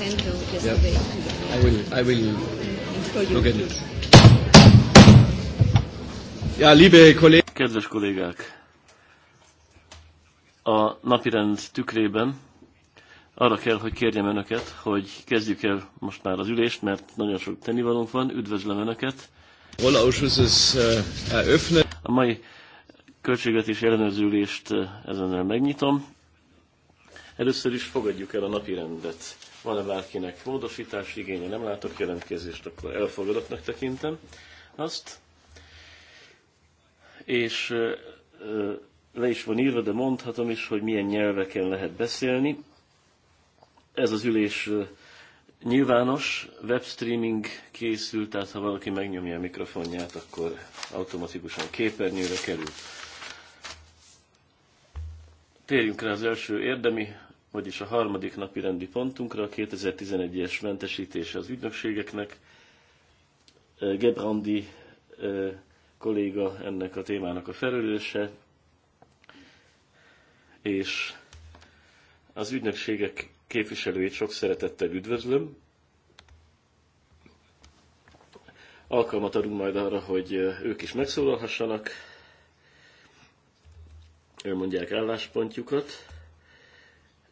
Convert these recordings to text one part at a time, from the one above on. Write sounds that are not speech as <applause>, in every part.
Yeah. I will, I will uh, look at this. Ja, liebe Kollég... Kedves kollégák! A napirend tükrében arra kell, hogy kérjem Önöket, hogy kezdjük el most már az ülést, mert nagyon sok tennivalónk van. Üdvözlöm Önöket! Uh, a mai költségvetési ülést, uh, ezennel megnyitom. Először is fogadjuk el a napi rendet. Van-e bárkinek módosítás igénye? Nem látok jelentkezést, akkor elfogadottnak tekintem azt. És le is van írva, de mondhatom is, hogy milyen nyelveken lehet beszélni. Ez az ülés nyilvános, webstreaming készül, tehát ha valaki megnyomja a mikrofonját, akkor automatikusan képernyőre kerül. Térjünk rá az első érdemi vagyis a harmadik napi rendi pontunkra, a 2011-es mentesítése az ügynökségeknek. Gebrandi kolléga ennek a témának a felelőse, és az ügynökségek képviselőit sok szeretettel üdvözlöm. Alkalmat adunk majd arra, hogy ők is megszólalhassanak, ő mondják álláspontjukat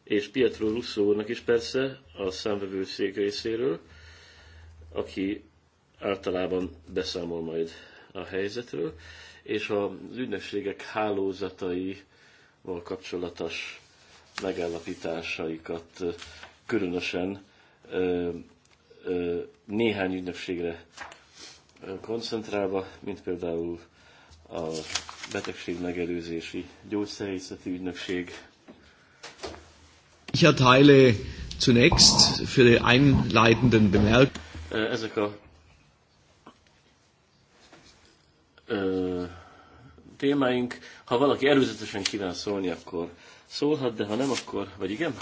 és Pietro Russo úrnak is persze a számvevőszék részéről, aki általában beszámol majd a helyzetről, és az ügynökségek hálózataival kapcsolatos megállapításaikat különösen ö, ö, néhány ügynökségre koncentrálva, mint például a betegség megelőzési gyógyszerészeti ügynökség, Ich erteile zunächst für die einleitenden Bemerkungen. Ezek a ö, témáink. Ha valaki előzetesen kíván szólni, akkor szólhat, de ha nem, akkor, vagy igen?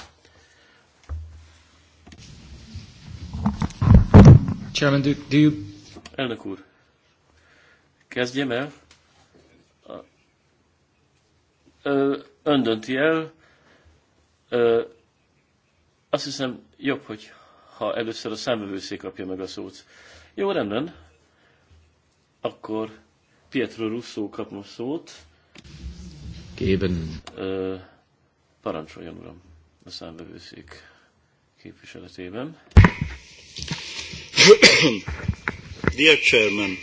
Chairman, do, do you... Elnök úr, kezdjem el. Ön dönti el. Ö, azt hiszem jobb, hogy ha először a számvevőszék kapja meg a szót. Jó, rendben. Akkor Pietro Russo kap most szót. Kében. parancsoljon, uram, a számvevőszék képviseletében. Dear Chairman.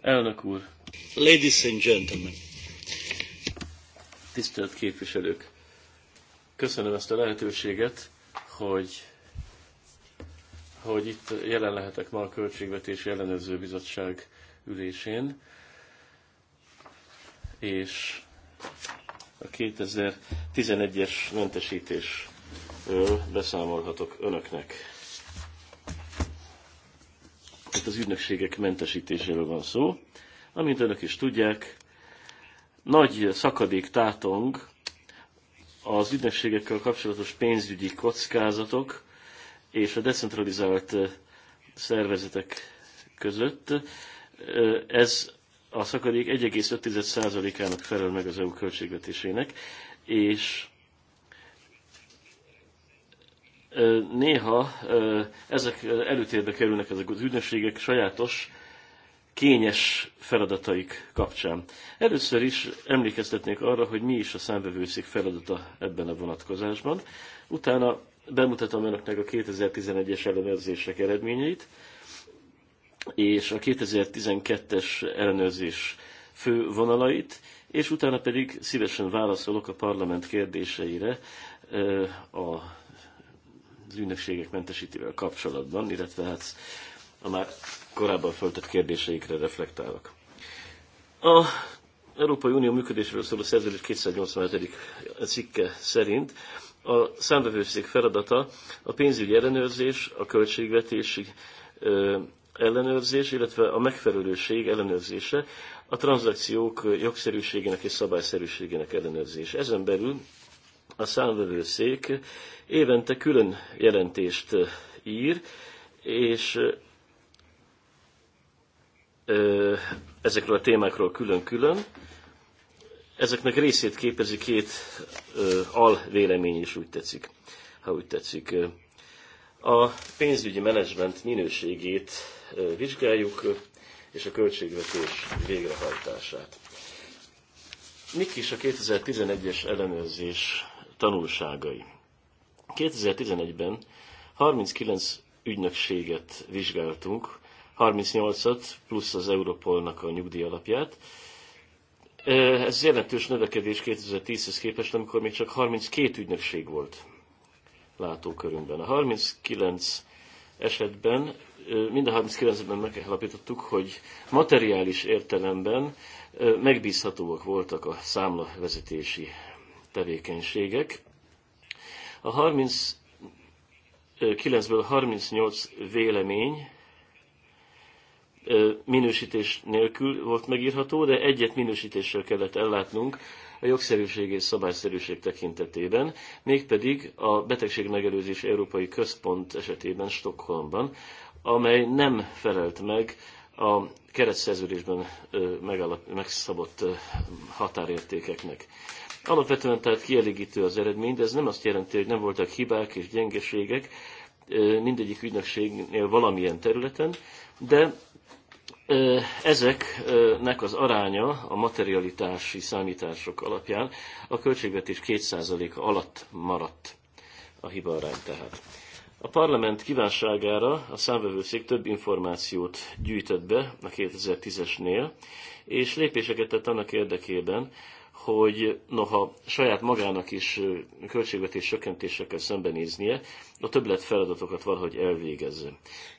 Elnök úr. Ladies and gentlemen. Tisztelt képviselők. Köszönöm ezt a lehetőséget, hogy, hogy itt jelen lehetek ma a Költségvetési Ellenőrző Bizottság ülésén, és a 2011-es mentesítés beszámolhatok önöknek. Itt az ügynökségek mentesítéséről van szó. Amint önök is tudják, nagy szakadék tátong az ügynökségekkel kapcsolatos pénzügyi kockázatok és a decentralizált szervezetek között. Ez a szakadék 1,5%-ának felel meg az EU költségvetésének, és néha ezek előtérbe kerülnek ezek az ügynökségek sajátos kényes feladataik kapcsán. Először is emlékeztetnék arra, hogy mi is a számvevőszék feladata ebben a vonatkozásban. Utána bemutatom önöknek a 2011-es ellenőrzések eredményeit, és a 2012-es ellenőrzés fő vonalait, és utána pedig szívesen válaszolok a parlament kérdéseire a az ünnepségek mentesítével kapcsolatban, illetve hát a már korábban föltett kérdéseikre reflektálok. A Európai Unió működéséről szóló szerződés 287. cikke szerint a számvevőszék feladata a pénzügyi ellenőrzés, a költségvetési ellenőrzés, illetve a megfelelőség ellenőrzése, a tranzakciók jogszerűségének és szabályszerűségének ellenőrzése. Ezen belül a számvevőszék évente külön jelentést ír, és ezekről a témákról külön-külön. Ezeknek részét képezi két alvélemény is úgy tetszik, ha úgy tetszik. A pénzügyi menedzsment minőségét vizsgáljuk, és a költségvetés végrehajtását. Mik is a 2011-es ellenőrzés tanulságai? 2011-ben 39 ügynökséget vizsgáltunk, 38-at, plusz az Europolnak a nyugdíj alapját. Ez jelentős növekedés 2010-hez képest, amikor még csak 32 ügynökség volt látókörünkben. A 39 esetben, mind a 39-ben megállapítottuk, hogy materiális értelemben megbízhatóak voltak a számlavezetési tevékenységek. A 39-ből 38 vélemény minősítés nélkül volt megírható, de egyet minősítéssel kellett ellátnunk a jogszerűség és szabályszerűség tekintetében, mégpedig a Betegség Megelőzés Európai Központ esetében Stockholmban, amely nem felelt meg a keretszerződésben megszabott határértékeknek. Alapvetően tehát kielégítő az eredmény, de ez nem azt jelenti, hogy nem voltak hibák és gyengeségek, mindegyik ügynökségnél valamilyen területen, de ezeknek az aránya a materialitási számítások alapján a költségvetés 2%-a alatt maradt a arány tehát. A parlament kívánságára a számvevőszék több információt gyűjtött be a 2010-esnél, és lépéseket tett annak érdekében, hogy noha saját magának is költségvetés csökkentésekkel szembenéznie, a többlet feladatokat valahogy elvégezze.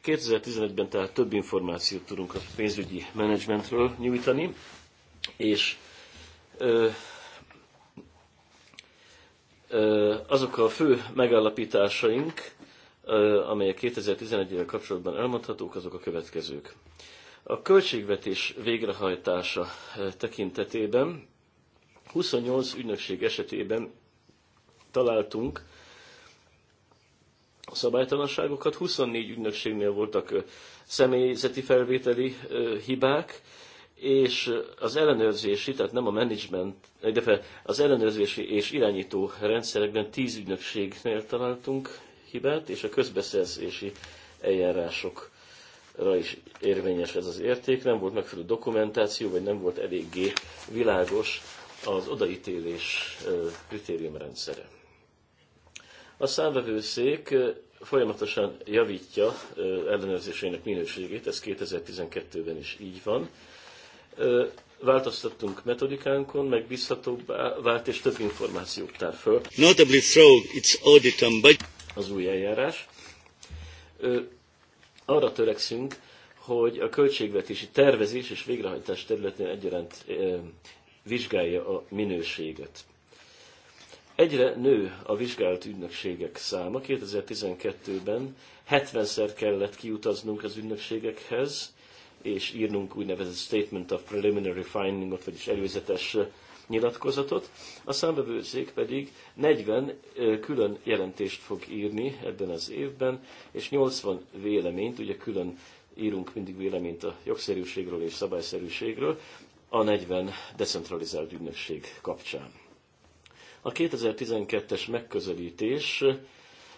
2011-ben tehát több információt tudunk a pénzügyi menedzsmentről nyújtani, és ö, ö, azok a fő megállapításaink, ö, amelyek 2011-vel kapcsolatban elmondhatók, azok a következők. A költségvetés végrehajtása tekintetében 28 ügynökség esetében találtunk szabálytalanságokat, 24 ügynökségnél voltak személyzeti felvételi hibák, és az ellenőrzési, tehát nem a management, de az ellenőrzési és irányító rendszerekben 10 ügynökségnél találtunk hibát, és a közbeszerzési eljárásokra is érvényes ez az érték. Nem volt megfelelő dokumentáció, vagy nem volt eléggé világos az odaítélés kritériumrendszere. A számvevőszék folyamatosan javítja ellenőrzésének minőségét, ez 2012-ben is így van. Változtattunk metodikánkon, megbízhatóbbá vált és több információt tár föl. Notably through its audit and budget. Az új eljárás. Arra törekszünk, hogy a költségvetési tervezés és végrehajtás területén egyaránt vizsgálja a minőséget. Egyre nő a vizsgált ügynökségek száma. 2012-ben 70-szer kellett kiutaznunk az ügynökségekhez, és írnunk úgynevezett Statement of Preliminary Findingot, vagyis előzetes nyilatkozatot. A számbevőzék pedig 40 külön jelentést fog írni ebben az évben, és 80 véleményt, ugye külön írunk mindig véleményt a jogszerűségről és szabályszerűségről, a 40 decentralizált ügynökség kapcsán. A 2012-es megközelítés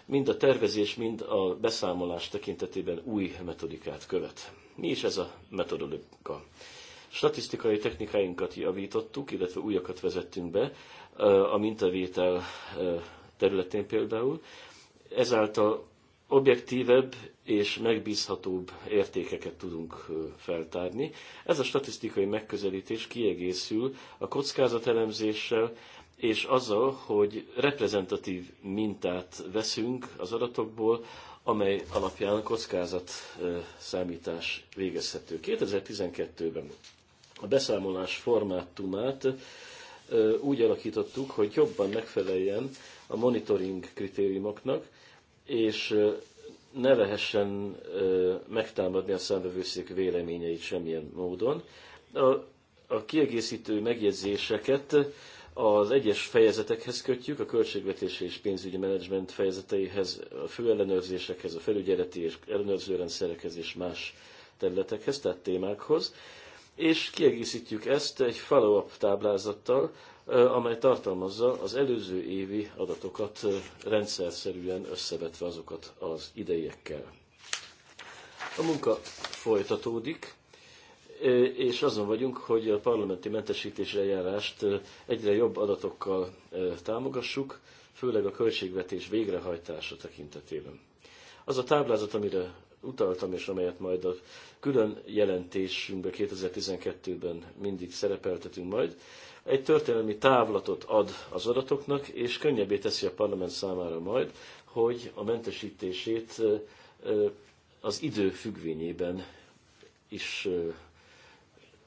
mind a tervezés, mind a beszámolás tekintetében új metodikát követ. Mi is ez a metodológia? Statisztikai technikáinkat javítottuk, illetve újakat vezettünk be, a mintavétel területén például. Ezáltal objektívebb és megbízhatóbb értékeket tudunk feltárni. Ez a statisztikai megközelítés kiegészül a kockázatelemzéssel és azzal, hogy reprezentatív mintát veszünk az adatokból, amely alapján kockázat számítás végezhető. 2012-ben a beszámolás formátumát úgy alakítottuk, hogy jobban megfeleljen a monitoring kritériumoknak, és ne lehessen megtámadni a számvevőszék véleményeit semmilyen módon. A, a kiegészítő megjegyzéseket az egyes fejezetekhez kötjük, a költségvetési és pénzügyi menedzsment fejezeteihez, a főellenőrzésekhez, a felügyeleti és ellenőrző rendszerekhez és más területekhez, tehát témákhoz, és kiegészítjük ezt egy follow-up táblázattal, amely tartalmazza az előző évi adatokat rendszerszerűen összevetve azokat az idejekkel. A munka folytatódik, és azon vagyunk, hogy a parlamenti mentesítés eljárást egyre jobb adatokkal támogassuk, főleg a költségvetés végrehajtása tekintetében. Az a táblázat, amire utaltam, és amelyet majd a külön jelentésünkbe 2012-ben mindig szerepeltetünk majd, egy történelmi távlatot ad az adatoknak, és könnyebbé teszi a parlament számára majd, hogy a mentesítését az idő függvényében is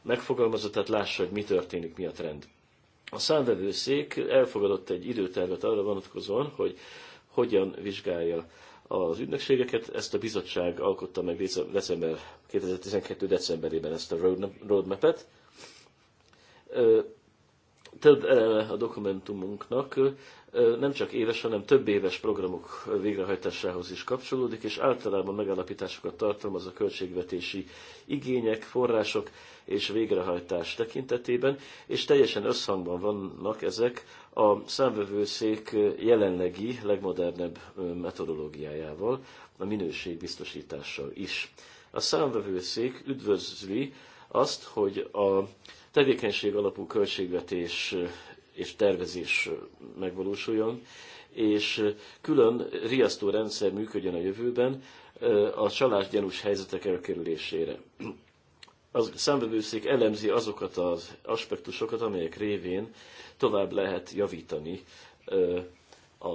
megfogalmazza, tehát lássa, hogy mi történik, mi a trend. A számvevőszék elfogadott egy időtervet arra vonatkozóan, hogy hogyan vizsgálja az ügynökségeket. Ezt a bizottság alkotta meg december, 2012. decemberében ezt a roadmap-et több eleme a dokumentumunknak nem csak éves, hanem több éves programok végrehajtásához is kapcsolódik, és általában megállapításokat tartalmaz a költségvetési igények, források és végrehajtás tekintetében, és teljesen összhangban vannak ezek a számvevőszék jelenlegi, legmodernebb metodológiájával, a minőségbiztosítással is. A számvevőszék üdvözli azt, hogy a tevékenység alapú költségvetés eh, és tervezés eh, megvalósuljon, és eh, külön riasztó rendszer működjön a jövőben a csalás gyanús helyzetek elkerülésére. A számbevőszék elemzi azokat az aspektusokat, amelyek révén tovább lehet javítani a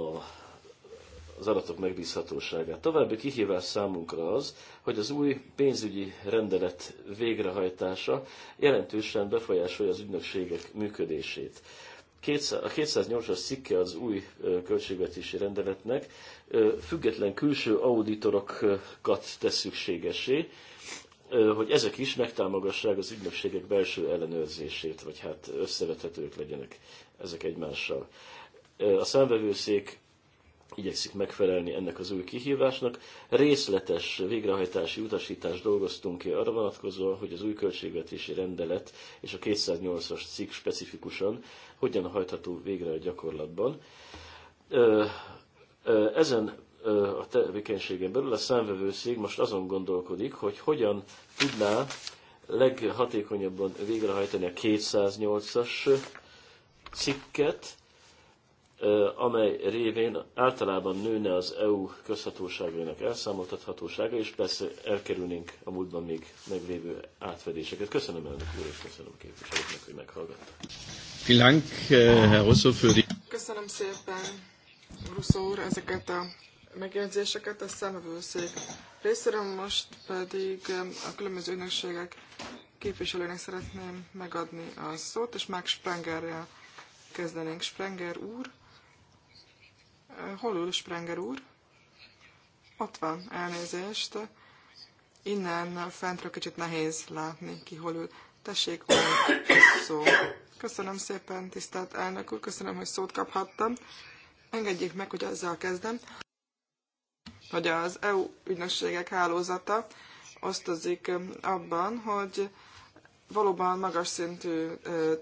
az adatok megbízhatóságát. További kihívás számunkra az, hogy az új pénzügyi rendelet végrehajtása jelentősen befolyásolja az ügynökségek működését. A 208-as cikke az új költségvetési rendeletnek független külső auditorokat tesz szükségesé, hogy ezek is megtámogassák az ügynökségek belső ellenőrzését, vagy hát összevethetők legyenek ezek egymással. A számvevőszék igyekszik megfelelni ennek az új kihívásnak. Részletes végrehajtási utasítást dolgoztunk ki arra vonatkozóan, hogy az új költségvetési rendelet és a 208-as cikk specifikusan hogyan hajtható végre a gyakorlatban. Ezen a tevékenységen belül a számvevőszék most azon gondolkodik, hogy hogyan tudná leghatékonyabban végrehajtani a 208-as cikket, amely révén általában nőne az EU közhatóságainak elszámoltathatósága, és persze elkerülnénk a múltban még meglévő átfedéseket. Köszönöm elnök úr, és köszönöm a képviselőknek, hogy meghallgatta. Köszönöm szépen, Russo úr, ezeket a megjegyzéseket a számvevőszék részéről, most pedig a különböző ügynökségek képviselőnek szeretném megadni a szót, és Max Sprengerrel kezdenénk. Sprenger úr, Hol ül Sprenger úr? Ott van, elnézést. Innen fentről kicsit nehéz látni, ki hol ül. Tessék, szó. Köszönöm szépen, tisztelt elnök úr, köszönöm, hogy szót kaphattam. Engedjék meg, hogy azzal kezdem, hogy az EU ügynökségek hálózata osztozik abban, hogy valóban magas szintű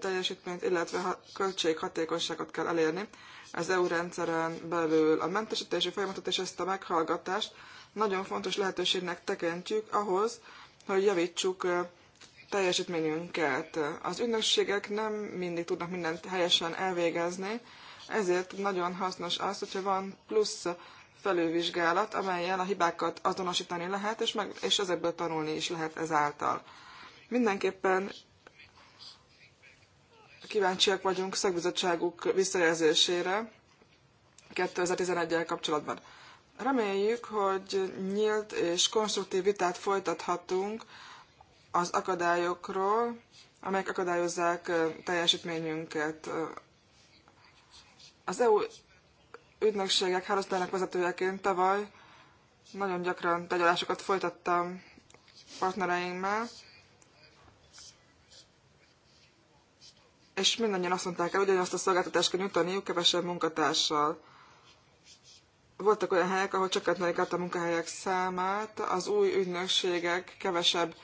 teljesítményt, illetve költséghatékonyságot kell elérni az EU rendszeren belül. A mentesítési folyamatot és ezt a meghallgatást nagyon fontos lehetőségnek tekintjük ahhoz, hogy javítsuk teljesítményünket. Az ügynökségek nem mindig tudnak mindent helyesen elvégezni, ezért nagyon hasznos az, hogyha van plusz felülvizsgálat, amelyen a hibákat azonosítani lehet, és, meg, és ezekből tanulni is lehet ezáltal. Mindenképpen kíváncsiak vagyunk szakbizottságuk visszajelzésére 2011-el kapcsolatban. Reméljük, hogy nyílt és konstruktív vitát folytathatunk az akadályokról, amelyek akadályozzák teljesítményünket. Az EU ügynökségek hálasztának vezetőjeként tavaly nagyon gyakran tegyalásokat folytattam partnereimmel, és mindannyian azt mondták el, ugyanazt a szolgáltatást kell nyújtaniuk kevesebb munkatársal. Voltak olyan helyek, ahol csökkenteni a munkahelyek számát, az új ügynökségek kevesebb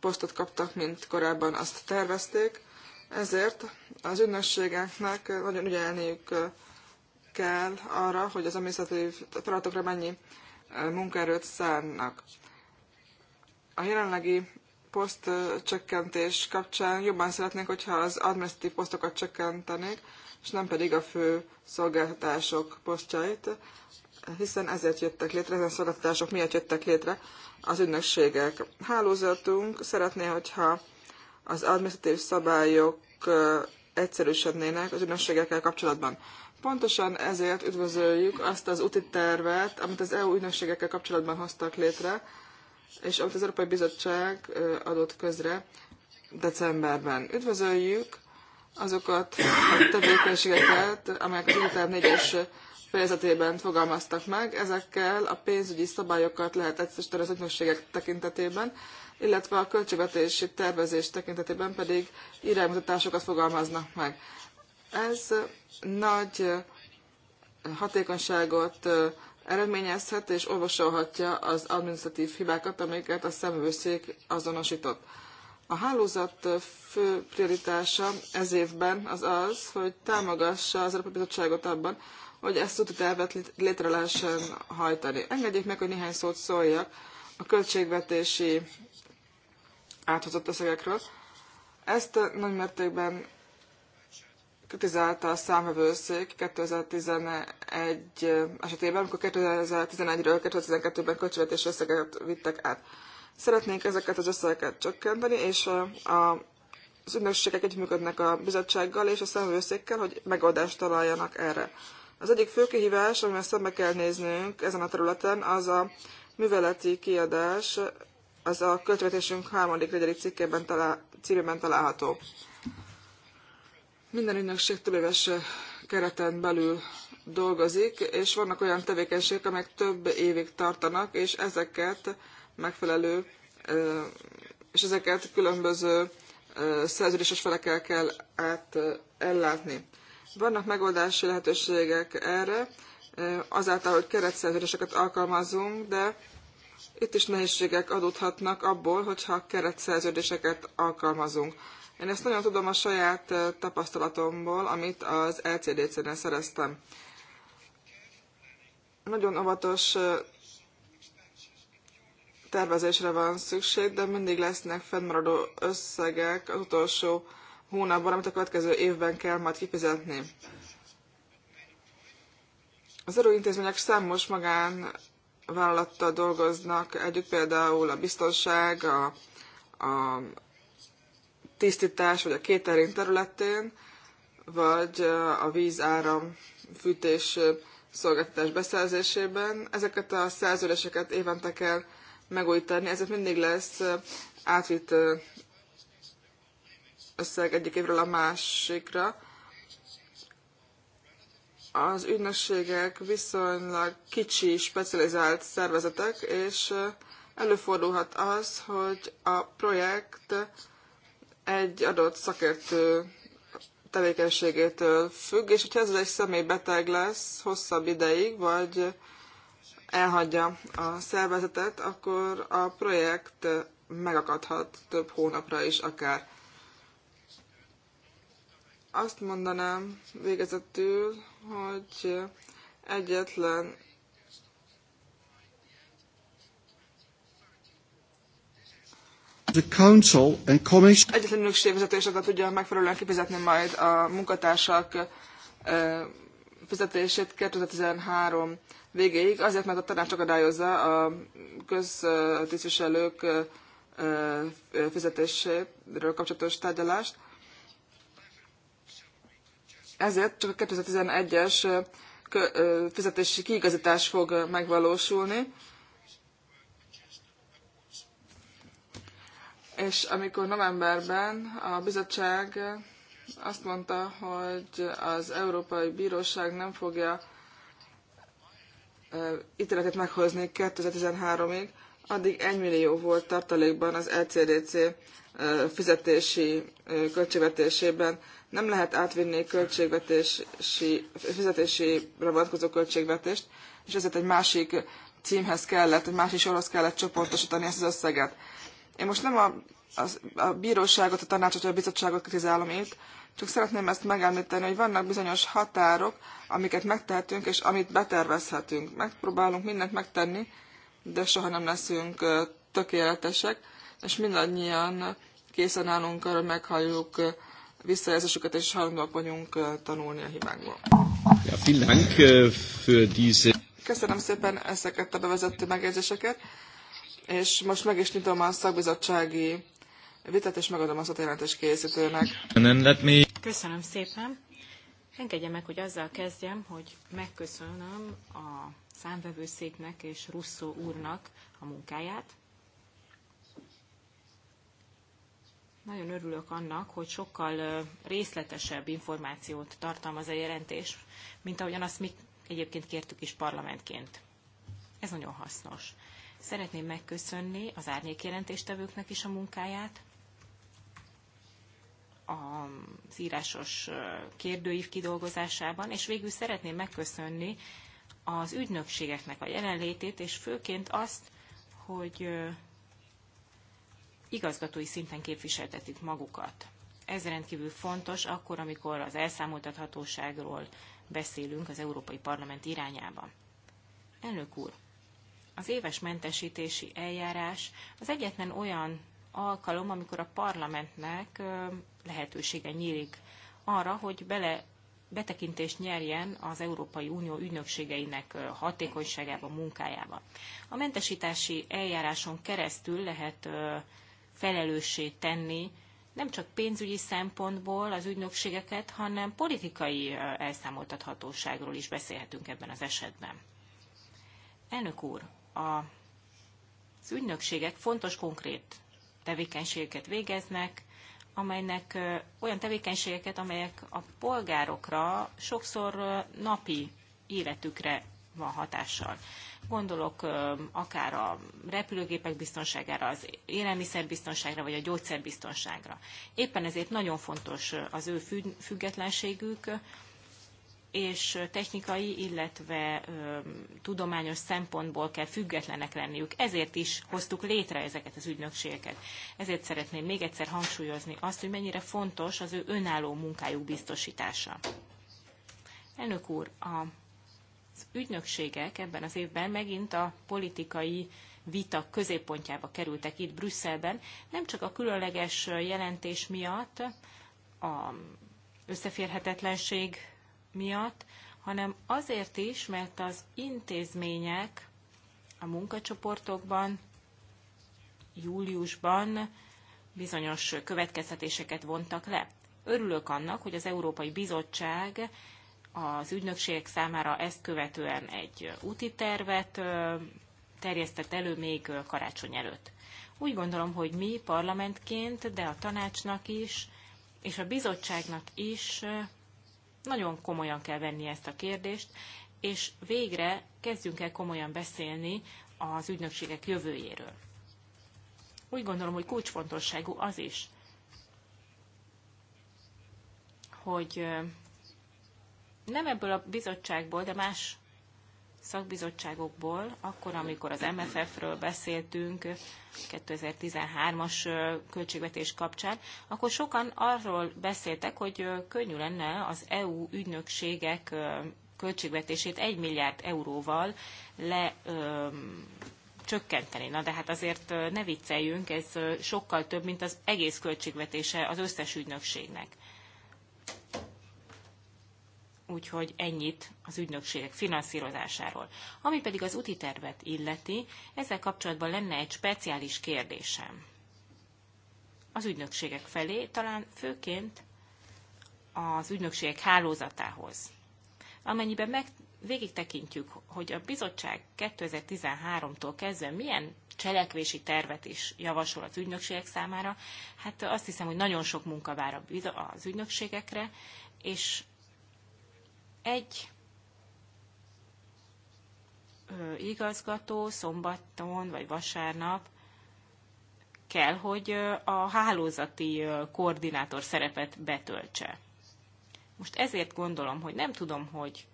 posztot kaptak, mint korábban azt tervezték, ezért az ügynökségeknek nagyon ügyelniük kell arra, hogy az administratív feladatokra mennyi munkaerőt szánnak. A jelenlegi poszt csökkentés kapcsán jobban szeretnénk, hogyha az administratív posztokat csökkentenék, és nem pedig a fő szolgáltatások posztjait, hiszen ezért jöttek létre, ezen szolgáltatások miatt jöttek létre az ünnökségek. Hálózatunk szeretné, hogyha az administratív szabályok egyszerűsödnének az ünnökségekkel kapcsolatban. Pontosan ezért üdvözöljük azt az úti tervet, amit az EU ügynökségekkel kapcsolatban hoztak létre, és amit az Európai Bizottság adott közre decemberben. Üdvözöljük azokat a tevékenységeket, amelyek az Intel 4-es fejezetében fogalmaztak meg. Ezekkel a pénzügyi szabályokat lehet egyszerűsíteni az ügynökségek tekintetében, illetve a költségvetési tervezés tekintetében pedig iránymutatásokat fogalmaznak meg. Ez nagy hatékonyságot eredményezhet és olvasolhatja az administratív hibákat, amiket a szemvőszék azonosított. A hálózat fő prioritása ez évben az az, hogy támogassa az Európai Bizottságot abban, hogy ezt tudott elvet létre lehessen hajtani. Engedjék meg, hogy néhány szót szóljak a költségvetési áthozott összegekről. Ezt nagymértékben kritizálta a számvevőszék 2011 esetében, amikor 2011-ről 2012-ben költségvetési összegeket vittek át. Szeretnénk ezeket az összegeket csökkenteni, és a, az ügynökségek együttműködnek a bizottsággal és a számvevőszékkel, hogy megoldást találjanak erre. Az egyik fő kihívás, amivel szembe kell néznünk ezen a területen, az a műveleti kiadás, az a költségvetésünk harmadik negyedik cikkében talál, címében található. Minden ügynökség több éves kereten belül dolgozik, és vannak olyan tevékenységek, amelyek több évig tartanak, és ezeket megfelelő, és ezeket különböző szerződéses felekkel kell át ellátni. Vannak megoldási lehetőségek erre, azáltal, hogy keretszerződéseket alkalmazunk, de itt is nehézségek adódhatnak abból, hogyha keretszerződéseket alkalmazunk. Én ezt nagyon tudom a saját tapasztalatomból, amit az lcd nél szereztem. Nagyon óvatos tervezésre van szükség, de mindig lesznek fennmaradó összegek az utolsó hónapban, amit a következő évben kell majd kifizetni. Az erőintézmények számos vállalattal dolgoznak együtt, például a biztonság, a, a tisztítás, vagy a kétering területén, vagy a vízáram fűtés szolgáltatás beszerzésében. Ezeket a szerződéseket évente kell megújítani, ezért mindig lesz átvitt összeg egyik évről a másikra. Az ügynökségek viszonylag kicsi, specializált szervezetek, és előfordulhat az, hogy a projekt egy adott szakértő tevékenységétől függ, és hogyha ez egy személy beteg lesz hosszabb ideig, vagy elhagyja a szervezetet, akkor a projekt megakadhat több hónapra is akár. Azt mondanám végezetül, hogy egyetlen The Council and Commission... Egyetlen ügynökség fizetéseket tudja megfelelően kifizetni majd a munkatársak fizetését 2013 végéig, azért, mert a tanács akadályozza a köztisztviselők fizetéséről kapcsolatos tárgyalást. Ezért csak a 2011-es fizetési kiigazítás fog megvalósulni, És amikor novemberben a bizottság azt mondta, hogy az Európai Bíróság nem fogja ítéletet meghozni 2013-ig, addig 1 millió volt tartalékban az LCDC e fizetési költségvetésében. Nem lehet átvinni költségvetési, fizetési vonatkozó költségvetést, és ezért egy másik címhez kellett, egy másik sorhoz kellett csoportosítani ezt az összeget. Én most nem a, a, a bíróságot, a tanácsot, vagy a bizottságot kritizálom itt, csak szeretném ezt megemlíteni, hogy vannak bizonyos határok, amiket megtehetünk, és amit betervezhetünk. Megpróbálunk mindent megtenni, de soha nem leszünk tökéletesek, és mindannyian készen állunk arra, meghalljuk visszajelzésüket, és hajlandóak vagyunk tanulni a hibánkból. Ja, vielen Dank äh, für diese... Köszönöm szépen ezeket a bevezető megjegyzéseket és most meg is nyitom a szakbizottsági vitát, és megadom a jelentés készítőnek. Me... Köszönöm szépen. Engedje meg, hogy azzal kezdjem, hogy megköszönöm a számvevőszéknek és Russzó úrnak a munkáját. Nagyon örülök annak, hogy sokkal részletesebb információt tartalmaz a jelentés, mint ahogyan azt mi egyébként kértük is parlamentként. Ez nagyon hasznos. Szeretném megköszönni az árnyék jelentéstevőknek is a munkáját, az írásos kérdőív kidolgozásában, és végül szeretném megköszönni az ügynökségeknek a jelenlétét, és főként azt, hogy igazgatói szinten képviseltetik magukat. Ez rendkívül fontos akkor, amikor az elszámoltathatóságról beszélünk az Európai Parlament irányában. Elnök úr, az éves mentesítési eljárás az egyetlen olyan alkalom, amikor a parlamentnek lehetősége nyílik arra, hogy bele betekintést nyerjen az Európai Unió ügynökségeinek hatékonyságába, munkájába. A mentesítési eljáráson keresztül lehet felelőssé tenni nem csak pénzügyi szempontból az ügynökségeket, hanem politikai elszámoltathatóságról is beszélhetünk ebben az esetben. Elnök úr, a az ügynökségek fontos konkrét tevékenységeket végeznek, amelynek olyan tevékenységeket, amelyek a polgárokra sokszor napi életükre van hatással. Gondolok akár a repülőgépek biztonságára, az élelmiszerbiztonságra, vagy a gyógyszerbiztonságra. Éppen ezért nagyon fontos az ő függetlenségük, és technikai, illetve ö, tudományos szempontból kell függetlenek lenniük. Ezért is hoztuk létre ezeket az ügynökségeket. Ezért szeretném még egyszer hangsúlyozni azt, hogy mennyire fontos az ő önálló munkájuk biztosítása. Elnök úr, a az ügynökségek ebben az évben megint a politikai vita középpontjába kerültek itt Brüsszelben, nem csak a különleges jelentés miatt, a összeférhetetlenség miatt, hanem azért is, mert az intézmények a munkacsoportokban júliusban bizonyos következtetéseket vontak le. Örülök annak, hogy az Európai Bizottság az ügynökségek számára ezt követően egy úti tervet terjesztett elő még karácsony előtt. Úgy gondolom, hogy mi parlamentként, de a tanácsnak is, és a bizottságnak is nagyon komolyan kell venni ezt a kérdést, és végre kezdjünk el komolyan beszélni az ügynökségek jövőjéről. Úgy gondolom, hogy kulcsfontosságú az is, hogy nem ebből a bizottságból, de más szakbizottságokból, akkor, amikor az MFF-ről beszéltünk 2013-as költségvetés kapcsán, akkor sokan arról beszéltek, hogy könnyű lenne az EU ügynökségek költségvetését 1 milliárd euróval le csökkenteni. Na de hát azért ne vicceljünk, ez sokkal több, mint az egész költségvetése az összes ügynökségnek úgyhogy ennyit az ügynökségek finanszírozásáról. Ami pedig az úti tervet illeti, ezzel kapcsolatban lenne egy speciális kérdésem. Az ügynökségek felé, talán főként az ügynökségek hálózatához. Amennyiben meg végig tekintjük, hogy a bizottság 2013-tól kezdve milyen cselekvési tervet is javasol az ügynökségek számára, hát azt hiszem, hogy nagyon sok munka vár az ügynökségekre, és egy igazgató szombaton vagy vasárnap kell, hogy a hálózati koordinátor szerepet betöltse. Most ezért gondolom, hogy nem tudom, hogy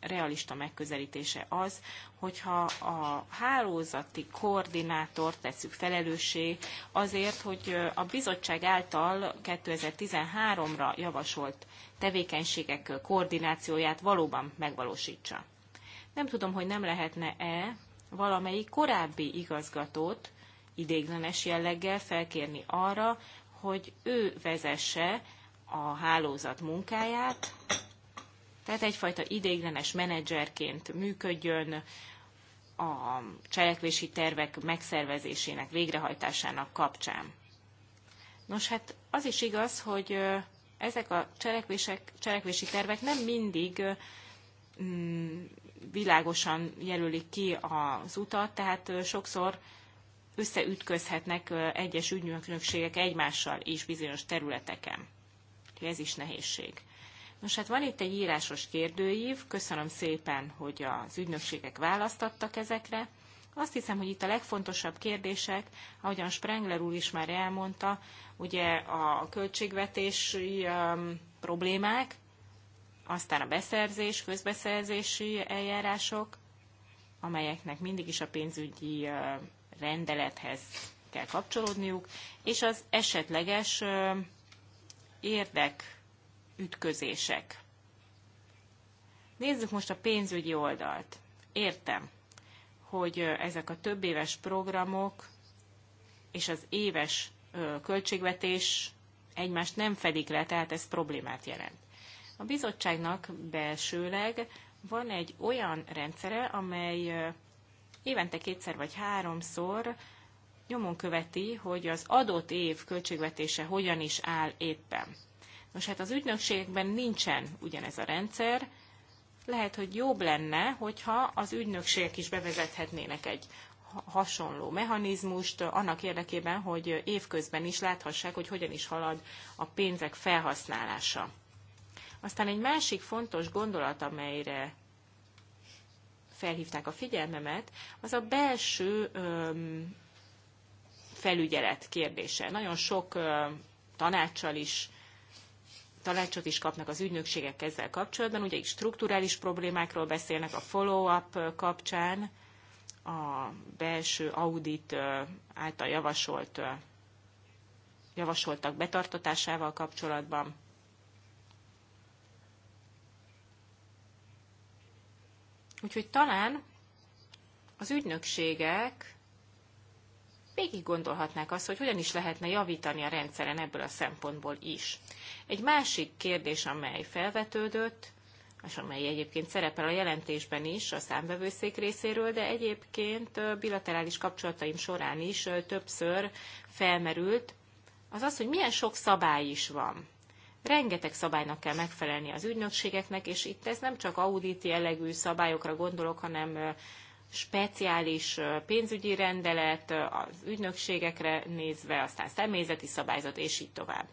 realista megközelítése az, hogyha a hálózati koordinátor, tesszük felelőssé azért, hogy a bizottság által 2013-ra javasolt tevékenységek koordinációját valóban megvalósítsa. Nem tudom, hogy nem lehetne-e valamelyik korábbi igazgatót idéglenes jelleggel felkérni arra, hogy ő vezesse a hálózat munkáját, tehát egyfajta ideiglenes menedzserként működjön, a cselekvési tervek megszervezésének, végrehajtásának kapcsán. Nos, hát az is igaz, hogy ezek a cselekvések, cselekvési tervek nem mindig mm, világosan jelölik ki az utat, tehát sokszor összeütközhetnek egyes ügynökségek egymással is bizonyos területeken. Ez is nehézség. Nos hát van itt egy írásos kérdőív, köszönöm szépen, hogy az ügynökségek választattak ezekre. Azt hiszem, hogy itt a legfontosabb kérdések, ahogyan Sprengler úr is már elmondta, ugye a költségvetési um, problémák, aztán a beszerzés, közbeszerzési eljárások, amelyeknek mindig is a pénzügyi uh, rendelethez kell kapcsolódniuk, és az esetleges uh, érdek ütközések. Nézzük most a pénzügyi oldalt. Értem, hogy ezek a több éves programok és az éves költségvetés egymást nem fedik le, tehát ez problémát jelent. A bizottságnak belsőleg van egy olyan rendszere, amely évente kétszer vagy háromszor nyomon követi, hogy az adott év költségvetése hogyan is áll éppen. Nos hát az ügynökségekben nincsen ugyanez a rendszer, lehet, hogy jobb lenne, hogyha az ügynökségek is bevezethetnének egy hasonló mechanizmust annak érdekében, hogy évközben is láthassák, hogy hogyan is halad a pénzek felhasználása. Aztán egy másik fontos gondolat, amelyre felhívták a figyelmemet, az a belső öm, felügyelet kérdése. Nagyon sok öm, tanácssal is tanácsot is kapnak az ügynökségek ezzel kapcsolatban, ugye itt strukturális problémákról beszélnek a follow-up kapcsán, a belső audit által javasolt, javasoltak betartatásával kapcsolatban. Úgyhogy talán az ügynökségek végig gondolhatnák azt, hogy hogyan is lehetne javítani a rendszeren ebből a szempontból is. Egy másik kérdés, amely felvetődött, és amely egyébként szerepel a jelentésben is a számbevőszék részéről, de egyébként bilaterális kapcsolataim során is többször felmerült, az az, hogy milyen sok szabály is van. Rengeteg szabálynak kell megfelelni az ügynökségeknek, és itt ez nem csak auditi jellegű szabályokra gondolok, hanem speciális pénzügyi rendelet az ügynökségekre nézve, aztán személyzeti szabályzat, és így tovább.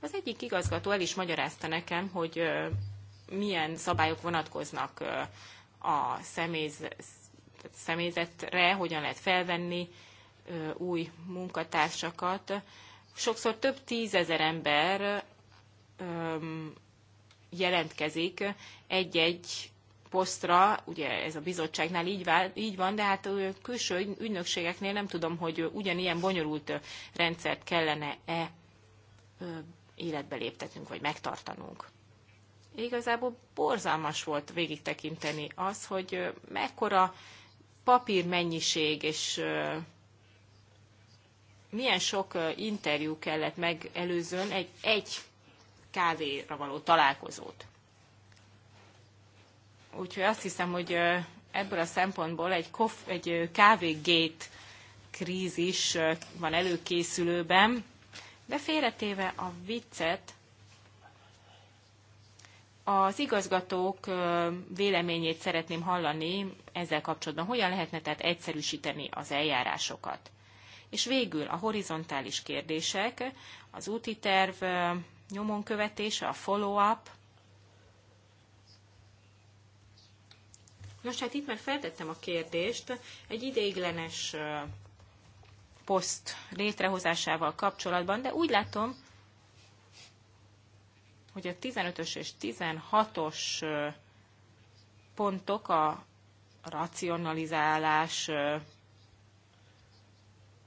Az egyik igazgató el is magyarázta nekem, hogy milyen szabályok vonatkoznak a személyzetre, hogyan lehet felvenni új munkatársakat. Sokszor több tízezer ember jelentkezik egy-egy posztra, ugye ez a bizottságnál így, vál, így van, de hát külső ügynökségeknél nem tudom, hogy ugyanilyen bonyolult rendszert kellene-e életbe léptetnünk, vagy megtartanunk. Igazából borzalmas volt végig tekinteni az, hogy mekkora papírmennyiség és milyen sok interjú kellett megelőzőn egy, egy kávéra való találkozót. Úgyhogy azt hiszem, hogy ebből a szempontból egy, kof, egy kávégét krízis van előkészülőben, de félretéve a viccet, az igazgatók véleményét szeretném hallani ezzel kapcsolatban. Hogyan lehetne tehát egyszerűsíteni az eljárásokat? És végül a horizontális kérdések, az úti terv nyomon követése, a follow-up, Nos, hát itt már feltettem a kérdést, egy ideiglenes poszt létrehozásával kapcsolatban, de úgy látom, hogy a 15-ös és 16-os pontok a racionalizálás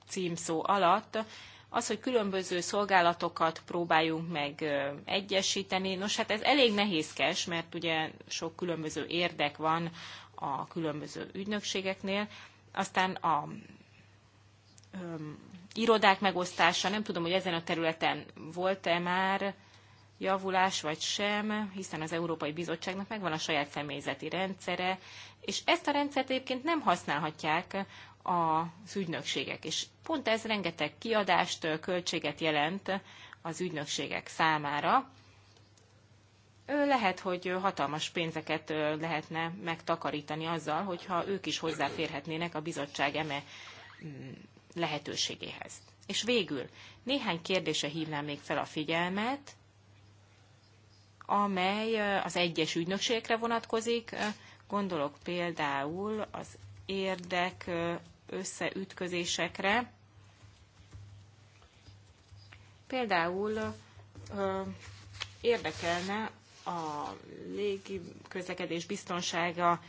címszó alatt, az, hogy különböző szolgálatokat próbáljunk meg egyesíteni, nos hát ez elég nehézkes, mert ugye sok különböző érdek van a különböző ügynökségeknél. Aztán a öm, irodák megosztása, nem tudom, hogy ezen a területen volt-e már javulás vagy sem, hiszen az Európai Bizottságnak megvan a saját személyzeti rendszere, és ezt a rendszert egyébként nem használhatják az ügynökségek. És pont ez rengeteg kiadást, költséget jelent az ügynökségek számára lehet, hogy hatalmas pénzeket lehetne megtakarítani azzal, hogyha ők is hozzáférhetnének a bizottság eme mm, lehetőségéhez. És végül néhány kérdése hívnám még fel a figyelmet, amely az egyes ügynökségekre vonatkozik. Gondolok például az érdek összeütközésekre. Például érdekelne a légi közlekedés biztonsága,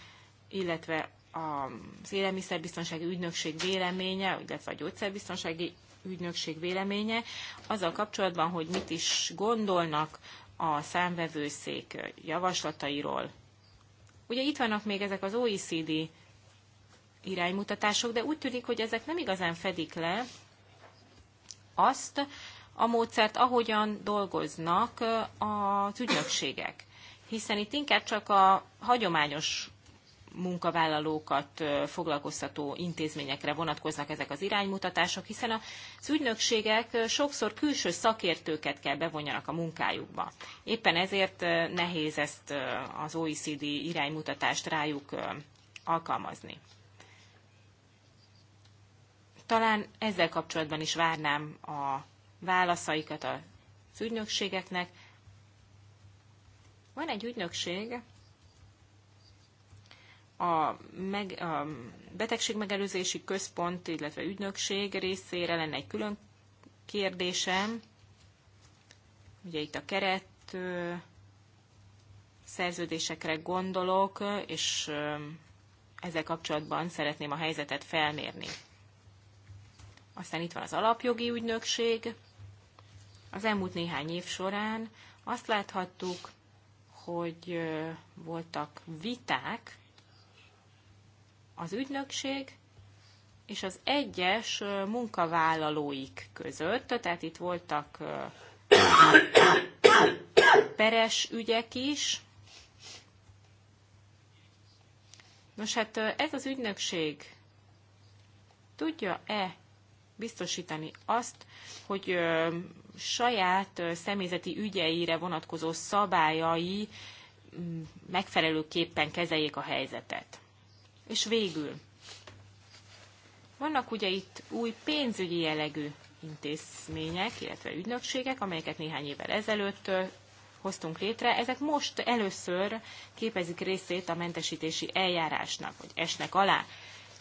illetve az élelmiszerbiztonsági ügynökség véleménye, illetve a gyógyszerbiztonsági ügynökség véleménye, azzal kapcsolatban, hogy mit is gondolnak a számvevőszék javaslatairól. Ugye itt vannak még ezek az OECD iránymutatások, de úgy tűnik, hogy ezek nem igazán fedik le azt, a módszert, ahogyan dolgoznak az ügynökségek. Hiszen itt inkább csak a hagyományos munkavállalókat foglalkoztató intézményekre vonatkoznak ezek az iránymutatások, hiszen az ügynökségek sokszor külső szakértőket kell bevonjanak a munkájukba. Éppen ezért nehéz ezt az OECD iránymutatást rájuk alkalmazni. Talán ezzel kapcsolatban is várnám a válaszaikat az ügynökségeknek. Van egy ügynökség, a, meg, a betegségmegelőzési központ, illetve ügynökség részére lenne egy külön kérdésem. Ugye itt a keret szerződésekre gondolok, és ezzel kapcsolatban szeretném a helyzetet felmérni. Aztán itt van az alapjogi ügynökség. Az elmúlt néhány év során azt láthattuk, hogy voltak viták az ügynökség és az egyes munkavállalóik között, tehát itt voltak peres ügyek is. Nos hát ez az ügynökség tudja-e biztosítani azt, hogy saját személyzeti ügyeire vonatkozó szabályai megfelelőképpen kezeljék a helyzetet. És végül, vannak ugye itt új pénzügyi jellegű intézmények, illetve ügynökségek, amelyeket néhány évvel ezelőtt hoztunk létre, ezek most először képezik részét a mentesítési eljárásnak, vagy esnek alá.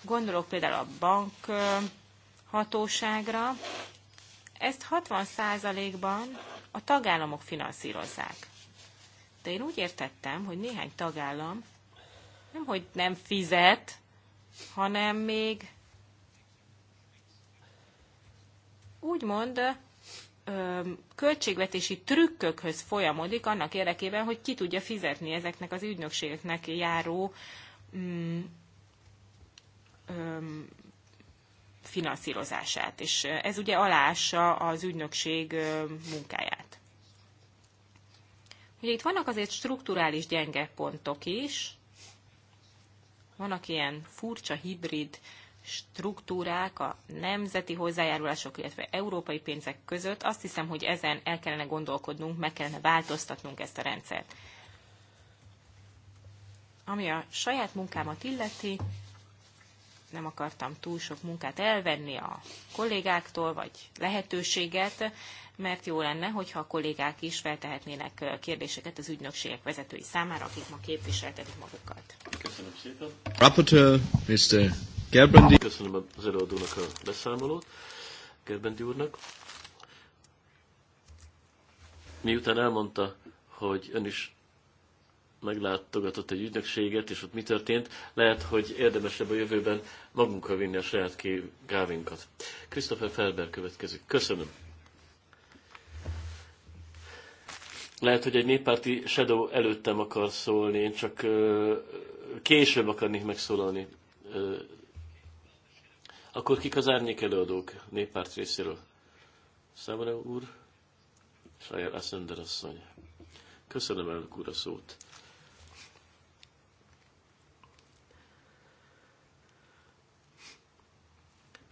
Gondolok például a bank hatóságra, ezt 60%-ban a tagállamok finanszírozzák. De én úgy értettem, hogy néhány tagállam nem, hogy nem fizet, hanem még úgymond költségvetési trükkökhöz folyamodik annak érdekében, hogy ki tudja fizetni ezeknek az ügynökségeknek járó mm, finanszírozását, és ez ugye alássa az ügynökség munkáját. Ugye itt vannak azért strukturális gyenge pontok is, vannak ilyen furcsa hibrid struktúrák a nemzeti hozzájárulások, illetve európai pénzek között. Azt hiszem, hogy ezen el kellene gondolkodnunk, meg kellene változtatnunk ezt a rendszert. Ami a saját munkámat illeti, nem akartam túl sok munkát elvenni a kollégáktól, vagy lehetőséget, mert jó lenne, hogyha a kollégák is feltehetnének kérdéseket az ügynökségek vezetői számára, akik ma képviseltetik magukat. Köszönöm szépen. Rapporteur, Mr. Gerbendi. Köszönöm az előadónak a beszámolót, Gerbendi úrnak. Miután elmondta, hogy ön is meglátogatott egy ügynökséget, és ott mi történt, lehet, hogy érdemesebb a jövőben magunkra vinni a saját kávénkat. Christopher Felber következik. Köszönöm. Lehet, hogy egy néppárti Shadow előttem akar szólni, én csak később akarnék megszólalni. akkor kik az árnyék előadók néppárt részéről? Szemre úr, Sajer Assender asszony. Köszönöm el, úr a szót.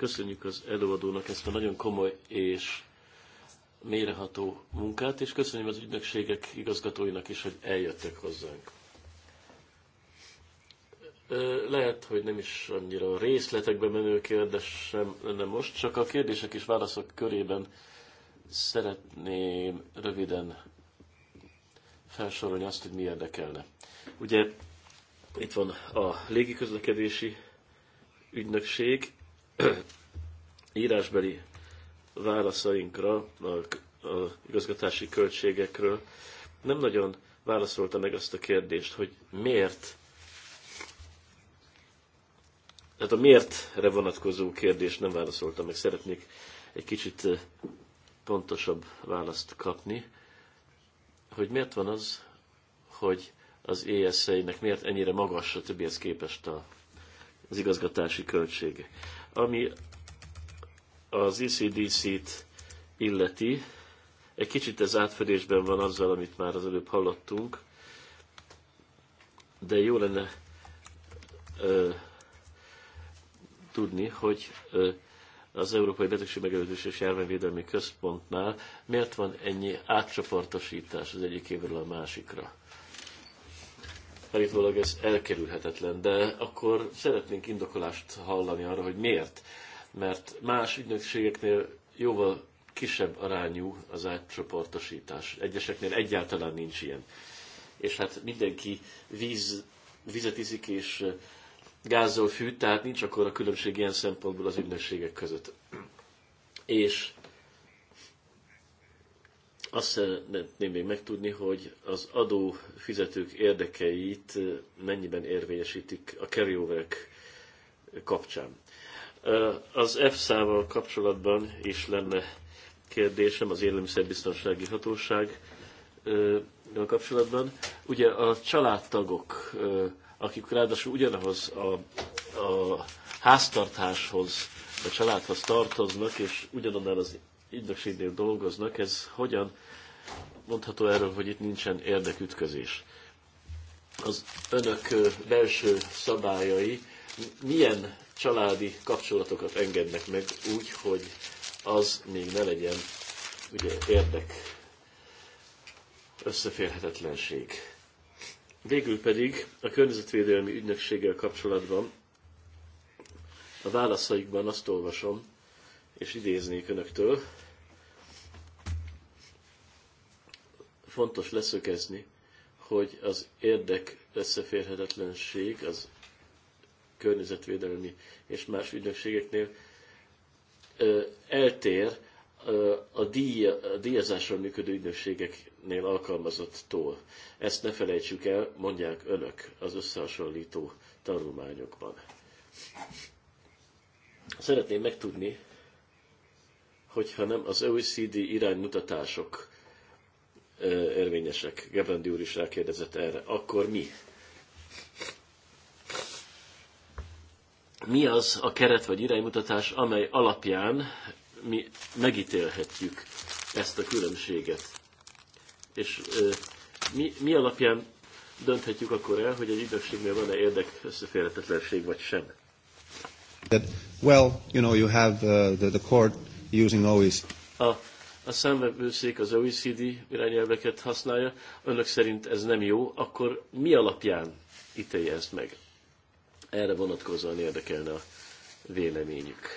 Köszönjük az előadónak ezt a nagyon komoly és méreható munkát, és köszönjük az ügynökségek igazgatóinak is, hogy eljöttek hozzánk. Lehet, hogy nem is annyira részletekbe menő kérdés sem lenne most, csak a kérdések és válaszok körében szeretném röviden felsorolni azt, hogy mi érdekelne. Ugye itt van a légiközlekedési ügynökség, <clears throat> írásbeli válaszainkra, a, a igazgatási költségekről nem nagyon válaszolta meg azt a kérdést, hogy miért hát a miértre vonatkozó kérdést nem válaszoltam, meg szeretnék egy kicsit pontosabb választ kapni, hogy miért van az, hogy az ESZ-nek miért ennyire magas a többihez képest a, az igazgatási költsége. Ami az ECDC-t illeti, egy kicsit ez átfedésben van azzal, amit már az előbb hallottunk, de jó lenne ö, tudni, hogy ö, az Európai Betegség Megelőzés és Járványvédelmi Központnál miért van ennyi átcsoportosítás az egyik évről a másikra. Állítólag ez elkerülhetetlen, de akkor szeretnénk indokolást hallani arra, hogy miért. Mert más ügynökségeknél jóval kisebb arányú az átcsoportosítás. Egyeseknél egyáltalán nincs ilyen. És hát mindenki víz, vizet iszik és gázzal fűt, tehát nincs akkor a különbség ilyen szempontból az ügynökségek között. És azt szeretném még megtudni, hogy az adó fizetők érdekeit eh, mennyiben érvényesítik a carryoverek kapcsán. Eh, az EFSA-val kapcsolatban is lenne kérdésem az Élelmiszerbiztonsági Hatóság eh, kapcsolatban. Ugye a családtagok, akik ráadásul ugyanahoz a, a háztartáshoz, a családhoz tartoznak, és ugyanannál az ügynökségnél dolgoznak, ez hogyan mondható erről, hogy itt nincsen érdekütközés? Az önök belső szabályai milyen családi kapcsolatokat engednek meg úgy, hogy az még ne legyen ugye érdek összeférhetetlenség. Végül pedig a környezetvédelmi ügynökséggel kapcsolatban a válaszaikban azt olvasom, és idéznék önöktől, fontos leszögezni, hogy az érdek összeférhetetlenség az környezetvédelmi és más ügynökségeknél eltér a, díj, a díjazással működő ügynökségeknél alkalmazottól. Ezt ne felejtsük el, mondják önök az összehasonlító tanulmányokban. Szeretném megtudni, hogyha nem az OECD iránymutatások érvényesek. Gebrandi úr is rákérdezett erre. Akkor mi? Mi az a keret vagy iránymutatás, amely alapján mi megítélhetjük ezt a különbséget? És mi, mi alapján dönthetjük akkor el, hogy egy ügynökségnél van-e érdek összeférhetetlenség vagy sem? That, well, you know, you have uh, the, the court using always... A a számvevőszék az OECD irányelveket használja, önök szerint ez nem jó, akkor mi alapján ítélje ezt meg? Erre vonatkozóan érdekelne a véleményük.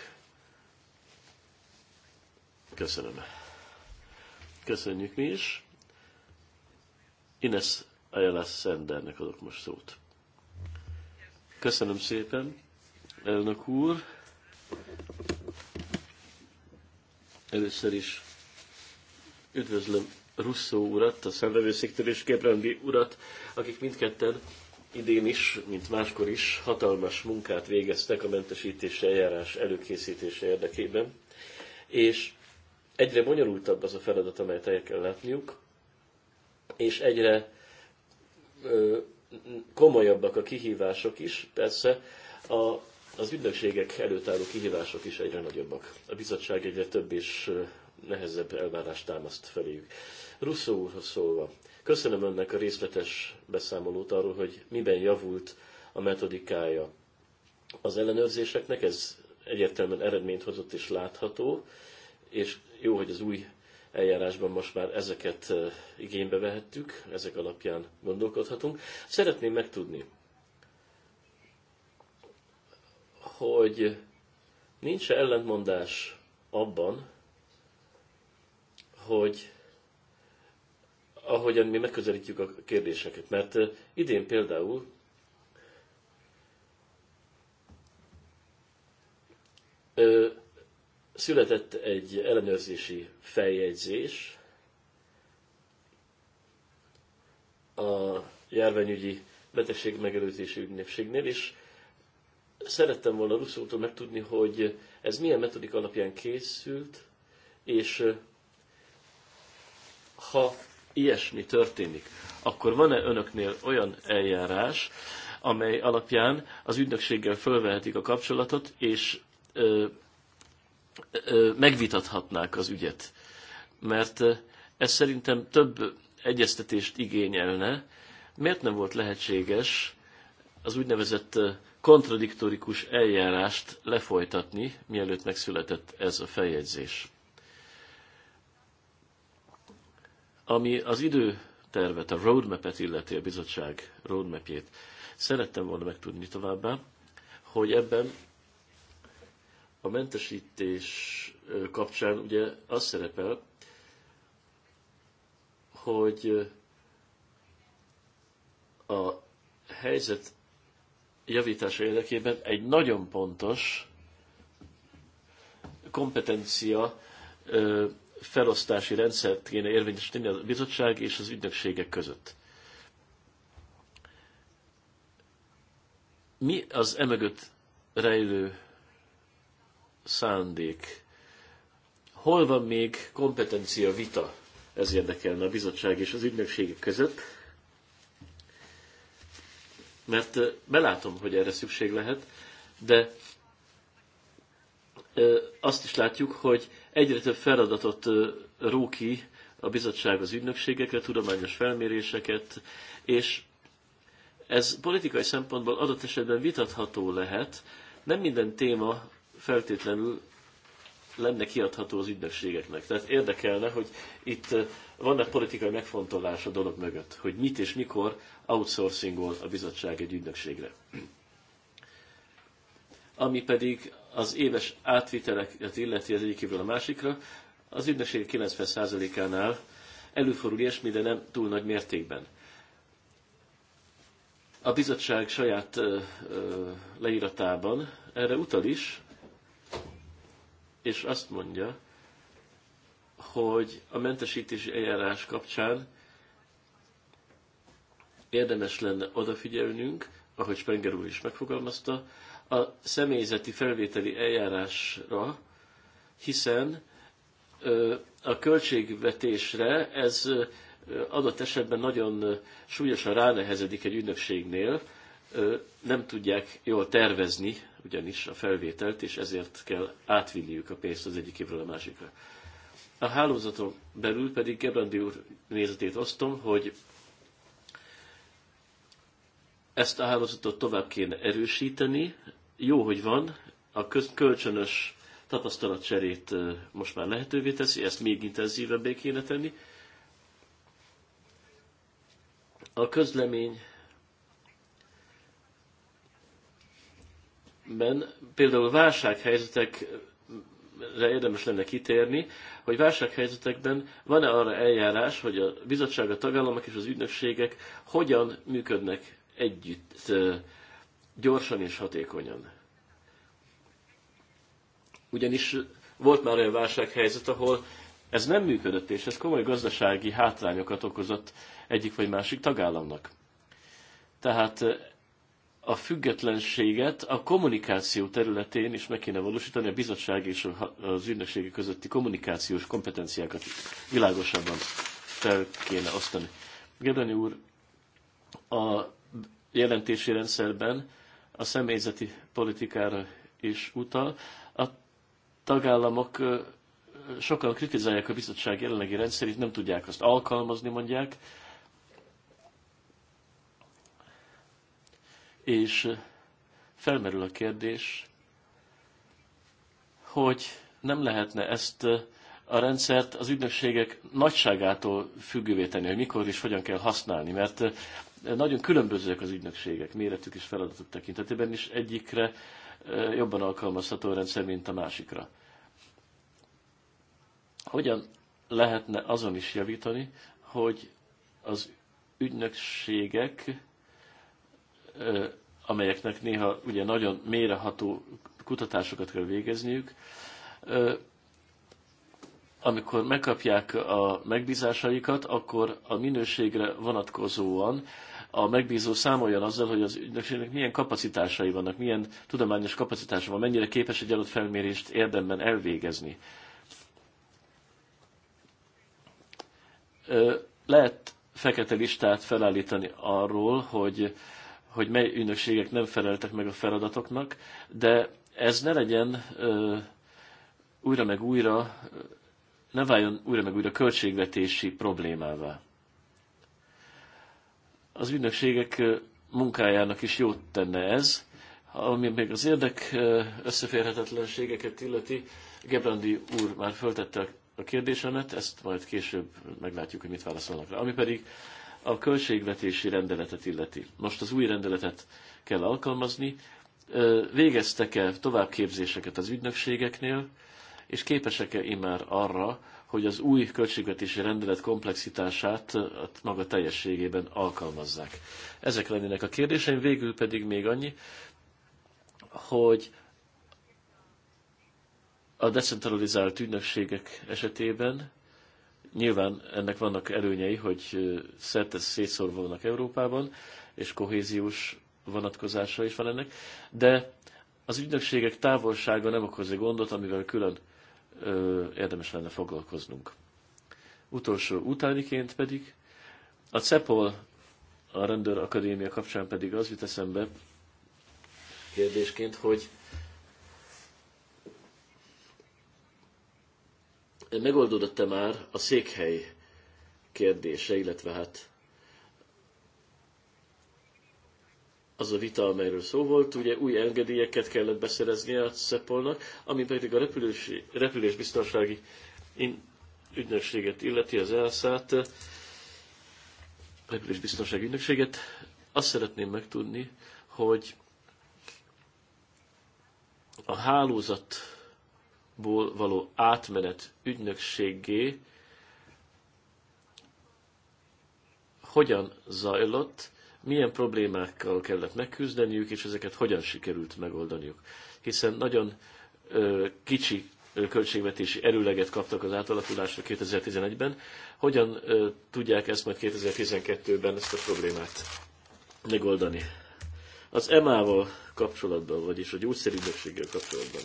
Köszönöm. Köszönjük mi is. Ines Ayala Szendernek adok most szót. Köszönöm szépen, elnök úr. Először is Üdvözlöm Russzó urat, a szembevőszéktől és Kebrandi urat, akik mindketten idén is, mint máskor is hatalmas munkát végeztek a mentesítés eljárás előkészítése érdekében, és egyre bonyolultabb az a feladat, amelyet el kell látniuk, és egyre ö, komolyabbak a kihívások is, persze a, az ügynökségek előtt álló kihívások is egyre nagyobbak. A bizottság egyre több és nehezebb elvárást támaszt feléjük. Russzó úrhoz szólva, köszönöm önnek a részletes beszámolót arról, hogy miben javult a metodikája az ellenőrzéseknek, ez egyértelműen eredményt hozott és látható, és jó, hogy az új eljárásban most már ezeket igénybe vehettük, ezek alapján gondolkodhatunk. Szeretném megtudni, hogy nincs -e ellentmondás abban, hogy ahogyan mi megközelítjük a kérdéseket. Mert idén például ö, született egy ellenőrzési feljegyzés a járványügyi betegség megelőzési ügynökségnél, és szerettem volna Ruszótól megtudni, hogy ez milyen metodik alapján készült, és ha ilyesmi történik, akkor van-e önöknél olyan eljárás, amely alapján az ügynökséggel fölvehetik a kapcsolatot, és ö, ö, megvitathatnák az ügyet? Mert ez szerintem több egyeztetést igényelne. Miért nem volt lehetséges az úgynevezett kontradiktorikus eljárást lefolytatni, mielőtt megszületett ez a feljegyzés? Ami az időtervet, a roadmap-et illeti a bizottság roadmapjét, szerettem volna megtudni továbbá, hogy ebben a mentesítés kapcsán ugye az szerepel, hogy a helyzet javítása érdekében egy nagyon pontos kompetencia felosztási rendszert kéne érvényesíteni a bizottság és az ügynökségek között. Mi az emögött rejlő szándék? Hol van még kompetencia vita? Ez érdekelne a bizottság és az ügynökségek között. Mert belátom, hogy erre szükség lehet, de azt is látjuk, hogy egyre több feladatot ró ki a bizottság az ügynökségekre, tudományos felméréseket, és ez politikai szempontból adott esetben vitatható lehet. Nem minden téma feltétlenül lenne kiadható az ügynökségeknek. Tehát érdekelne, hogy itt vannak politikai megfontolás a dolog mögött, hogy mit és mikor outsourcingol a bizottság egy ügynökségre. Ami pedig az éves átviteleket illeti az egyik a másikra, az ügynökség 90%-ánál előfordul ilyesmi, de nem túl nagy mértékben. A bizottság saját ö, ö, leíratában erre utal is, és azt mondja, hogy a mentesítési eljárás kapcsán érdemes lenne odafigyelnünk, ahogy Spenger úr is megfogalmazta, a személyzeti felvételi eljárásra, hiszen a költségvetésre ez adott esetben nagyon súlyosan ránehezedik egy ünnepségnél, nem tudják jól tervezni ugyanis a felvételt, és ezért kell átvinniük a pénzt az egyik évről a másikra. A hálózaton belül pedig Gebrandi úr nézetét osztom, hogy ezt a hálózatot tovább kéne erősíteni, jó, hogy van, a köz, kölcsönös tapasztalatcserét most már lehetővé teszi, ezt még intenzívebbé kéne tenni. A közlemény ben például válsághelyzetekre érdemes lenne kitérni, hogy válsághelyzetekben van-e arra eljárás, hogy a bizottság, a tagállamok és az ügynökségek hogyan működnek együtt gyorsan és hatékonyan. Ugyanis volt már olyan válsághelyzet, ahol ez nem működött, és ez komoly gazdasági hátrányokat okozott egyik vagy másik tagállamnak. Tehát eh, a függetlenséget a kommunikáció területén is meg kéne valósítani, a bizottság és az ügynökségi közötti kommunikációs kompetenciákat világosabban fel kéne osztani. Gedani úr a jelentési rendszerben a személyzeti politikára is utal. A tagállamok sokan kritizálják a bizottság jelenlegi rendszerét, nem tudják azt alkalmazni, mondják. És felmerül a kérdés, hogy nem lehetne ezt a rendszert az ügynökségek nagyságától függővé tenni, hogy mikor és hogyan kell használni, mert nagyon különbözőek az ügynökségek méretük és feladatuk tekintetében, is egyikre jobban alkalmazható a rendszer, mint a másikra. Hogyan lehetne azon is javítani, hogy az ügynökségek, amelyeknek néha ugye nagyon méreható kutatásokat kell végezniük, amikor megkapják a megbízásaikat, akkor a minőségre vonatkozóan a megbízó számoljon azzal, hogy az ügynökségnek milyen kapacitásai vannak, milyen tudományos kapacitása van, mennyire képes egy adott felmérést érdemben elvégezni. Lehet fekete listát felállítani arról, hogy, hogy mely ügynökségek nem feleltek meg a feladatoknak, de ez ne legyen újra meg újra, ne váljon újra meg újra költségvetési problémává. Az ügynökségek munkájának is jót tenne ez. Ami még az érdek összeférhetetlenségeket illeti, Gebrandi úr már föltette a kérdésemet, ezt majd később meglátjuk, hogy mit válaszolnak rá. Ami pedig a költségvetési rendeletet illeti. Most az új rendeletet kell alkalmazni. Végeztek-e továbbképzéseket az ügynökségeknél, és képesek-e immár arra, hogy az új költségvetési rendelet komplexitását a maga teljességében alkalmazzák. Ezek lennének a kérdéseim, végül pedig még annyi, hogy a decentralizált ügynökségek esetében nyilván ennek vannak előnyei, hogy szerte szétszórva vannak Európában, és kohéziós vonatkozása is van ennek, de az ügynökségek távolsága nem okozza gondot, amivel külön ö, érdemes lenne foglalkoznunk. Utolsó utániként pedig a CEPOL, a Rendőr Akadémia kapcsán pedig az jut eszembe kérdésként, hogy megoldódott-e már a székhely kérdése, illetve hát az a vita, amelyről szó volt, ugye új engedélyeket kellett beszerezni a Szepolnak, ami pedig a repülésbiztonsági in, ügynökséget illeti, az elszállt repülésbiztonsági ügynökséget. Azt szeretném megtudni, hogy a hálózatból való átmenet ügynökségé hogyan zajlott, milyen problémákkal kellett megküzdeniük, és ezeket hogyan sikerült megoldaniuk. Hiszen nagyon ö, kicsi költségvetési erőleget kaptak az átalakulásra 2011-ben. Hogyan ö, tudják ezt majd 2012-ben ezt a problémát megoldani? Az EMA-val kapcsolatban, vagyis a gyógyszerügynökséggel kapcsolatban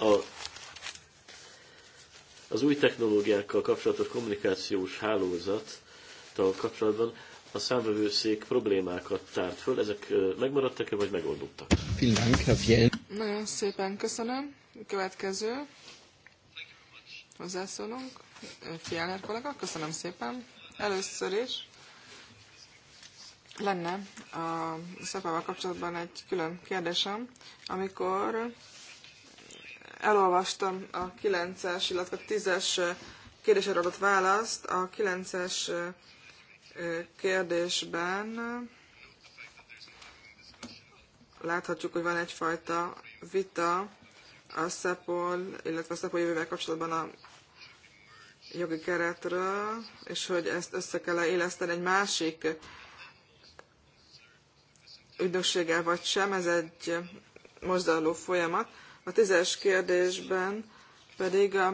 a, az új technológiákkal kapcsolatos kommunikációs hálózat javaslattal kapcsolatban a számvevőszék problémákat tárt föl. Ezek megmaradtak-e, vagy megoldottak? Nagyon szépen köszönöm. Következő hozzászólunk. Fialer kollega, köszönöm szépen. Először is lenne a szepával kapcsolatban egy külön kérdésem. Amikor elolvastam a 9-es, illetve 10-es kérdésre adott választ, a 9-es kérdésben láthatjuk, hogy van egyfajta vita a SZEPOL, illetve a SZEPOL jövővel kapcsolatban a jogi keretről, és hogy ezt össze kell éleszteni egy másik ügynökséggel vagy sem, ez egy mozdaló folyamat. A tízes kérdésben pedig a,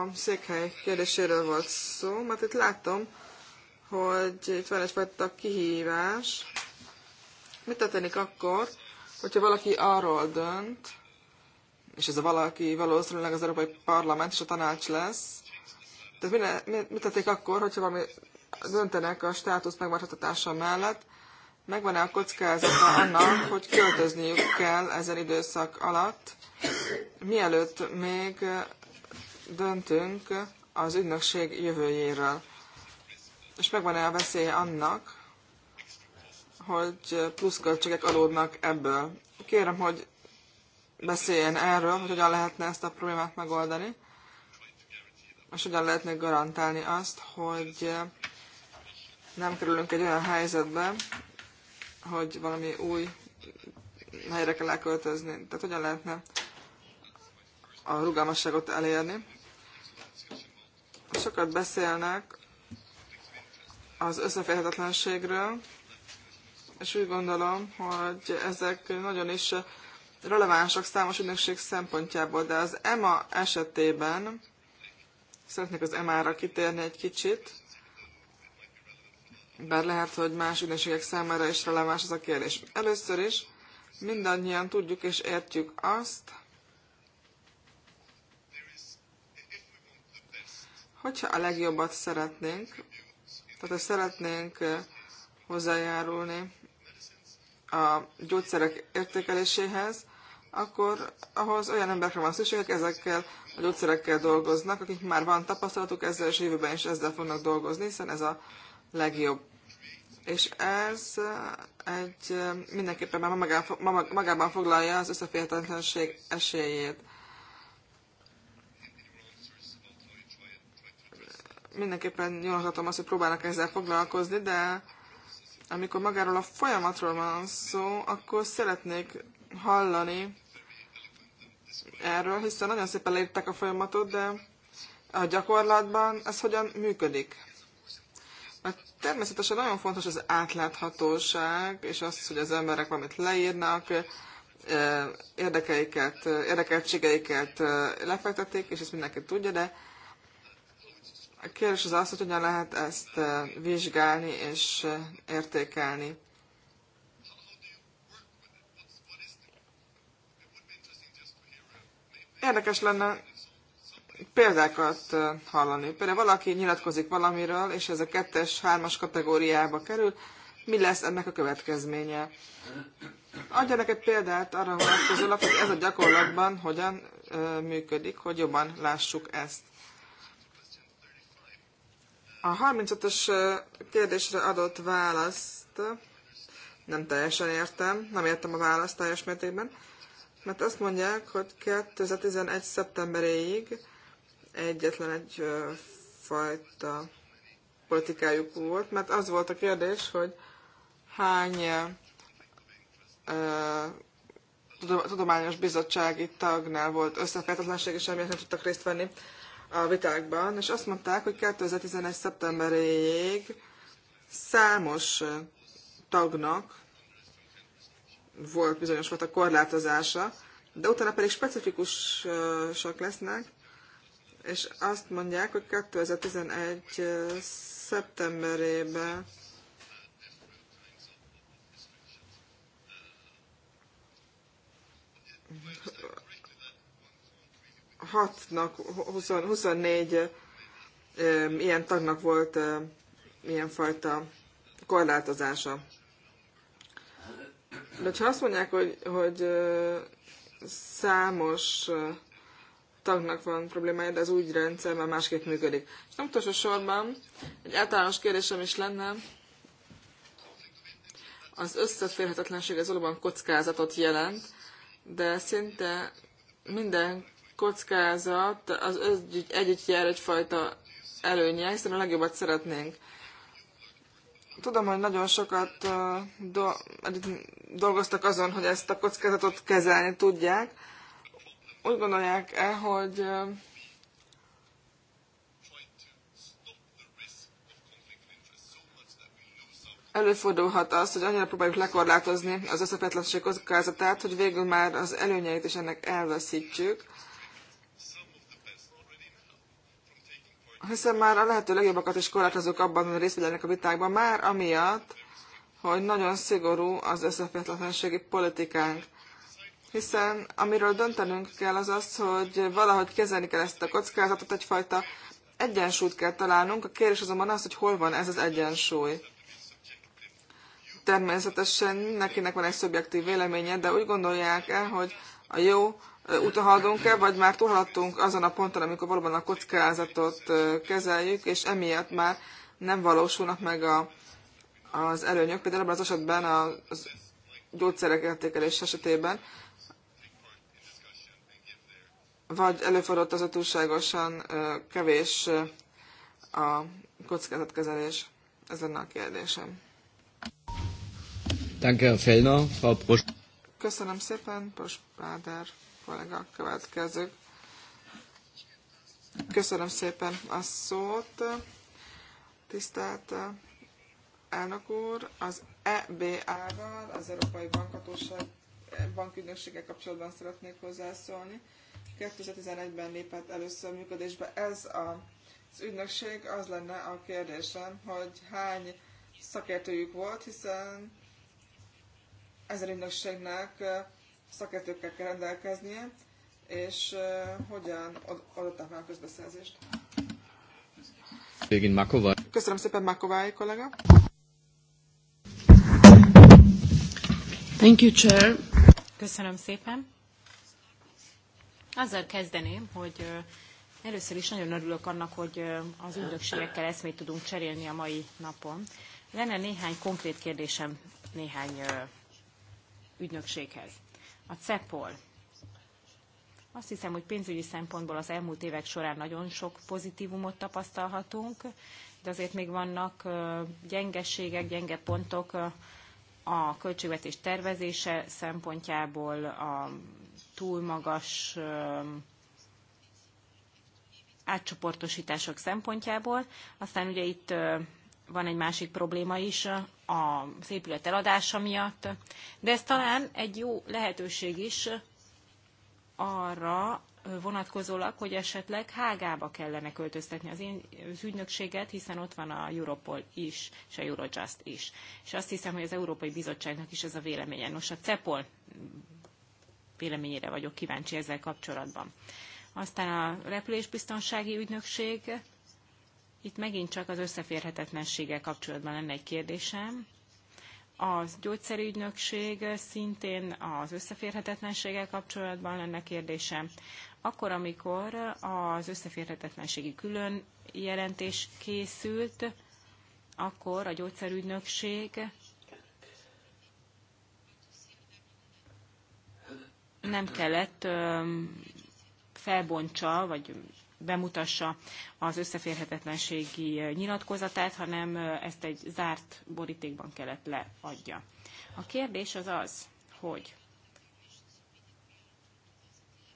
a székhely kérdéséről volt szó, mert itt látom, hogy itt van egyfajta kihívás. Mit történik akkor, hogyha valaki arról dönt, és ez a valaki valószínűleg az Európai Parlament és a tanács lesz, tehát mit, mit, tették akkor, hogyha valami döntenek a státusz megmaradhatása mellett, megvan-e a kockázata annak, hogy költözniük kell ezen időszak alatt, mielőtt még döntünk az ügynökség jövőjéről és megvan-e a veszélye annak, hogy pluszköltségek adódnak ebből. Kérem, hogy beszéljen erről, hogy hogyan lehetne ezt a problémát megoldani, és hogyan lehetne garantálni azt, hogy nem kerülünk egy olyan helyzetbe, hogy valami új helyre kell elköltözni. Tehát hogyan lehetne a rugalmasságot elérni. Sokat beszélnek az összeférhetetlenségről, és úgy gondolom, hogy ezek nagyon is relevánsak számos ügynökség szempontjából, de az EMA esetében szeretnék az EMA-ra kitérni egy kicsit, bár lehet, hogy más ügynökségek számára is releváns ez a kérdés. Először is mindannyian tudjuk és értjük azt, hogyha a legjobbat szeretnénk, tehát, hogy szeretnénk hozzájárulni a gyógyszerek értékeléséhez, akkor ahhoz olyan emberekre van szükség, ezekkel a gyógyszerekkel dolgoznak, akik már van tapasztalatuk ezzel, és jövőben is ezzel fognak dolgozni, hiszen ez a legjobb. És ez egy mindenképpen már magában foglalja az összeférhetetlenség esélyét. mindenképpen jól hallgatom azt, hogy próbálnak ezzel foglalkozni, de amikor magáról a folyamatról van szó, akkor szeretnék hallani erről, hiszen nagyon szépen leírták a folyamatot, de a gyakorlatban ez hogyan működik. Mert természetesen nagyon fontos az átláthatóság, és az, hogy az emberek valamit leírnak, érdekeiket, érdekeltségeiket lefektették, és ezt mindenki tudja, de a kérdés az az, hogy hogyan lehet ezt eh, vizsgálni és eh, értékelni. Érdekes lenne példákat eh, hallani. Például valaki nyilatkozik valamiről, és ez a kettes, hármas kategóriába kerül, mi lesz ennek a következménye? Adja neked példát arra vonatkozólag, hogy ez a gyakorlatban hogyan működik, hogy jobban lássuk ezt. A 35-ös kérdésre adott választ nem teljesen értem, nem értem a választ teljes mértékben, mert azt mondják, hogy 2011. szeptemberéig egyetlen egy fajta politikájuk volt, mert az volt a kérdés, hogy hány tudományos bizottsági tagnál volt összefejtetlenség, és emiatt nem tudtak részt venni a vitákban, és azt mondták, hogy 2011. szeptemberéig számos tagnak volt bizonyos volt a korlátozása, de utána pedig specifikusak lesznek, és azt mondják, hogy 2011. szeptemberében hatnak, 20, 24 ilyen tagnak volt ilyen fajta korlátozása. De ha azt mondják, hogy, hogy számos tagnak van problémája, de az úgy rendszer mert másképp működik. És nem utolsó sorban egy általános kérdésem is lenne, az összeférhetetlenség az valóban kockázatot jelent, de szinte minden kockázat az együtt, együtt jár egyfajta előnye, hiszen a legjobbat szeretnénk. Tudom, hogy nagyon sokat do, dolgoztak azon, hogy ezt a kockázatot kezelni tudják. Úgy gondolják-e, hogy előfordulhat az, hogy annyira próbáljuk lekorlátozni az összefetlenség kockázatát, hogy végül már az előnyeit is ennek elveszítjük. hiszen már a lehető legjobbakat is korlátozók abban, hogy részt a vitákban, már amiatt, hogy nagyon szigorú az összeférhetetlenségi politikánk. Hiszen amiről döntenünk kell az az, hogy valahogy kezelni kell ezt a kockázatot, egyfajta egyensúlyt kell találnunk. A kérdés azonban az, hogy hol van ez az egyensúly. Természetesen nekinek van egy szubjektív véleménye, de úgy gondolják el, hogy a jó utahadunk e vagy már túlhaladtunk azon a ponton, amikor valóban a kockázatot kezeljük, és emiatt már nem valósulnak meg a, az előnyök. Például ebben az esetben a gyógyszerek értékelés esetében, vagy előfordult az a túlságosan kevés a kockázatkezelés. Ez lenne a kérdésem. Köszönöm szépen, Prospáder kollega következő. Köszönöm szépen a szót. Tisztelt eh, elnök úr, az EBA-val, az Európai Bankhatóság bankügynökséggel kapcsolatban szeretnék hozzászólni. 2011-ben lépett először működésbe ez a, az ügynökség, az lenne a kérdésem, hogy hány szakértőjük volt, hiszen ezen ügynökségnek eh, szakértőkkel kell rendelkeznie, és hogyan adották meg a közbeszerzést. Köszönöm szépen, Makovály kollega. Thank you, Chair. Köszönöm szépen. Azzal kezdeném, hogy először is nagyon örülök annak, hogy az ügynökségekkel eszmét tudunk cserélni a mai napon. Lenne néhány konkrét kérdésem néhány ügynökséghez. A CEPOL. Azt hiszem, hogy pénzügyi szempontból az elmúlt évek során nagyon sok pozitívumot tapasztalhatunk, de azért még vannak gyengeségek, gyenge pontok a költségvetés tervezése szempontjából, a túl magas átcsoportosítások szempontjából. Aztán ugye itt van egy másik probléma is a épület eladása miatt, de ez talán egy jó lehetőség is arra vonatkozólag, hogy esetleg Hágába kellene költöztetni az, én, az ügynökséget, hiszen ott van a Europol is, és a Eurojust is. És azt hiszem, hogy az Európai Bizottságnak is ez a véleménye. Nos, a CEPOL véleményére vagyok kíváncsi ezzel kapcsolatban. Aztán a repülésbiztonsági ügynökség, itt megint csak az összeférhetetlenséggel kapcsolatban lenne egy kérdésem. A gyógyszerügynökség szintén az összeférhetetlenséggel kapcsolatban lenne kérdésem. Akkor, amikor az összeférhetetlenségi külön jelentés készült, akkor a gyógyszerügynökség nem kellett felbontsa, vagy bemutassa az összeférhetetlenségi nyilatkozatát, hanem ezt egy zárt borítékban kellett leadja. A kérdés az az, hogy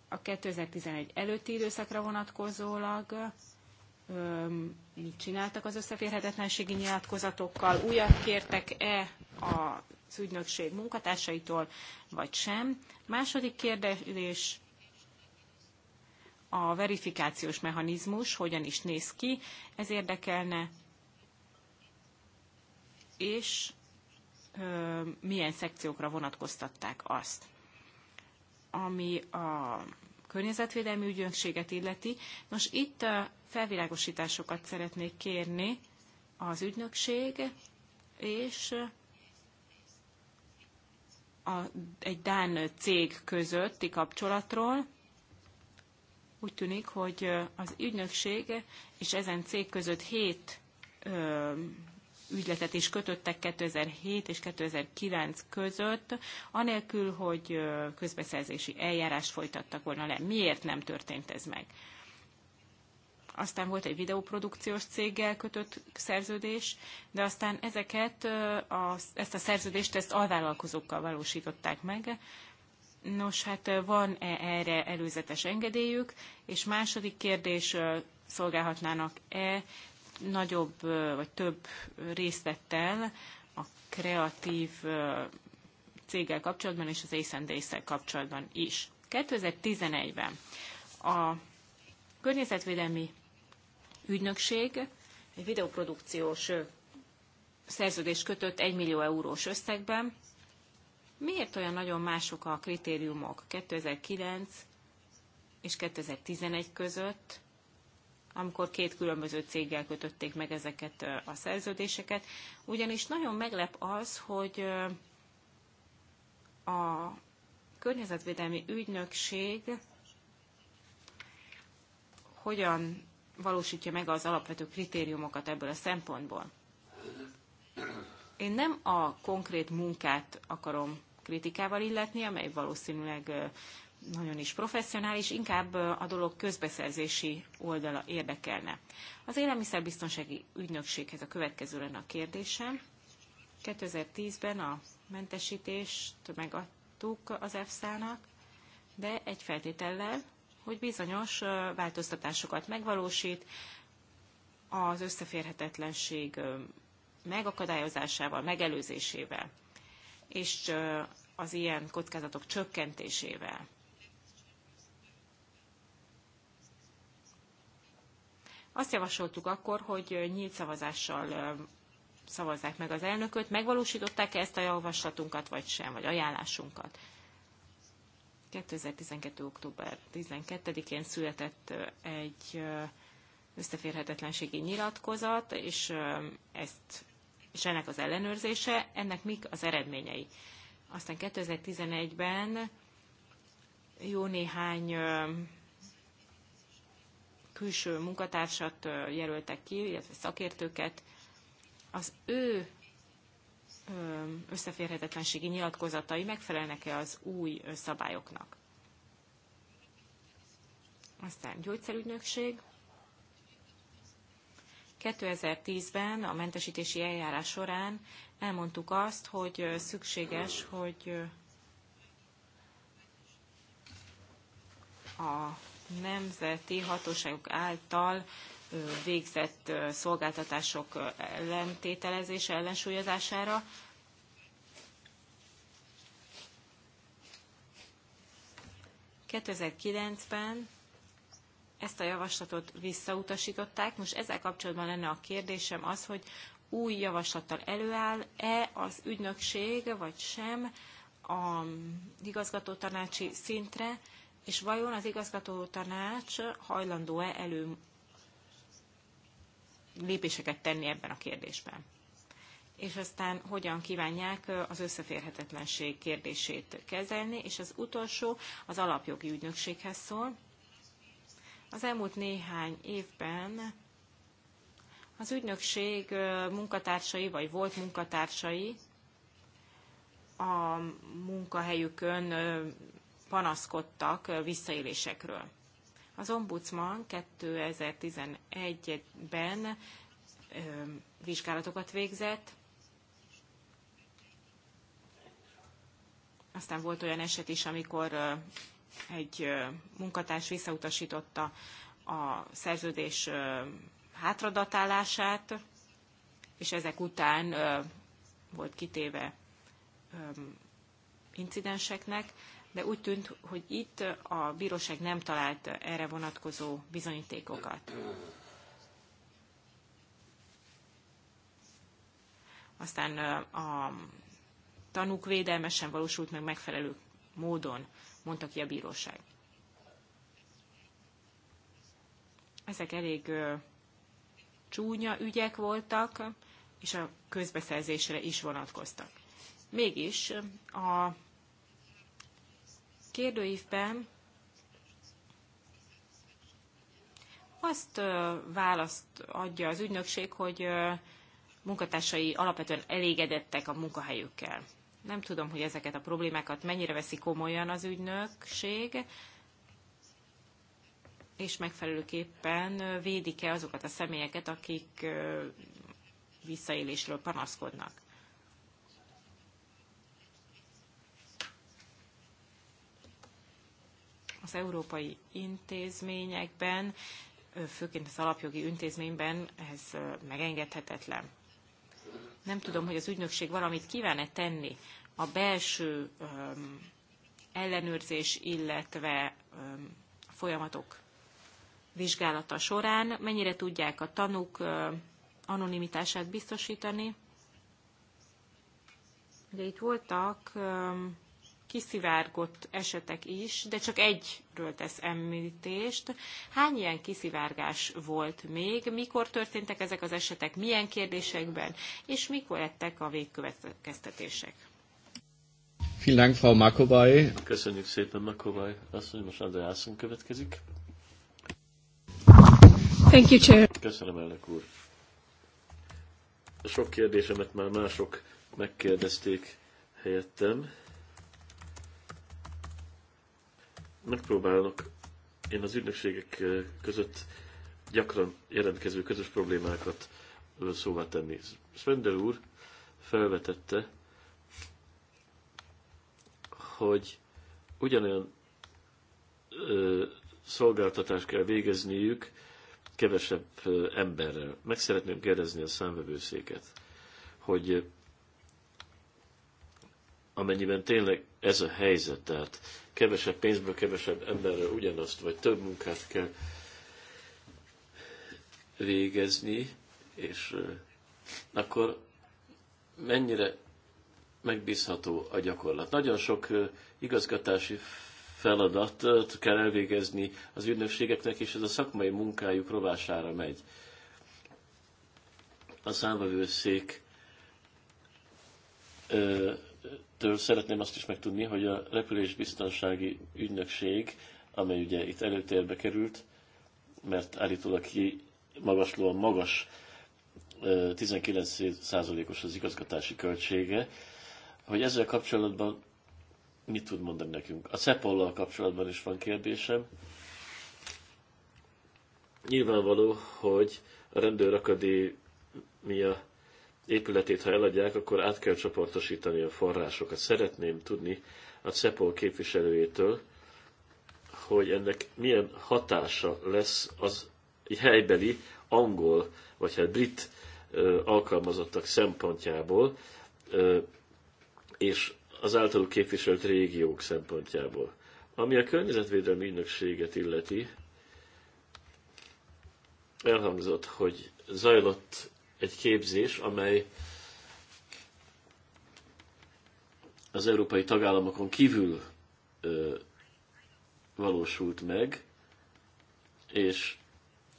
a 2011 előtti időszakra vonatkozólag mit csináltak az összeférhetetlenségi nyilatkozatokkal, újat kértek-e a az ügynökség munkatársaitól, vagy sem. Második kérdés, a verifikációs mechanizmus hogyan is néz ki, ez érdekelne, és ö, milyen szekciókra vonatkoztatták azt. Ami a környezetvédelmi ügyönséget illeti, nos itt a felvilágosításokat szeretnék kérni az ügynökség és a, egy Dán cég közötti kapcsolatról, úgy tűnik, hogy az ügynökség és ezen cég között hét ügyletet is kötöttek 2007 és 2009 között, anélkül, hogy közbeszerzési eljárást folytattak volna le. Miért nem történt ez meg? Aztán volt egy videóprodukciós céggel kötött szerződés, de aztán ezeket, a, ezt a szerződést ezt alvállalkozókkal valósították meg, Nos, hát van-e erre előzetes engedélyük? És második kérdés, szolgálhatnának-e nagyobb vagy több részlettel a kreatív céggel kapcsolatban és az észendészek kapcsolatban is. 2011-ben a Környezetvédelmi Ügynökség egy videoprodukciós szerződést kötött 1 millió eurós összegben Miért olyan nagyon mások a kritériumok 2009 és 2011 között, amikor két különböző céggel kötötték meg ezeket a szerződéseket, ugyanis nagyon meglep az, hogy a környezetvédelmi ügynökség hogyan valósítja meg az alapvető kritériumokat ebből a szempontból. Én nem a konkrét munkát akarom kritikával illetni, amely valószínűleg nagyon is professzionális, inkább a dolog közbeszerzési oldala érdekelne. Az élelmiszerbiztonsági ügynökséghez a következő lenne a kérdésem. 2010-ben a mentesítést megadtuk az EFSA-nak, de egy feltétellel, hogy bizonyos változtatásokat megvalósít, az összeférhetetlenség megakadályozásával, megelőzésével és az ilyen kockázatok csökkentésével. Azt javasoltuk akkor, hogy nyílt szavazással szavazzák meg az elnököt. Megvalósították-e ezt a javaslatunkat, vagy sem, vagy ajánlásunkat? 2012. október 12-én született egy összeférhetetlenségi nyilatkozat, és ezt és ennek az ellenőrzése, ennek mik az eredményei. Aztán 2011-ben jó néhány külső munkatársat jelöltek ki, illetve szakértőket. Az ő összeférhetetlenségi nyilatkozatai megfelelnek-e az új szabályoknak? Aztán gyógyszerügynökség. 2010-ben a mentesítési eljárás során elmondtuk azt, hogy szükséges, hogy a nemzeti hatóságok által végzett szolgáltatások ellentételezése, ellensúlyozására. ben ezt a javaslatot visszautasították. Most ezzel kapcsolatban lenne a kérdésem az, hogy új javaslattal előáll-e az ügynökség, vagy sem a igazgatótanácsi szintre, és vajon az igazgatótanács hajlandó-e elő lépéseket tenni ebben a kérdésben? és aztán hogyan kívánják az összeférhetetlenség kérdését kezelni, és az utolsó az alapjogi ügynökséghez szól. Az elmúlt néhány évben az ügynökség munkatársai, vagy volt munkatársai a munkahelyükön panaszkodtak visszaélésekről. Az ombudsman 2011-ben vizsgálatokat végzett, aztán volt olyan eset is, amikor egy munkatárs visszautasította a szerződés hátradatálását, és ezek után volt kitéve incidenseknek, de úgy tűnt, hogy itt a bíróság nem talált erre vonatkozó bizonyítékokat. Aztán a tanúk védelme sem valósult meg megfelelő módon mondta ki a bíróság. Ezek elég csúnya ügyek voltak, és a közbeszerzésre is vonatkoztak. Mégis a kérdőívben azt választ adja az ügynökség, hogy munkatársai alapvetően elégedettek a munkahelyükkel. Nem tudom, hogy ezeket a problémákat mennyire veszi komolyan az ügynökség, és megfelelőképpen védik-e azokat a személyeket, akik visszaélésről panaszkodnak. Az európai intézményekben, főként az alapjogi intézményben ez megengedhetetlen. Nem tudom, hogy az ügynökség valamit kíván-e tenni a belső ellenőrzés, illetve folyamatok vizsgálata során, mennyire tudják a tanúk anonimitását biztosítani. Ugye itt voltak kiszivárgott esetek is, de csak egyről tesz említést. Hány ilyen kiszivárgás volt még, mikor történtek ezek az esetek, milyen kérdésekben, és mikor lettek a végkövetkeztetések? Vielen Dank, Frau Makovály. Köszönjük szépen, Makovai. Azt mondja, most Andreasen következik. Thank you, Chair. Köszönöm, elnök úr. A sok kérdésemet már mások megkérdezték helyettem. megpróbálnak én az ügynökségek eh, között gyakran jelentkező közös problémákat eh, szóvá tenni. Svendel úr felvetette, hogy ugyanolyan ö, eh, szolgáltatást kell végezniük kevesebb emberrel. Meg szeretném kérdezni a számvevőszéket, hogy amennyiben tényleg ez a helyzet, tehát kevesebb pénzből, kevesebb emberrel ugyanazt, vagy több munkát kell végezni, és akkor mennyire megbízható a gyakorlat. Nagyon sok igazgatási feladatot kell elvégezni az ügynökségeknek, és ez a szakmai munkájuk rovására megy. A számvevőszék től szeretném azt is megtudni, hogy a repülésbiztonsági ügynökség, amely ugye itt előtérbe került, mert állítólag ki magaslóan magas, 19%-os az igazgatási költsége, hogy ezzel kapcsolatban mit tud mondani nekünk? A cepol kapcsolatban is van kérdésem. Nyilvánvaló, hogy a rendőrakadémia épületét, ha eladják, akkor át kell csoportosítani a forrásokat. Szeretném tudni a CEPOL képviselőjétől, hogy ennek milyen hatása lesz az helybeli angol, vagy hát brit ö, alkalmazottak szempontjából, ö, és az általuk képviselt régiók szempontjából. Ami a környezetvédelmi ügynökséget illeti, elhangzott, hogy zajlott egy képzés, amely az európai tagállamokon kívül ö, valósult meg, és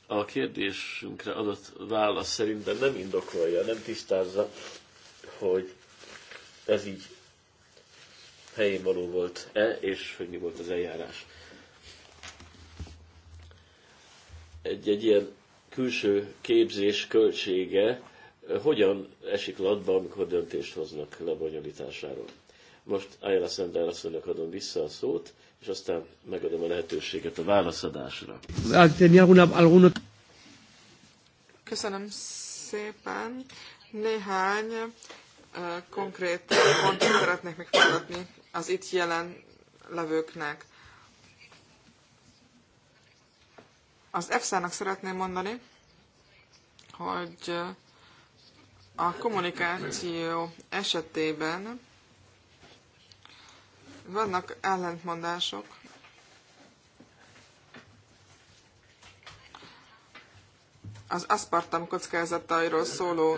a kérdésünkre adott válasz szerintem nem indokolja, nem tisztázza, hogy ez így helyén való volt-e, és hogy mi volt az eljárás. Egy, egy ilyen külső képzés költsége hogyan esik latba, amikor döntést hoznak lebonyolításáról. Most Ayala Szender asszonynak adom vissza a szót, és aztán megadom a lehetőséget a válaszadásra. Ah, Köszönöm szépen. Néhány konkrét pontot szeretnék még az itt jelen levőknek. Az EFSA-nak szeretném mondani, hogy a kommunikáció esetében vannak ellentmondások. Az aspartam kockázatairól szóló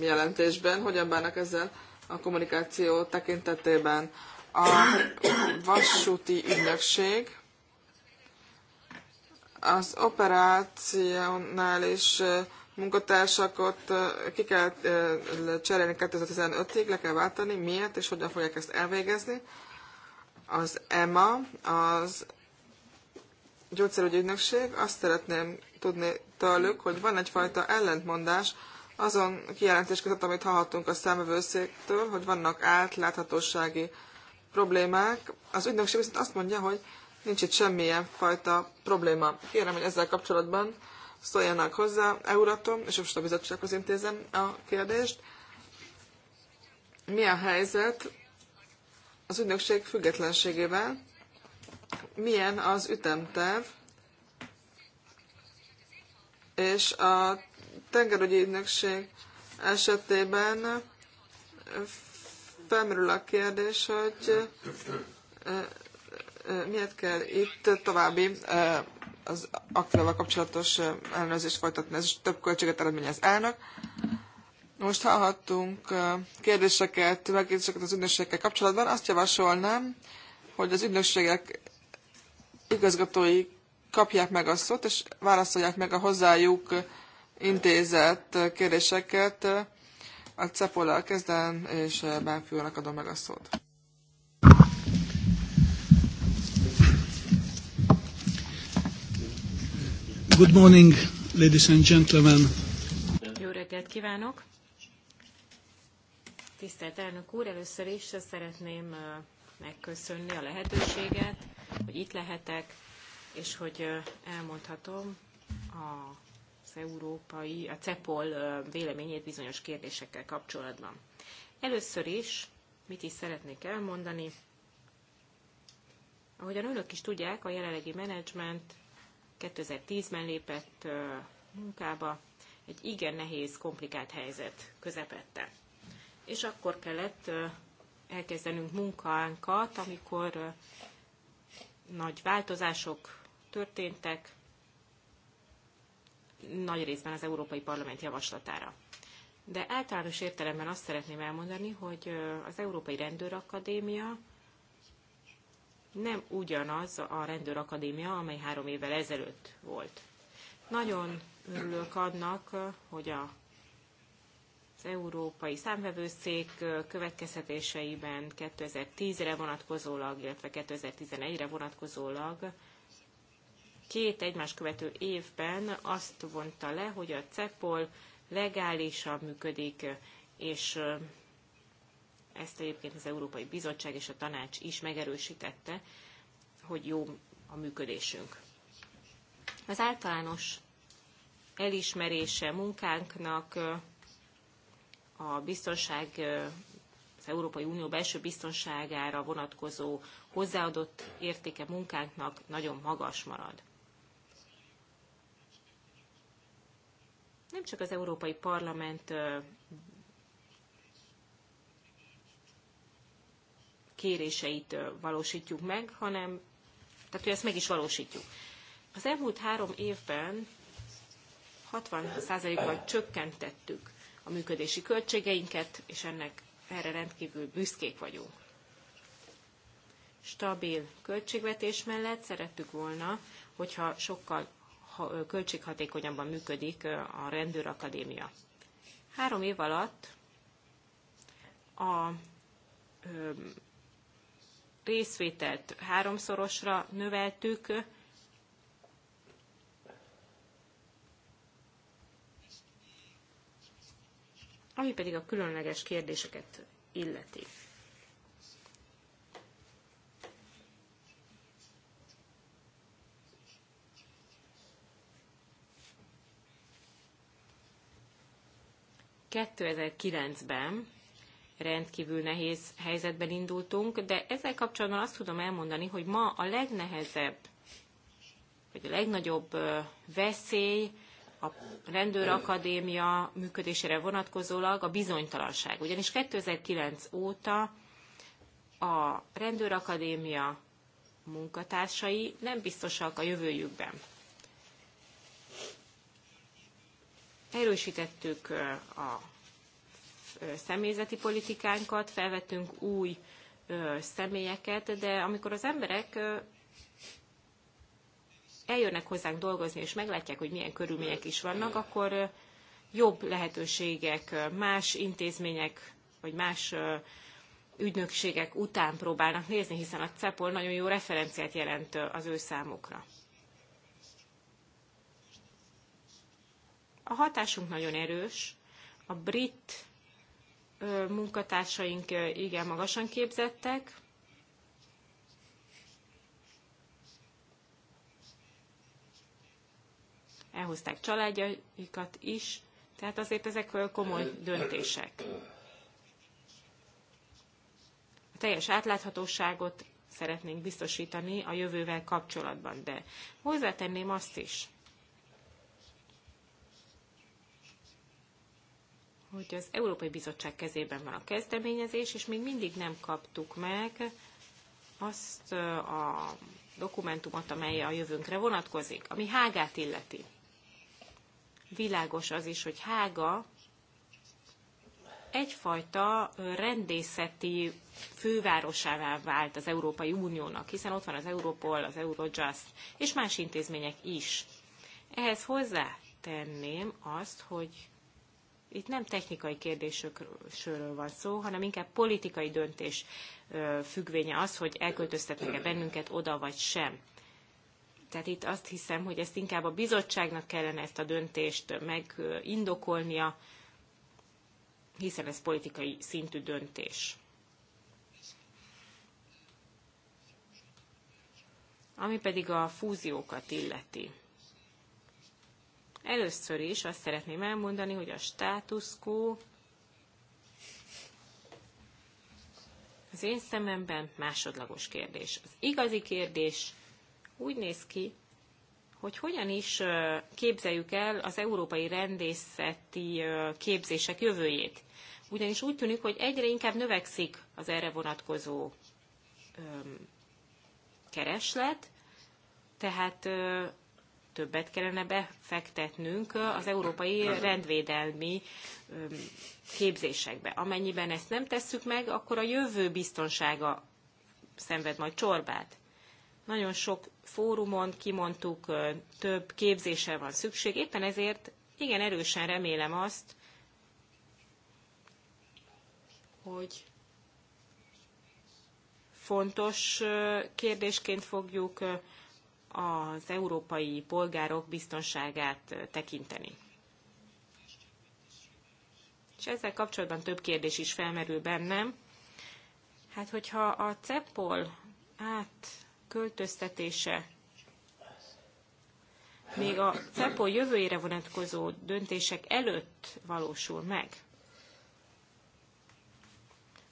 jelentésben hogyan bánnak ezzel a kommunikáció tekintetében. A vasúti ügynökség az operácionális munkatársakat ki kell cserélni 2015-ig, le kell váltani, miért és hogyan fogják ezt elvégezni. Az EMA, az gyógyszerügyi ügynökség, azt szeretném tudni tőlük, hogy van egyfajta ellentmondás azon kijelentés között, amit hallhattunk a számövőszéktől, hogy vannak átláthatósági problémák. Az ügynökség viszont azt mondja, hogy nincs itt semmilyen fajta probléma. Kérem, hogy ezzel kapcsolatban szóljanak hozzá Euratom, és most a bizottsághoz intézem a kérdést. Mi a helyzet az ügynökség függetlenségével? Milyen az ütemterv? És a tengerügyi ügynökség esetében felmerül a kérdés, hogy miért kell itt további az aktuálval kapcsolatos ellenőrzést folytatni? Ez is több költséget eredményez elnök. Most hallhattunk kérdéseket, megkérdéseket az ügynökségekkel kapcsolatban. Azt javasolnám, hogy az ügynökségek igazgatói kapják meg a szót, és válaszolják meg a hozzájuk intézett kérdéseket. A Cepollal kezdem, és Bánfiónak adom meg a szót. Good morning, ladies and gentlemen. Jó reggelt kívánok! Tisztelt elnök úr, először is szeretném megköszönni a lehetőséget, hogy itt lehetek, és hogy elmondhatom az európai, a CEPOL véleményét bizonyos kérdésekkel kapcsolatban. Először is, mit is szeretnék elmondani, Ahogyan önök is tudják, a jelenlegi menedzsment 2010-ben lépett munkába, egy igen nehéz, komplikált helyzet közepette. És akkor kellett elkezdenünk munkánkat, amikor nagy változások történtek, nagy részben az Európai Parlament javaslatára. De általános értelemben azt szeretném elmondani, hogy az Európai Rendőrakadémia nem ugyanaz a rendőrakadémia, amely három évvel ezelőtt volt. Nagyon örülök annak, hogy a az Európai Számvevőszék következtetéseiben 2010-re vonatkozólag, illetve 2011-re vonatkozólag két egymás követő évben azt vonta le, hogy a CEPOL legálisan működik, és ezt egyébként az Európai Bizottság és a Tanács is megerősítette, hogy jó a működésünk. Az általános elismerése munkánknak a biztonság, az Európai Unió belső biztonságára vonatkozó hozzáadott értéke munkánknak nagyon magas marad. Nem csak az Európai Parlament kéréseit valósítjuk meg, hanem tehát, hogy ezt meg is valósítjuk. Az elmúlt három évben 60%-kal csökkentettük a működési költségeinket, és ennek erre rendkívül büszkék vagyunk. Stabil költségvetés mellett szerettük volna, hogyha sokkal költséghatékonyabban működik a rendőrakadémia. Három év alatt a részvételt háromszorosra növeltük, ami pedig a különleges kérdéseket illeti. ben rendkívül nehéz helyzetben indultunk, de ezzel kapcsolatban azt tudom elmondani, hogy ma a legnehezebb, vagy a legnagyobb veszély a rendőrakadémia működésére vonatkozólag a bizonytalanság. Ugyanis 2009 óta a rendőrakadémia munkatársai nem biztosak a jövőjükben. Erősítettük a személyzeti politikánkat, felvettünk új személyeket, de amikor az emberek eljönnek hozzánk dolgozni, és meglátják, hogy milyen körülmények is vannak, akkor jobb lehetőségek, más intézmények, vagy más ügynökségek után próbálnak nézni, hiszen a CEPOL nagyon jó referenciát jelent az ő számukra. A hatásunk nagyon erős. A brit munkatársaink igen magasan képzettek, elhozták családjaikat is, tehát azért ezek komoly döntések. A teljes átláthatóságot szeretnénk biztosítani a jövővel kapcsolatban, de hozzátenném azt is, hogy az Európai Bizottság kezében van a kezdeményezés, és még mindig nem kaptuk meg azt a dokumentumot, amely a jövőnkre vonatkozik, ami Hágát illeti. Világos az is, hogy Hága egyfajta rendészeti fővárosává vált az Európai Uniónak, hiszen ott van az Europol, az Eurojust és más intézmények is. Ehhez tenném azt, hogy itt nem technikai kérdésről van szó, hanem inkább politikai döntés függvénye az, hogy elköltöztetnek-e bennünket oda vagy sem. Tehát itt azt hiszem, hogy ezt inkább a bizottságnak kellene ezt a döntést megindokolnia, hiszen ez politikai szintű döntés. Ami pedig a fúziókat illeti. Először is azt szeretném elmondani, hogy a status quo az én szememben másodlagos kérdés. Az igazi kérdés úgy néz ki, hogy hogyan is képzeljük el az európai rendészeti képzések jövőjét. Ugyanis úgy tűnik, hogy egyre inkább növekszik az erre vonatkozó kereslet, tehát többet kellene befektetnünk az európai rendvédelmi képzésekbe. Amennyiben ezt nem tesszük meg, akkor a jövő biztonsága szenved majd csorbát. Nagyon sok fórumon kimondtuk, több képzésre van szükség, éppen ezért igen erősen remélem azt, hogy fontos kérdésként fogjuk az európai polgárok biztonságát tekinteni. És ezzel kapcsolatban több kérdés is felmerül bennem. Hát, hogyha a CEPOL átköltöztetése még a CEPOL jövőjére vonatkozó döntések előtt valósul meg,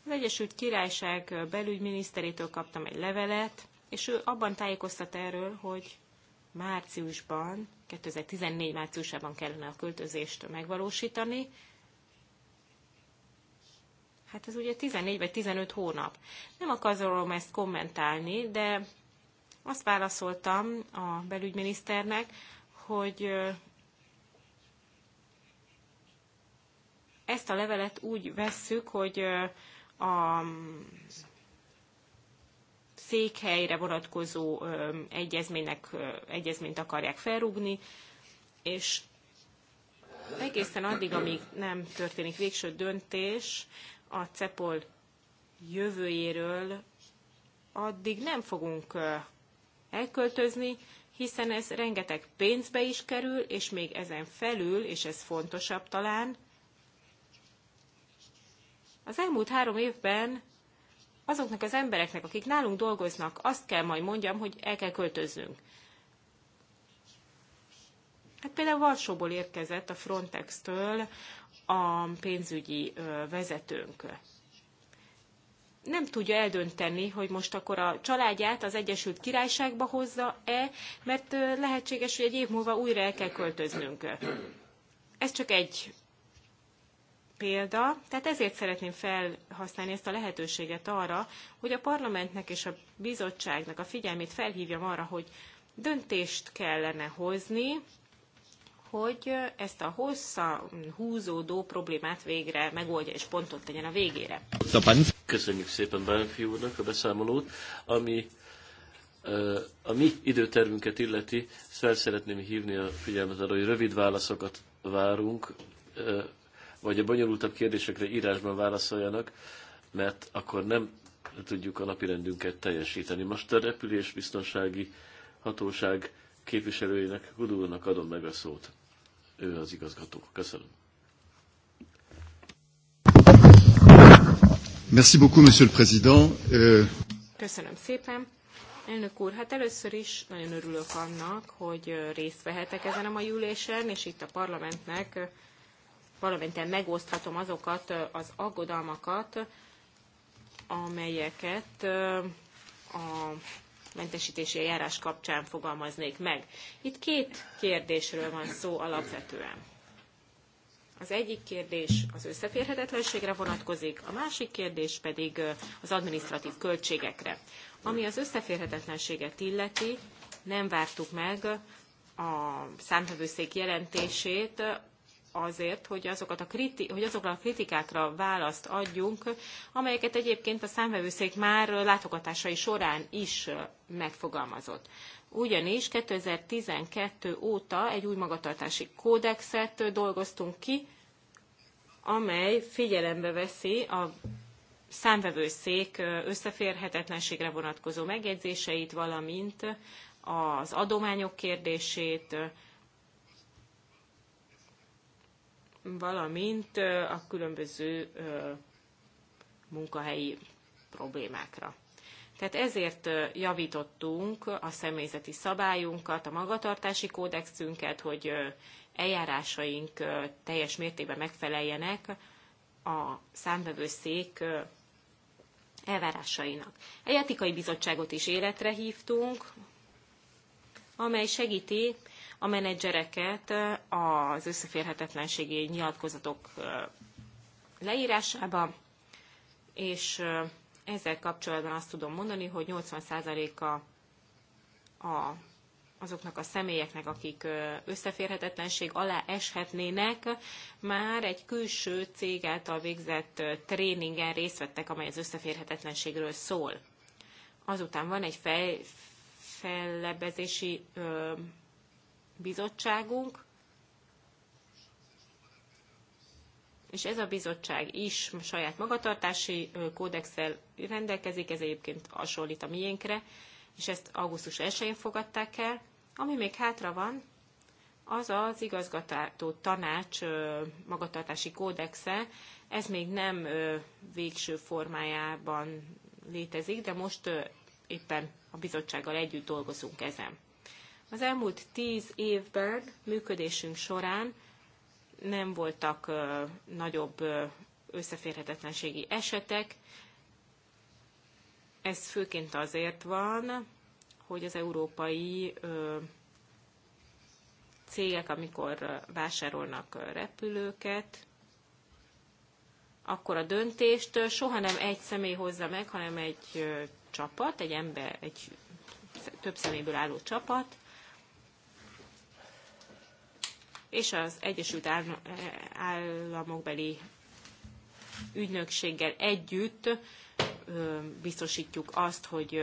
az Egyesült Királyság belügyminiszterétől kaptam egy levelet, és ő abban tájékoztat erről, hogy márciusban, 2014 márciusában kellene a költözést megvalósítani. Hát ez ugye 14 vagy 15 hónap. Nem akarom ezt kommentálni, de azt válaszoltam a belügyminiszternek, hogy ezt a levelet úgy vesszük, hogy a székhelyre vonatkozó egyezménynek, egyezményt akarják felrúgni, és egészen addig, amíg nem történik végső döntés a CEPOL jövőjéről, addig nem fogunk elköltözni, hiszen ez rengeteg pénzbe is kerül, és még ezen felül, és ez fontosabb talán, az elmúlt három évben azoknak az embereknek, akik nálunk dolgoznak, azt kell majd mondjam, hogy el kell költöznünk. Hát például Varsóból érkezett a Frontex-től a pénzügyi vezetőnk. Nem tudja eldönteni, hogy most akkor a családját az Egyesült Királyságba hozza-e, mert lehetséges, hogy egy év múlva újra el kell költöznünk. Ez csak egy példa, tehát ezért szeretném felhasználni ezt a lehetőséget arra, hogy a parlamentnek és a bizottságnak a figyelmét felhívjam arra, hogy döntést kellene hozni, hogy ezt a hossza húzódó problémát végre megoldja és pontot tegyen a végére. Köszönjük szépen Bánfi úrnak a beszámolót, ami a mi időtervünket illeti, fel szeretném hívni a figyelmet arra, hogy rövid válaszokat várunk vagy a bonyolultabb kérdésekre írásban válaszoljanak, mert akkor nem tudjuk a napirendünket teljesíteni. Most a biztonsági hatóság képviselőjének, Gudulnak adom meg a szót. Ő az igazgató. Köszönöm. Merci beaucoup, Monsieur le Président. Euh, Köszönöm szépen. Elnök úr, hát először is nagyon örülök annak, hogy részt vehetek ezen a mai ülésen, és itt a parlamentnek valamennyiben megoszthatom azokat az aggodalmakat, amelyeket a mentesítési eljárás kapcsán fogalmaznék meg. Itt két kérdésről van szó alapvetően. Az egyik kérdés az összeférhetetlenségre vonatkozik, a másik kérdés pedig az administratív költségekre. Ami az összeférhetetlenséget illeti, nem vártuk meg a számvevőszék jelentését azért, hogy, azokat a kriti- hogy azokra a kritikákra választ adjunk, amelyeket egyébként a számvevőszék már látogatásai során is megfogalmazott. Ugyanis 2012 óta egy új magatartási kódexet dolgoztunk ki, amely figyelembe veszi a számvevőszék összeférhetetlenségre vonatkozó megjegyzéseit, valamint az adományok kérdését, valamint a különböző munkahelyi problémákra. Tehát ezért javítottunk a személyzeti szabályunkat, a magatartási kódexünket, hogy eljárásaink teljes mértékben megfeleljenek a számvevőszék elvárásainak. Egy etikai bizottságot is életre hívtunk, amely segíti a menedzsereket eh, az összeférhetetlenségi nyilatkozatok eh, leírásába, és eh, ezzel kapcsolatban azt tudom mondani, hogy 80%-a a, azoknak a személyeknek, akik összeférhetetlenség alá eshetnének, már egy külső cég által végzett tréningen részt vettek, amely az összeférhetetlenségről szól. Azután van egy fej, fellebezési ö, bizottságunk, és ez a bizottság is saját magatartási kódexel rendelkezik, ez egyébként hasonlít a miénkre, és ezt augusztus 1-én fogadták el. Ami még hátra van, az az igazgató tanács magatartási kódexe, ez még nem végső formájában létezik, de most éppen a bizottsággal együtt dolgozunk ezen. Az elmúlt tíz évben működésünk során nem voltak nagyobb összeférhetetlenségi esetek. Ez főként azért van, hogy az európai cégek, amikor vásárolnak repülőket, akkor a döntést soha nem egy személy hozza meg, hanem egy csapat, egy ember, egy több személyből álló csapat, és az Egyesült Államokbeli ügynökséggel együtt biztosítjuk azt, hogy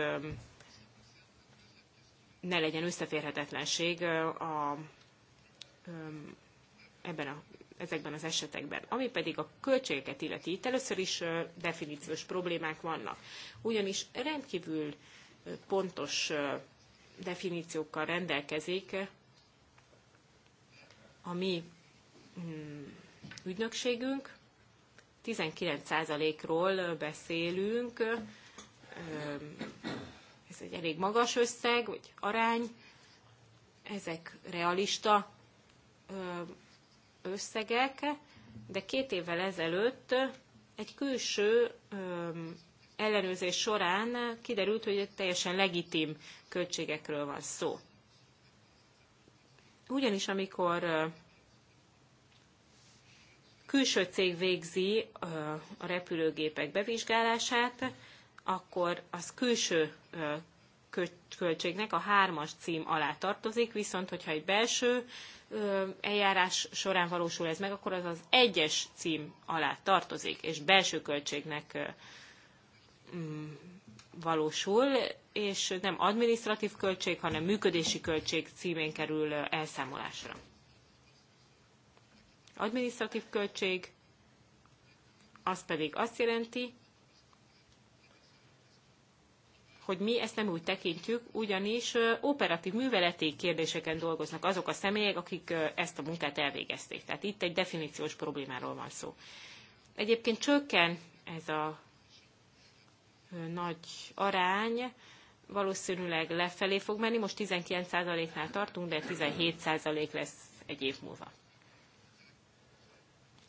ne legyen összeférhetetlenség a, ebben a, ezekben az esetekben. Ami pedig a költségeket illeti, itt először is definíciós problémák vannak, ugyanis rendkívül pontos definíciókkal rendelkezik a mi mm, ügynökségünk 19%-ról beszélünk, ez egy elég magas összeg, vagy arány, ezek realista összegek, de két évvel ezelőtt egy külső ellenőrzés során kiderült, hogy teljesen legitim költségekről van szó. Ugyanis amikor külső cég végzi a repülőgépek bevizsgálását, akkor az külső költségnek a hármas cím alá tartozik, viszont hogyha egy belső eljárás során valósul ez meg, akkor az az egyes cím alá tartozik, és belső költségnek mm, valósul és nem adminisztratív költség, hanem működési költség címén kerül elszámolásra. Adminisztratív költség az pedig azt jelenti, hogy mi ezt nem úgy tekintjük, ugyanis operatív műveleti kérdéseken dolgoznak azok a személyek, akik ezt a munkát elvégezték. Tehát itt egy definíciós problémáról van szó. Egyébként csökken ez a nagy arány valószínűleg lefelé fog menni, most 19%-nál tartunk, de 17% lesz egy év múlva.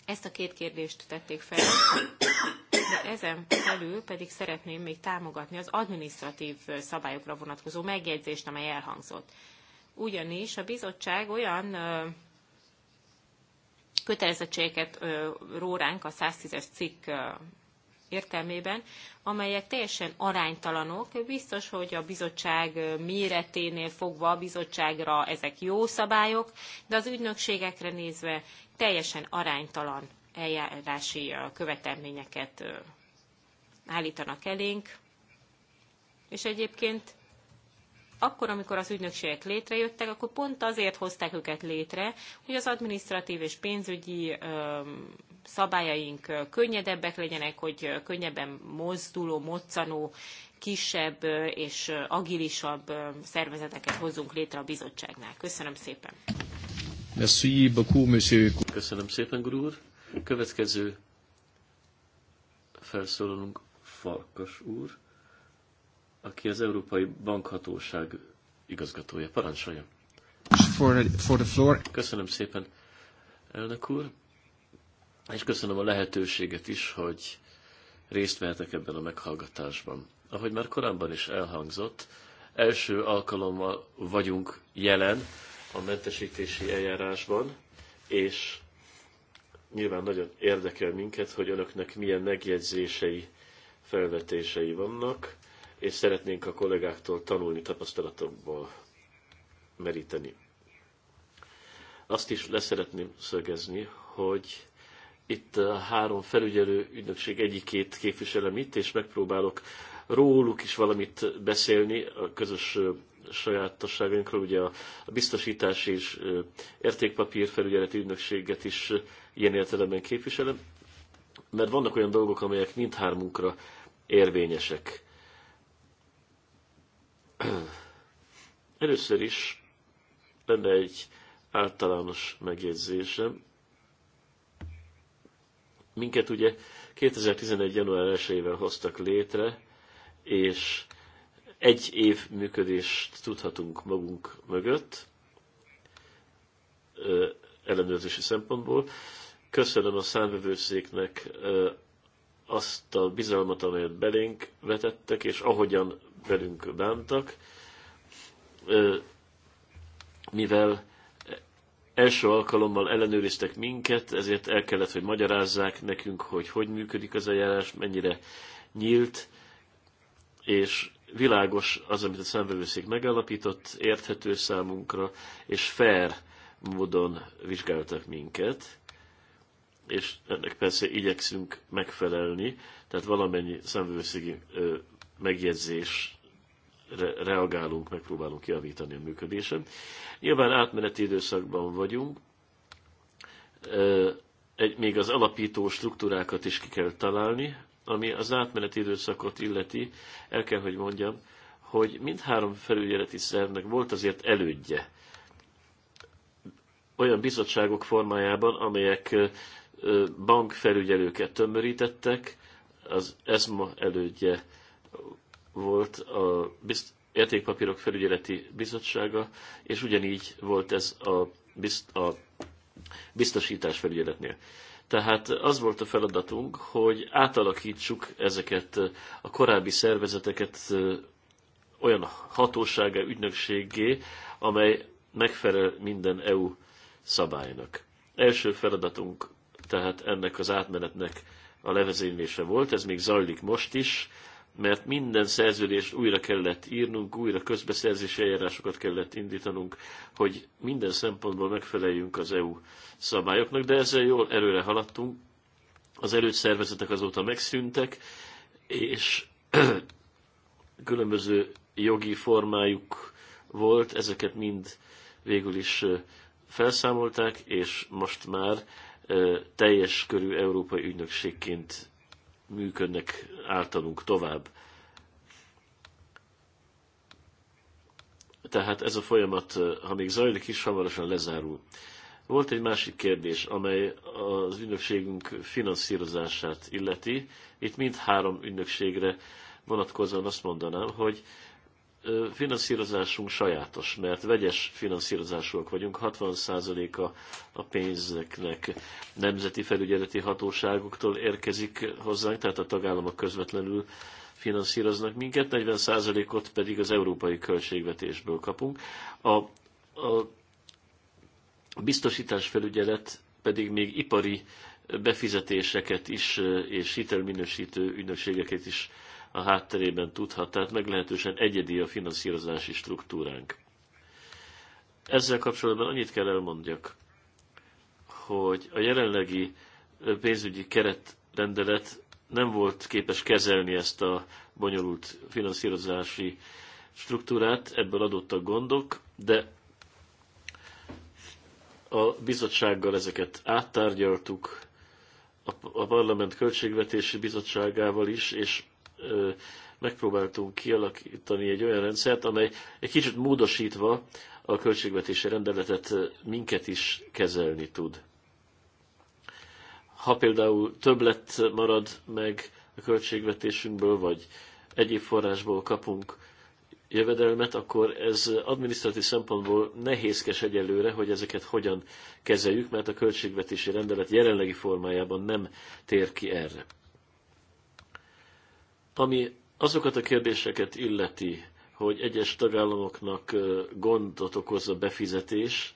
Ezt a két kérdést tették fel, de ezen felül pedig szeretném még támogatni az administratív szabályokra vonatkozó megjegyzést, amely elhangzott. Ugyanis a bizottság olyan kötelezettségeket róránk a 110-es cikk értelmében, amelyek teljesen aránytalanok. Biztos, hogy a bizottság méreténél fogva a bizottságra ezek jó szabályok, de az ügynökségekre nézve teljesen aránytalan eljárási követelményeket állítanak elénk. És egyébként akkor, amikor az ügynökségek létrejöttek, akkor pont azért hozták őket létre, hogy az administratív és pénzügyi szabályaink könnyedebbek legyenek, hogy könnyebben mozduló, moccanó, kisebb és agilisabb szervezeteket hozzunk létre a bizottságnál. Köszönöm szépen. Köszönöm szépen, úr. Következő felszólalunk Farkas úr aki az Európai Bankhatóság igazgatója. Parancsolja. For, for the floor. Köszönöm szépen, elnök úr, és köszönöm a lehetőséget is, hogy részt vehetek ebben a meghallgatásban. Ahogy már korábban is elhangzott, első alkalommal vagyunk jelen a mentesítési eljárásban, és nyilván nagyon érdekel minket, hogy önöknek milyen megjegyzései, felvetései vannak és szeretnénk a kollégáktól tanulni, tapasztalatokból meríteni. Azt is leszeretném szögezni, hogy itt a három felügyelő ügynökség egyikét képviselem itt, és megpróbálok róluk is valamit beszélni, a közös sajátosságainkról, ugye a biztosítás és értékpapír felügyeleti ügynökséget is ilyen értelemben képviselem, mert vannak olyan dolgok, amelyek mindhármunkra érvényesek. <clears throat> Először is lenne egy általános megjegyzésem. Minket ugye 2011. január 1-ével hoztak létre, és egy év működést tudhatunk magunk mögött, ellenőrzési szempontból. Köszönöm a számvevőszéknek azt a bizalmat, amelyet belénk vetettek, és ahogyan velünk bántak, mivel első alkalommal ellenőriztek minket, ezért el kellett, hogy magyarázzák nekünk, hogy hogy működik az eljárás, mennyire nyílt, és világos az, amit a számvevőszék megállapított, érthető számunkra, és fair módon vizsgáltak minket, és ennek persze igyekszünk megfelelni, tehát valamennyi számvevőszégi megjegyzés reagálunk, megpróbálunk javítani a működésen. Nyilván átmeneti időszakban vagyunk, egy, még az alapító struktúrákat is ki kell találni, ami az átmeneti időszakot illeti, el kell, hogy mondjam, hogy mindhárom felügyeleti szervnek volt azért elődje olyan bizottságok formájában, amelyek bankfelügyelőket tömörítettek, az ESMA elődje volt a bizt, értékpapírok felügyeleti bizottsága, és ugyanígy volt ez a, bizt, a biztosítás felügyeletnél. Tehát az volt a feladatunk, hogy átalakítsuk ezeket a korábbi szervezeteket olyan hatósága, ügynökségé, amely megfelel minden EU szabálynak. Első feladatunk tehát ennek az átmenetnek a levezénylése volt, ez még zajlik most is, mert minden szerződést újra kellett írnunk, újra közbeszerzési eljárásokat kellett indítanunk, hogy minden szempontból megfeleljünk az EU szabályoknak, de ezzel jól előre haladtunk. Az előtt szervezetek azóta megszűntek, és <clears throat> különböző jogi formájuk volt, ezeket mind végül is felszámolták, és most már teljes körű európai ügynökségként működnek általunk tovább. Tehát ez a folyamat, ha még zajlik is, hamarosan lezárul. Volt egy másik kérdés, amely az ügynökségünk finanszírozását illeti. Itt mind három ünnökségre vonatkozóan azt mondanám, hogy finanszírozásunk sajátos, mert vegyes finanszírozásúak vagyunk, 60%-a a pénzeknek nemzeti felügyeleti hatóságoktól érkezik hozzánk, tehát a tagállamok közvetlenül finanszíroznak minket, 40%-ot pedig az európai költségvetésből kapunk. A, a biztosításfelügyelet pedig még ipari befizetéseket is és hitelminősítő ügynökségeket is a hátterében tudhat, tehát meglehetősen egyedi a finanszírozási struktúránk. Ezzel kapcsolatban annyit kell elmondjak, hogy a jelenlegi pénzügyi keretrendelet nem volt képes kezelni ezt a bonyolult finanszírozási struktúrát, ebből adottak gondok, de a bizottsággal ezeket áttárgyaltuk, a Parlament Költségvetési Bizottságával is, és megpróbáltunk kialakítani egy olyan rendszert, amely egy kicsit módosítva a költségvetési rendeletet minket is kezelni tud. Ha például többlet marad meg a költségvetésünkből, vagy egyéb forrásból kapunk jövedelmet, akkor ez adminisztratív szempontból nehézkes egyelőre, hogy ezeket hogyan kezeljük, mert a költségvetési rendelet jelenlegi formájában nem tér ki erre. Ami azokat a kérdéseket illeti, hogy egyes tagállamoknak gondot okoz a befizetés,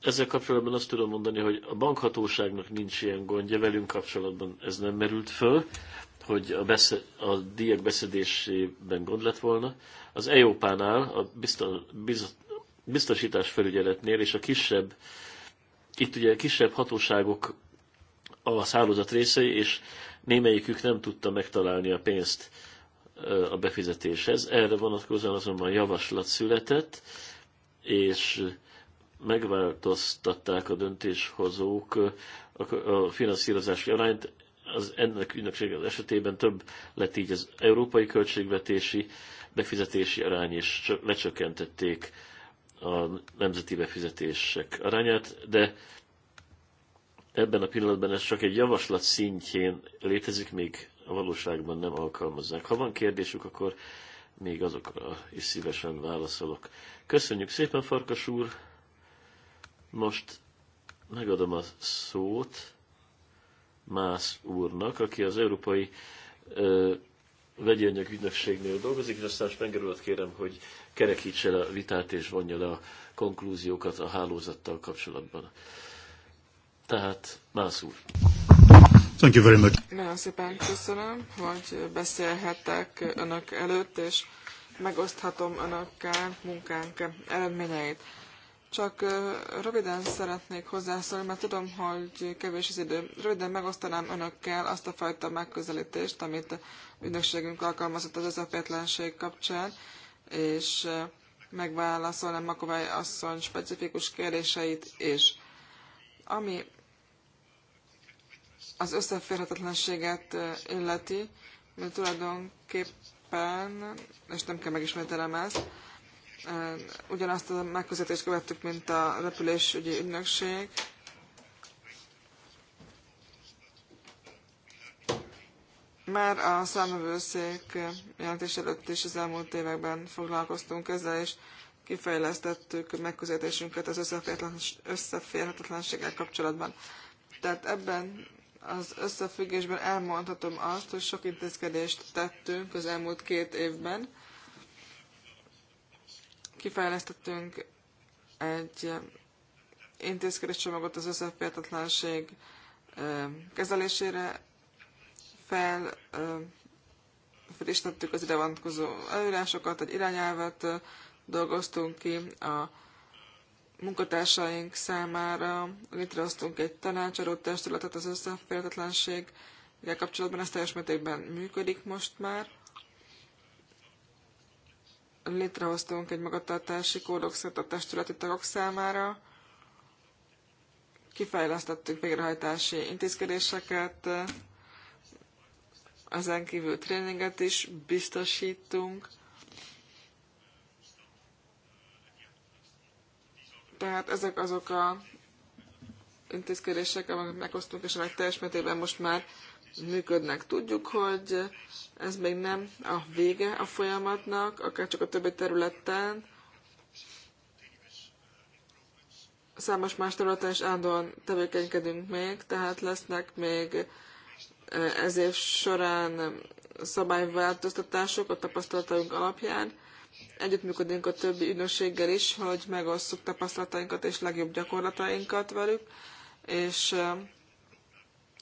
ezzel kapcsolatban azt tudom mondani, hogy a bankhatóságnak nincs ilyen gondja, velünk kapcsolatban ez nem merült föl, hogy a, besze, a díjak beszedésében gond lett volna. Az EOPA-nál, a biztos, biztosítás felügyeletnél és a kisebb, itt ugye a kisebb hatóságok a szállodat részei, és némelyikük nem tudta megtalálni a pénzt a befizetéshez. Erre vonatkozóan azonban javaslat született, és megváltoztatták a döntéshozók a finanszírozási arányt. Az ennek ügynökség az esetében több lett így az európai költségvetési befizetési arány, és lecsökkentették a nemzeti befizetések arányát, de ebben a pillanatban ez csak egy javaslat szintjén létezik, még a valóságban nem alkalmazzák. Ha van kérdésük, akkor még azokra is szívesen válaszolok. Köszönjük szépen, Farkas úr! Most megadom a szót Mász úrnak, aki az Európai ö, Vegyi Anyag Ügynökségnél dolgozik, és aztán Spenger urat kérem, hogy kerekítse le a vitát és vonja le a konklúziókat a hálózattal kapcsolatban. Tehát, Mász Thank you very much. Nagyon szépen köszönöm, hogy beszélhettek önök előtt, és megoszthatom önökkel munkánk eredményeit. Csak röviden szeretnék hozzászólni, mert tudom, hogy kevés az idő. Röviden megosztanám önökkel azt a fajta megközelítést, amit ügynökségünk alkalmazott az összefértlenség kapcsán, és megválaszolnám Makovály asszony specifikus kérdéseit is. Ami az összeférhetetlenséget illeti, de tulajdonképpen, és nem kell megismételem ezt, ugyanazt a megközelítést követtük, mint a repülésügyi ügynökség. Már a számövőszék jelentés előtt is az elmúlt években foglalkoztunk ezzel, és kifejlesztettük megközelítésünket az összeférhetetlenséggel kapcsolatban. Tehát ebben az összefüggésben elmondhatom azt, hogy sok intézkedést tettünk az elmúlt két évben. Kifejlesztettünk egy intézkedéscsomagot az összefértetlenség kezelésére, fel fristettük az ide vonatkozó előírásokat, egy irányelvet dolgoztunk ki a munkatársaink számára létrehoztunk egy tanácsadó testületet az összeférhetetlenség kapcsolatban, ez teljes mértékben működik most már. Létrehoztunk egy magatartási kódoxot a testületi tagok számára, kifejlesztettük végrehajtási intézkedéseket, ezen kívül tréninget is biztosítunk, Tehát ezek azok a intézkedések, amiket meghoztunk, és amelyek teljes mértékben most már működnek. Tudjuk, hogy ez még nem a vége a folyamatnak, akár csak a többi területen, számos más területen is állandóan tevékenykedünk még, tehát lesznek még eh, ez év során szabályváltoztatások a tapasztalataink alapján, Együttműködünk a többi ügynökséggel is, hogy megosszuk tapasztalatainkat és legjobb gyakorlatainkat velük, és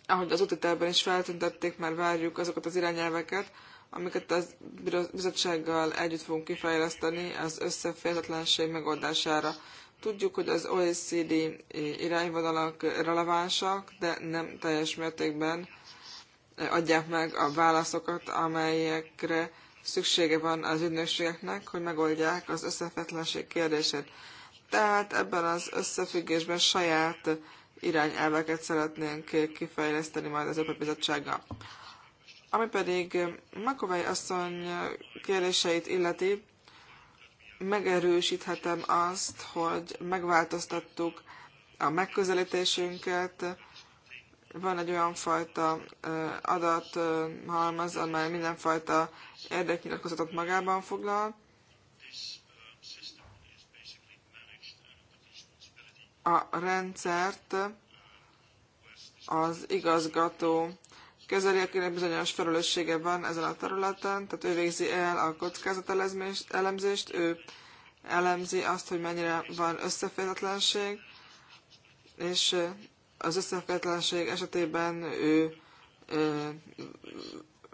ahogy az útitelben is feltüntették, már várjuk azokat az irányelveket, amiket a bizottsággal együtt fogunk kifejleszteni az összeférhetetlenség megoldására. Tudjuk, hogy az OECD irányvonalak relevánsak, de nem teljes mértékben adják meg a válaszokat, amelyekre szüksége van az ügynökségeknek, hogy megoldják az összefetlenség kérdését. Tehát ebben az összefüggésben saját irányelveket szeretnénk kifejleszteni majd az Európai Bizottsággal. Ami pedig Makovai asszony kérdéseit illeti, megerősíthetem azt, hogy megváltoztattuk a megközelítésünket, van egy olyan fajta adathalmaz, amely mindenfajta érdeknyilatkozatot magában foglal. A rendszert az igazgató kezeli, akinek bizonyos felelőssége van ezen a területen, tehát ő végzi el a elemzést, ő elemzi azt, hogy mennyire van összeférhetetlenség, és az összefetlenség esetében ő ö,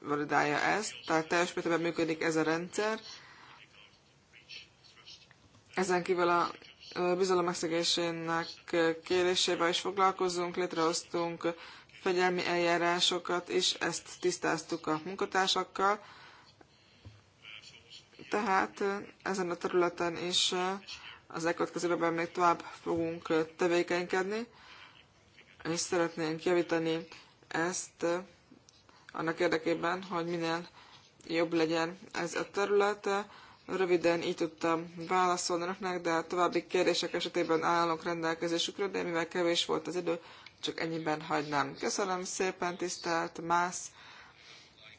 validálja ezt, tehát teljes mértékben működik ez a rendszer. Ezen kívül a bizalom megszegésének kérésével is foglalkozunk, létrehoztunk fegyelmi eljárásokat, és ezt tisztáztuk a munkatársakkal. Tehát ezen a területen is az elkövetkezőben még tovább fogunk tevékenykedni és szeretnénk javítani ezt annak érdekében, hogy minél jobb legyen ez a terület. Röviden így tudtam válaszolni önöknek, de a további kérdések esetében állok rendelkezésükre, de mivel kevés volt az idő, csak ennyiben hagynám. Köszönöm szépen, tisztelt Mász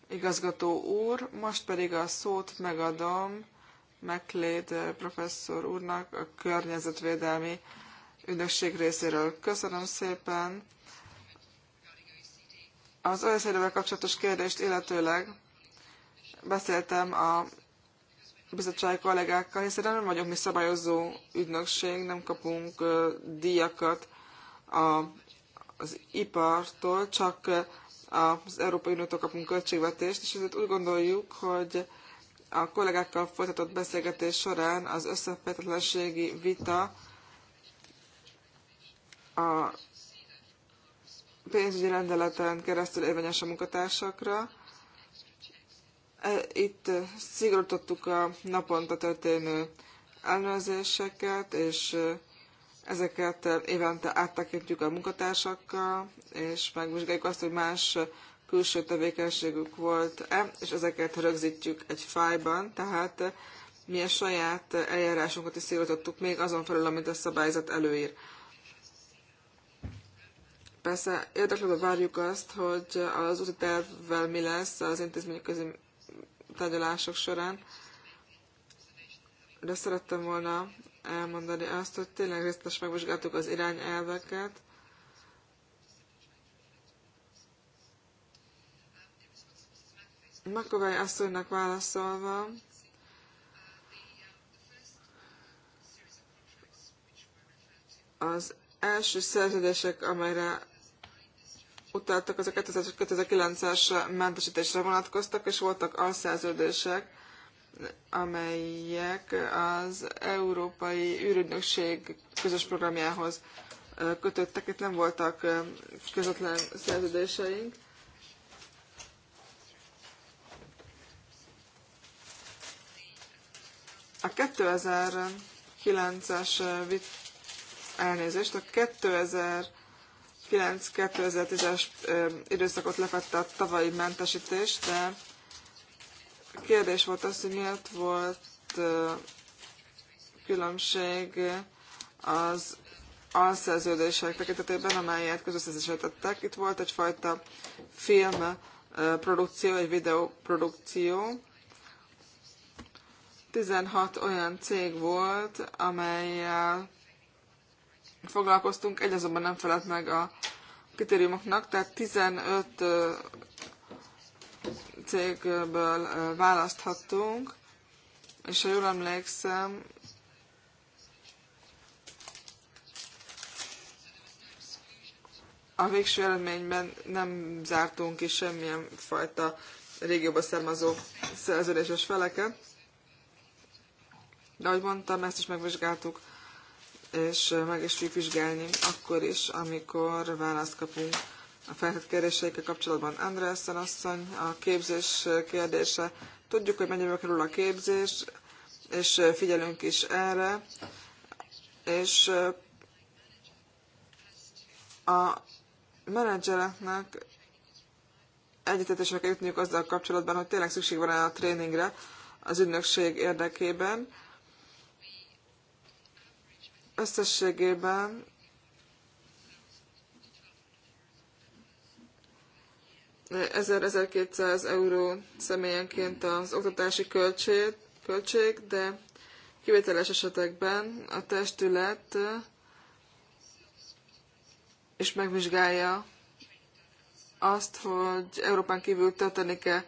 igazgató úr, most pedig a szót megadom McLeod professzor úrnak a környezetvédelmi ügynökség részéről. Köszönöm szépen! Az oecd kapcsolatos kérdést illetőleg beszéltem a bizottsági kollégákkal, hiszen nem vagyunk mi szabályozó ügynökség, nem kapunk díjakat az ipartól, csak az Európai Uniótól kapunk költségvetést, és ezért úgy gondoljuk, hogy a kollégákkal folytatott beszélgetés során az összefetetlenségi vita a pénzügyi rendeleten keresztül érvényes a munkatársakra. E, itt szigorítottuk a naponta történő ellenőrzéseket, és e, ezeket évente áttekintjük a munkatársakkal, és megvizsgáljuk azt, hogy más külső tevékenységük volt-e, és ezeket rögzítjük egy fájban, tehát e, mi a saját eljárásunkat is szigorítottuk még azon felül, amit a szabályzat előír. Persze érdeklődve várjuk azt, hogy az úti tervvel mi lesz az intézmények közé tárgyalások során, de szerettem volna elmondani azt, hogy tényleg részletes megvizsgáltuk az irányelveket, Makovai asszonynak válaszolva, az első szerződések, amelyre utaltak, a 2009-es mentesítésre vonatkoztak, és voltak szerződések, amelyek az Európai űrügynökség közös programjához kötöttek, itt nem voltak közvetlen szerződéseink. A 2009-es elnézést, a 2009-2010-es időszakot lefette a tavalyi mentesítés, de kérdés volt az, hogy miért volt különbség az alszerződések tekintetében, amelyet közösszezésítettek. Itt volt egyfajta film produkció, egy videóprodukció. 16 olyan cég volt, amelyel foglalkoztunk, egy azonban nem felelt meg a kritériumoknak, tehát 15 cégből választhattunk, és ha jól emlékszem, a végső eredményben nem zártunk ki semmilyen fajta régióba származó szerződéses feleket. De ahogy mondtam, ezt is megvizsgáltuk és meg is fogjuk vizsgálni akkor is, amikor választ kapunk a felhett kérdéseikkel kapcsolatban. Andrészen asszony, a képzés kérdése. Tudjuk, hogy mennyibe kerül a képzés, és figyelünk is erre, és a menedzsereknek egyetetésre kell jutniuk azzal kapcsolatban, hogy tényleg szükség van a tréningre az ügynökség érdekében, Összességében ezer 1200 euró személyenként az oktatási költség, költség, de kivételes esetekben a testület és megvizsgálja azt, hogy Európán kívül történik-e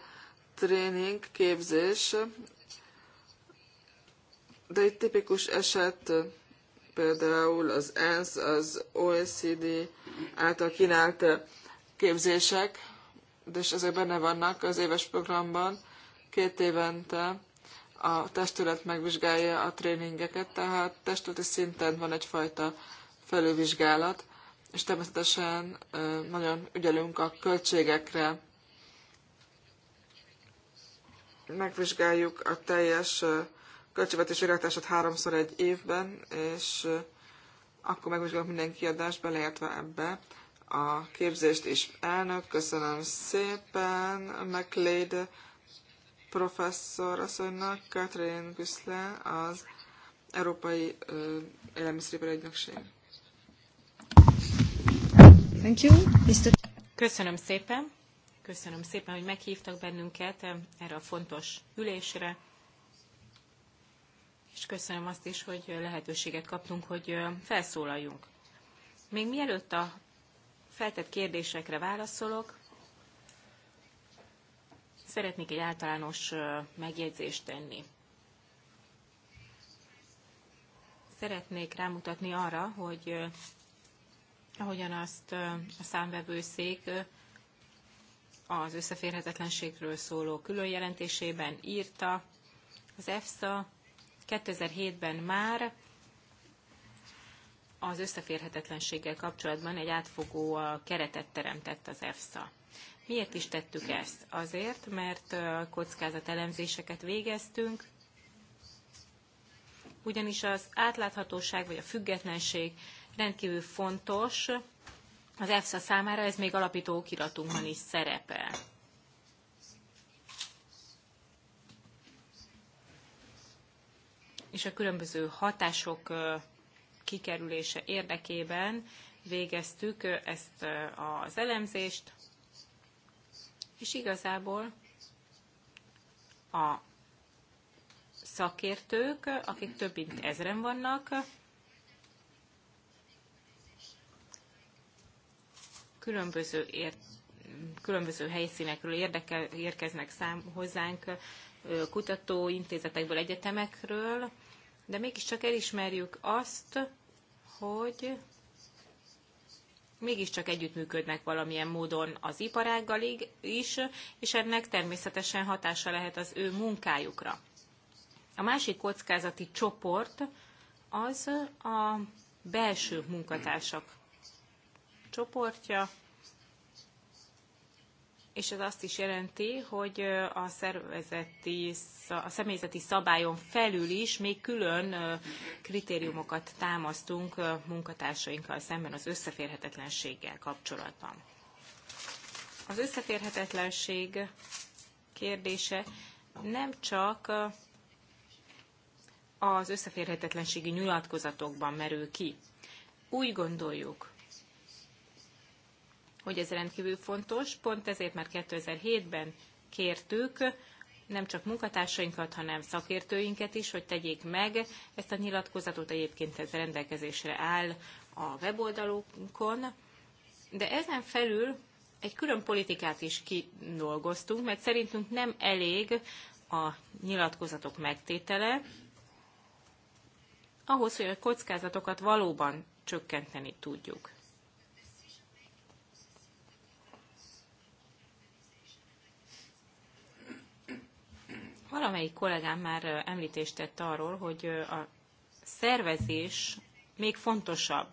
tréning, képzés, de egy tipikus eset például az ENSZ, az OECD által kínált eh, képzések, és ezek benne vannak az éves programban, két évente a testület megvizsgálja a tréningeket, tehát testületi szinten van egyfajta felülvizsgálat, és természetesen eh, nagyon ügyelünk a költségekre. Megvizsgáljuk a teljes eh, költségvetési irányítását háromszor egy évben, és akkor megvizsgálok minden kiadást, beleértve ebbe a képzést is. Elnök, köszönöm szépen McLeod professzor asszonynak, Catherine Güszle, az Európai Élelmiszeripar Egynökség. Thank you, Mr. Köszönöm szépen. Köszönöm szépen, hogy meghívtak bennünket erre a fontos ülésre és köszönöm azt is, hogy lehetőséget kaptunk, hogy felszólaljunk. Még mielőtt a feltett kérdésekre válaszolok, szeretnék egy általános megjegyzést tenni. Szeretnék rámutatni arra, hogy ahogyan azt a számvevőszék az összeférhetetlenségről szóló különjelentésében írta, az EFSA 2007-ben már az összeférhetetlenséggel kapcsolatban egy átfogó keretet teremtett az EFSA. Miért is tettük ezt? Azért, mert kockázatelemzéseket végeztünk, ugyanis az átláthatóság vagy a függetlenség rendkívül fontos, az EFSA számára ez még alapító okiratunkban is szerepel. és a különböző hatások kikerülése érdekében végeztük ezt az elemzést, és igazából a szakértők, akik több mint ezren vannak, különböző, ér, különböző helyszínekről érdekel, érkeznek szám hozzánk, kutatóintézetekből, egyetemekről, de mégiscsak elismerjük azt, hogy mégiscsak együttműködnek valamilyen módon az iparággal is, és ennek természetesen hatása lehet az ő munkájukra. A másik kockázati csoport az a belső munkatársak csoportja, és ez azt is jelenti, hogy a, szervezeti, a személyzeti szabályon felül is még külön kritériumokat támasztunk munkatársainkkal szemben az összeférhetetlenséggel kapcsolatban. Az összeférhetetlenség kérdése nem csak az összeférhetetlenségi nyilatkozatokban merül ki. Úgy gondoljuk, hogy ez rendkívül fontos. Pont ezért már 2007-ben kértük nem csak munkatársainkat, hanem szakértőinket is, hogy tegyék meg. Ezt a nyilatkozatot egyébként ez rendelkezésre áll a weboldalunkon. De ezen felül egy külön politikát is kidolgoztunk, mert szerintünk nem elég a nyilatkozatok megtétele ahhoz, hogy a kockázatokat valóban csökkenteni tudjuk. Valamelyik kollégám már említést tett arról, hogy a szervezés még fontosabb.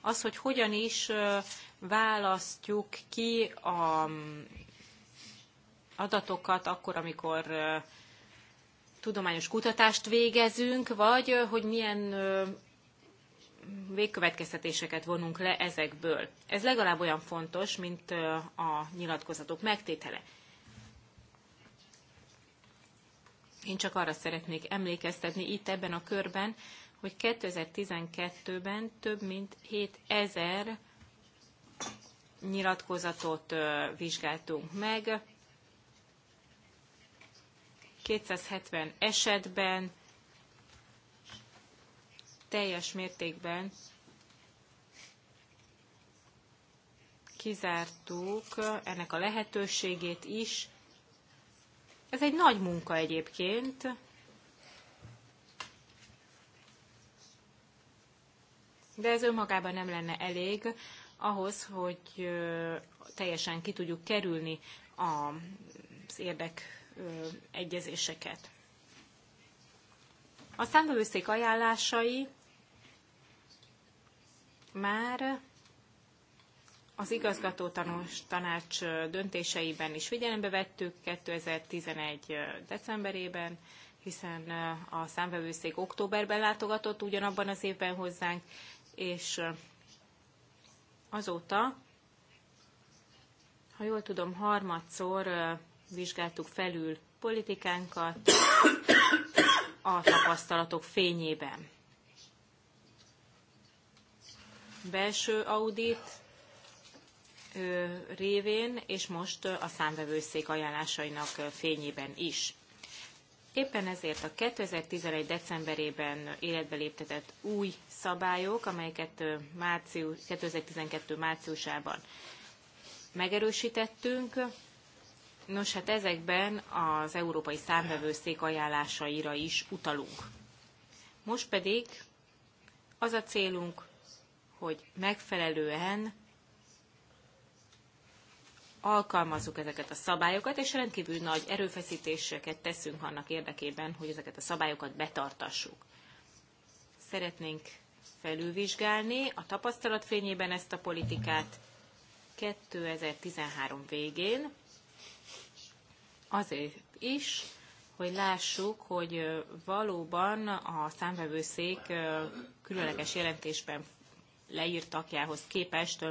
Az, hogy hogyan is választjuk ki a mm, adatokat akkor, amikor tudományos kutatást végezünk, vagy hogy milyen végkövetkeztetéseket vonunk le ezekből. Ez legalább olyan fontos, mint a nyilatkozatok megtétele. Én csak arra szeretnék emlékeztetni itt ebben a körben, hogy 2012-ben több mint 7000 nyilatkozatot vizsgáltunk meg, 270 esetben teljes mértékben kizártuk ennek a lehetőségét is, ez egy nagy munka egyébként. De ez önmagában nem lenne elég ahhoz, hogy teljesen ki tudjuk kerülni az érdek egyezéseket. A számvevőszék ajánlásai már az igazgató tanús tanács döntéseiben is figyelembe vettük 2011. decemberében, hiszen a számvevőszék októberben látogatott ugyanabban az évben hozzánk, és azóta, ha jól tudom, harmadszor vizsgáltuk felül politikánkat a tapasztalatok fényében. Belső audit, révén, és most a számvevőszék ajánlásainak fényében is. Éppen ezért a 2011. decemberében életbe léptetett új szabályok, amelyeket március, 2012. márciusában megerősítettünk, nos hát ezekben az Európai Számvevőszék ajánlásaira is utalunk. Most pedig az a célunk, hogy megfelelően alkalmazzuk ezeket a szabályokat, és rendkívül nagy erőfeszítéseket teszünk annak érdekében, hogy ezeket a szabályokat betartassuk. Szeretnénk felülvizsgálni a tapasztalat fényében ezt a politikát 2013 végén, azért is, hogy lássuk, hogy valóban a számvevőszék különleges jelentésben leírtakjához képest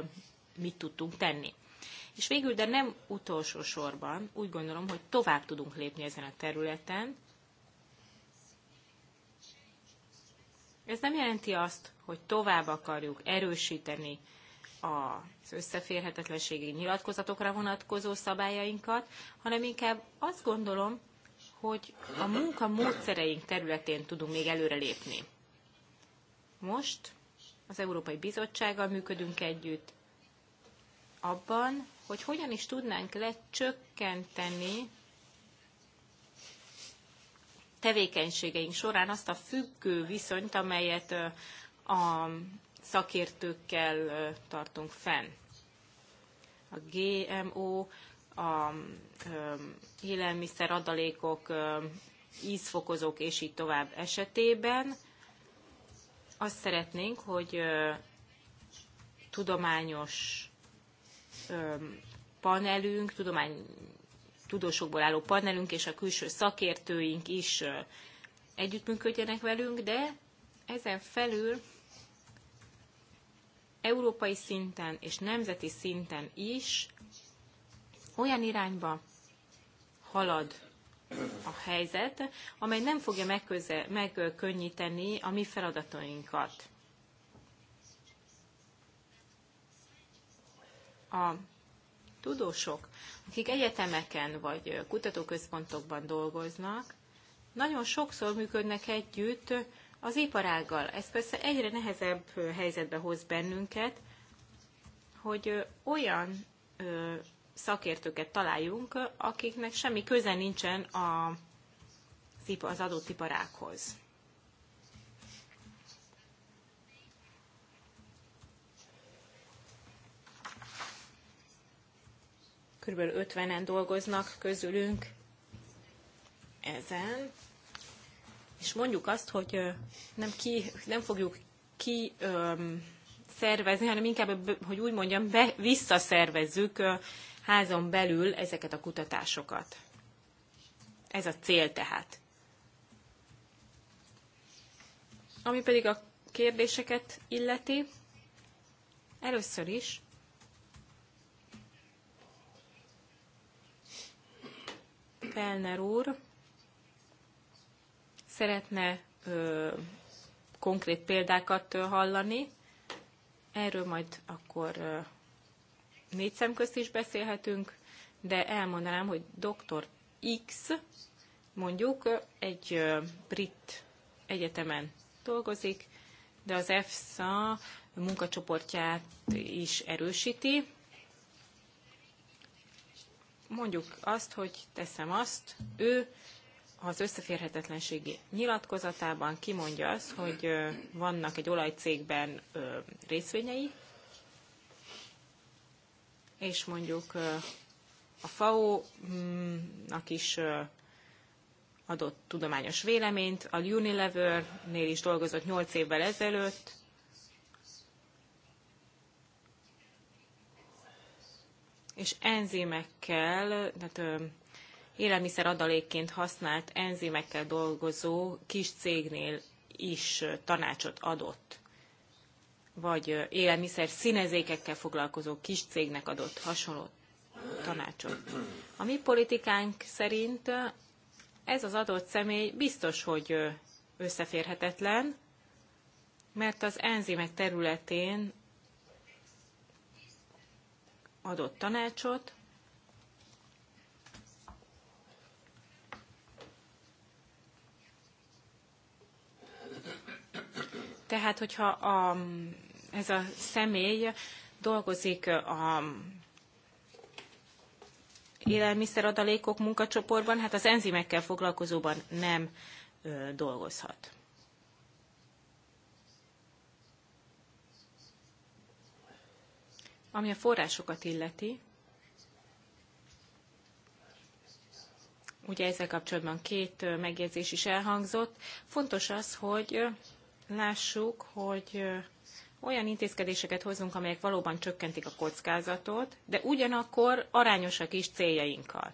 mit tudtunk tenni. És végül, de nem utolsó sorban, úgy gondolom, hogy tovább tudunk lépni ezen a területen. Ez nem jelenti azt, hogy tovább akarjuk erősíteni az összeférhetetlenségi nyilatkozatokra vonatkozó szabályainkat, hanem inkább azt gondolom, hogy a munka módszereink területén tudunk még előrelépni. Most az Európai Bizottsággal működünk együtt, abban, hogy hogyan is tudnánk lecsökkenteni tevékenységeink során azt a függő viszonyt, amelyet a szakértőkkel tartunk fenn. A GMO, a élelmiszer adalékok, ízfokozók és így tovább esetében azt szeretnénk, hogy tudományos panelünk, tudomány tudósokból álló panelünk és a külső szakértőink is együttműködjenek velünk, de ezen felül európai szinten és nemzeti szinten is olyan irányba halad a helyzet, amely nem fogja megkönnyíteni a mi feladatainkat. a tudósok, akik egyetemeken vagy kutatóközpontokban dolgoznak, nagyon sokszor működnek együtt az iparággal. Ez persze egyre nehezebb helyzetbe hoz bennünket, hogy olyan szakértőket találjunk, akiknek semmi köze nincsen az adott iparákhoz. kb. 50-en dolgoznak közülünk ezen, és mondjuk azt, hogy nem, ki, nem fogjuk ki um, szervezni, hanem inkább, hogy úgy mondjam, be, visszaszervezzük házon belül ezeket a kutatásokat. Ez a cél tehát. Ami pedig a kérdéseket illeti, először is Kellner úr szeretne ö, konkrét példákat ö, hallani. Erről majd akkor ö, négy szemközt is beszélhetünk, de elmondanám, hogy Dr. X mondjuk egy ö, brit egyetemen dolgozik, de az EFSA munkacsoportját is erősíti, mondjuk azt, hogy teszem azt, ő az összeférhetetlenségi nyilatkozatában kimondja azt, hogy vannak egy olajcégben részvényei, és mondjuk a FAO-nak mm, is adott tudományos véleményt, a Unilever-nél is dolgozott 8 évvel ezelőtt, és enzimekkel, tehát élelmiszer adalékként használt enzimekkel dolgozó kis cégnél is tanácsot adott, vagy élelmiszer színezékekkel foglalkozó kis cégnek adott hasonló tanácsot. A mi politikánk szerint ez az adott személy biztos, hogy összeférhetetlen, mert az enzimek területén adott tanácsot, Tehát, hogyha a, ez a személy dolgozik a élelmiszeradalékok munkacsoportban, hát az enzimekkel foglalkozóban nem dolgozhat. Ami a forrásokat illeti, ugye ezzel kapcsolatban két megjegyzés is elhangzott. Fontos az, hogy lássuk, hogy olyan intézkedéseket hozunk, amelyek valóban csökkentik a kockázatot, de ugyanakkor arányosak is céljainkkal.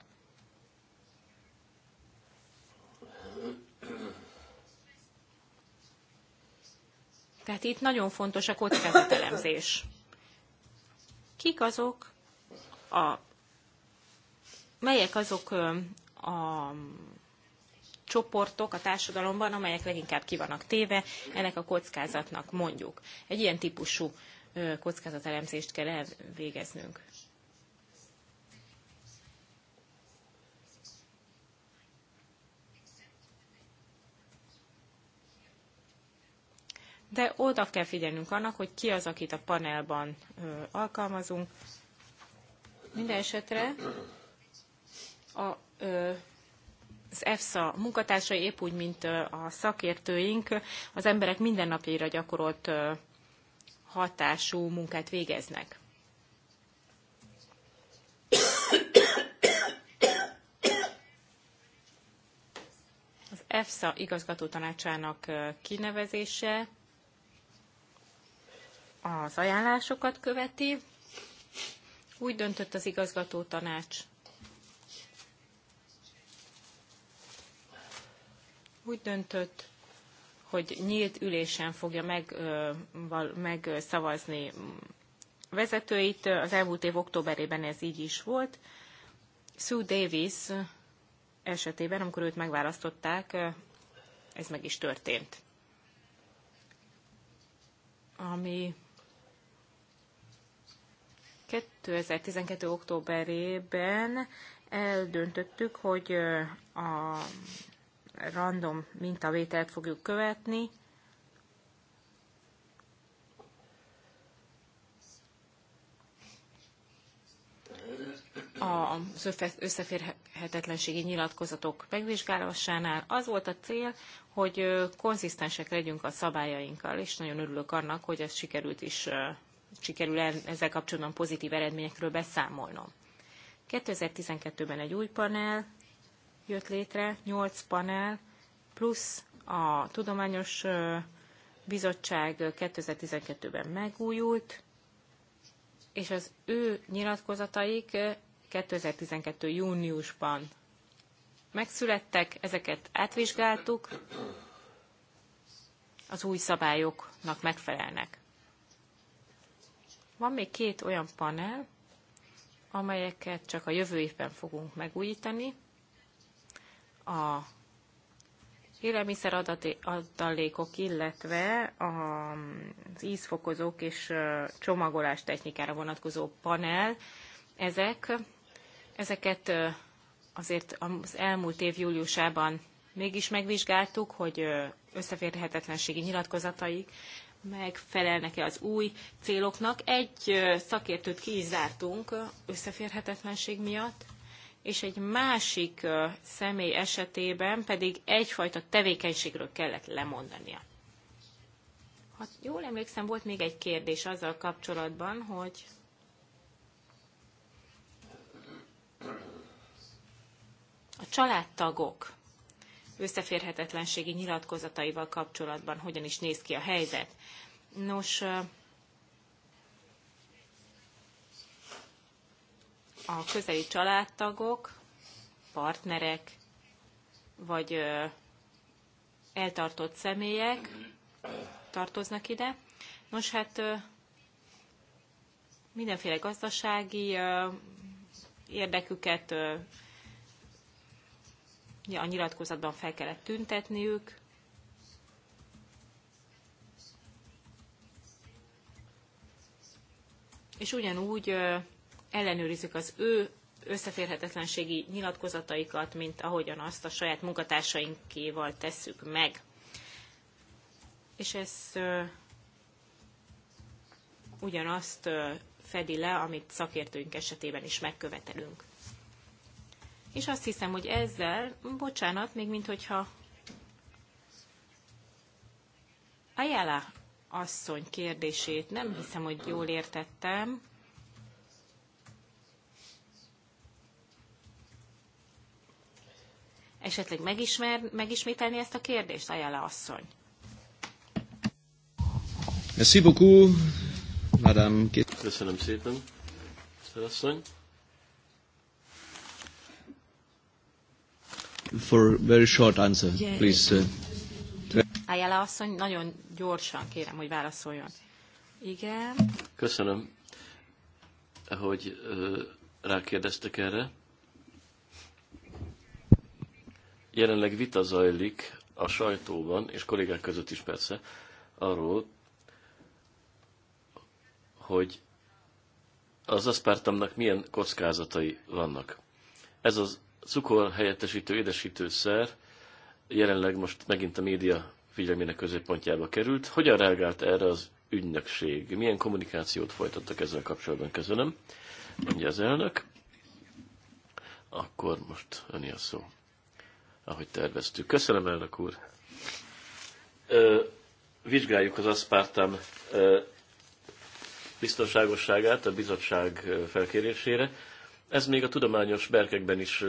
Tehát itt nagyon fontos a kockázatelemzés kik azok a, melyek azok a csoportok a társadalomban, amelyek leginkább vannak téve ennek a kockázatnak mondjuk. Egy ilyen típusú kockázatelemzést kell elvégeznünk. de oda kell figyelnünk annak, hogy ki az, akit a panelban alkalmazunk. Minden esetre a, az EFSA munkatársai, épp úgy, mint a szakértőink, az emberek mindennapjaira gyakorolt hatású munkát végeznek. Az igazgató igazgatótanácsának kinevezése az ajánlásokat követi. Úgy döntött az igazgató tanács. Úgy döntött, hogy nyílt ülésen fogja meg, megszavazni vezetőit. Az elmúlt év októberében ez így is volt. Sue Davis esetében, amikor őt megválasztották, ez meg is történt. Ami 2012. októberében eldöntöttük, hogy a random mintavételt fogjuk követni, az összeférhetetlenségi nyilatkozatok megvizsgálásánál az volt a cél, hogy konzisztensek legyünk a szabályainkkal, és nagyon örülök annak, hogy ez sikerült is sikerül ezzel kapcsolatban pozitív eredményekről beszámolnom. 2012-ben egy új panel jött létre, 8 panel, plusz a Tudományos Bizottság 2012-ben megújult, és az ő nyilatkozataik 2012. júniusban megszülettek, ezeket átvizsgáltuk, az új szabályoknak megfelelnek. Van még két olyan panel, amelyeket csak a jövő évben fogunk megújítani. A élelmiszer adalékok, illetve az ízfokozók és csomagolás technikára vonatkozó panel, ezek, ezeket azért az elmúlt év júliusában mégis megvizsgáltuk, hogy összeférhetetlenségi nyilatkozataik megfelelnek-e az új céloknak. Egy szakértőt zártunk összeférhetetlenség miatt, és egy másik személy esetében pedig egyfajta tevékenységről kellett lemondania. Ha jól emlékszem, volt még egy kérdés azzal kapcsolatban, hogy a családtagok összeférhetetlenségi nyilatkozataival kapcsolatban hogyan is néz ki a helyzet. Nos, a közeli családtagok, partnerek vagy eltartott személyek tartoznak ide. Nos, hát mindenféle gazdasági érdeküket a nyilatkozatban fel kellett tüntetniük. És ugyanúgy ellenőrizzük az ő összeférhetetlenségi nyilatkozataikat, mint ahogyan azt a saját munkatársainkéval tesszük meg. És ez ugyanazt fedi le, amit szakértőink esetében is megkövetelünk és azt hiszem, hogy ezzel, bocsánat, még mint hogyha asszony kérdését nem hiszem, hogy jól értettem. Esetleg megismer, megismételni ezt a kérdést, Ayala asszony? Merci beaucoup, madame. Köszönöm szépen, asszony. for very short answer, please. Uh, Ayala asszony, nagyon gyorsan kérem, hogy válaszoljon. Igen. Köszönöm, hogy rákérdeztek erre. Jelenleg vita zajlik a sajtóban, és kollégák között is persze, arról, hogy az aszpártamnak milyen kockázatai vannak. Ez az cukor helyettesítő édesítőszer jelenleg most megint a média figyelmének középpontjába került. Hogyan reagált erre az ügynökség? Milyen kommunikációt folytattak ezzel kapcsolatban? Köszönöm. Mondja az elnök. Akkor most öni a szó, ahogy terveztük. Köszönöm, elnök úr. Ö, vizsgáljuk az aszpártám biztonságosságát a bizottság felkérésére. Ez még a tudományos berkekben is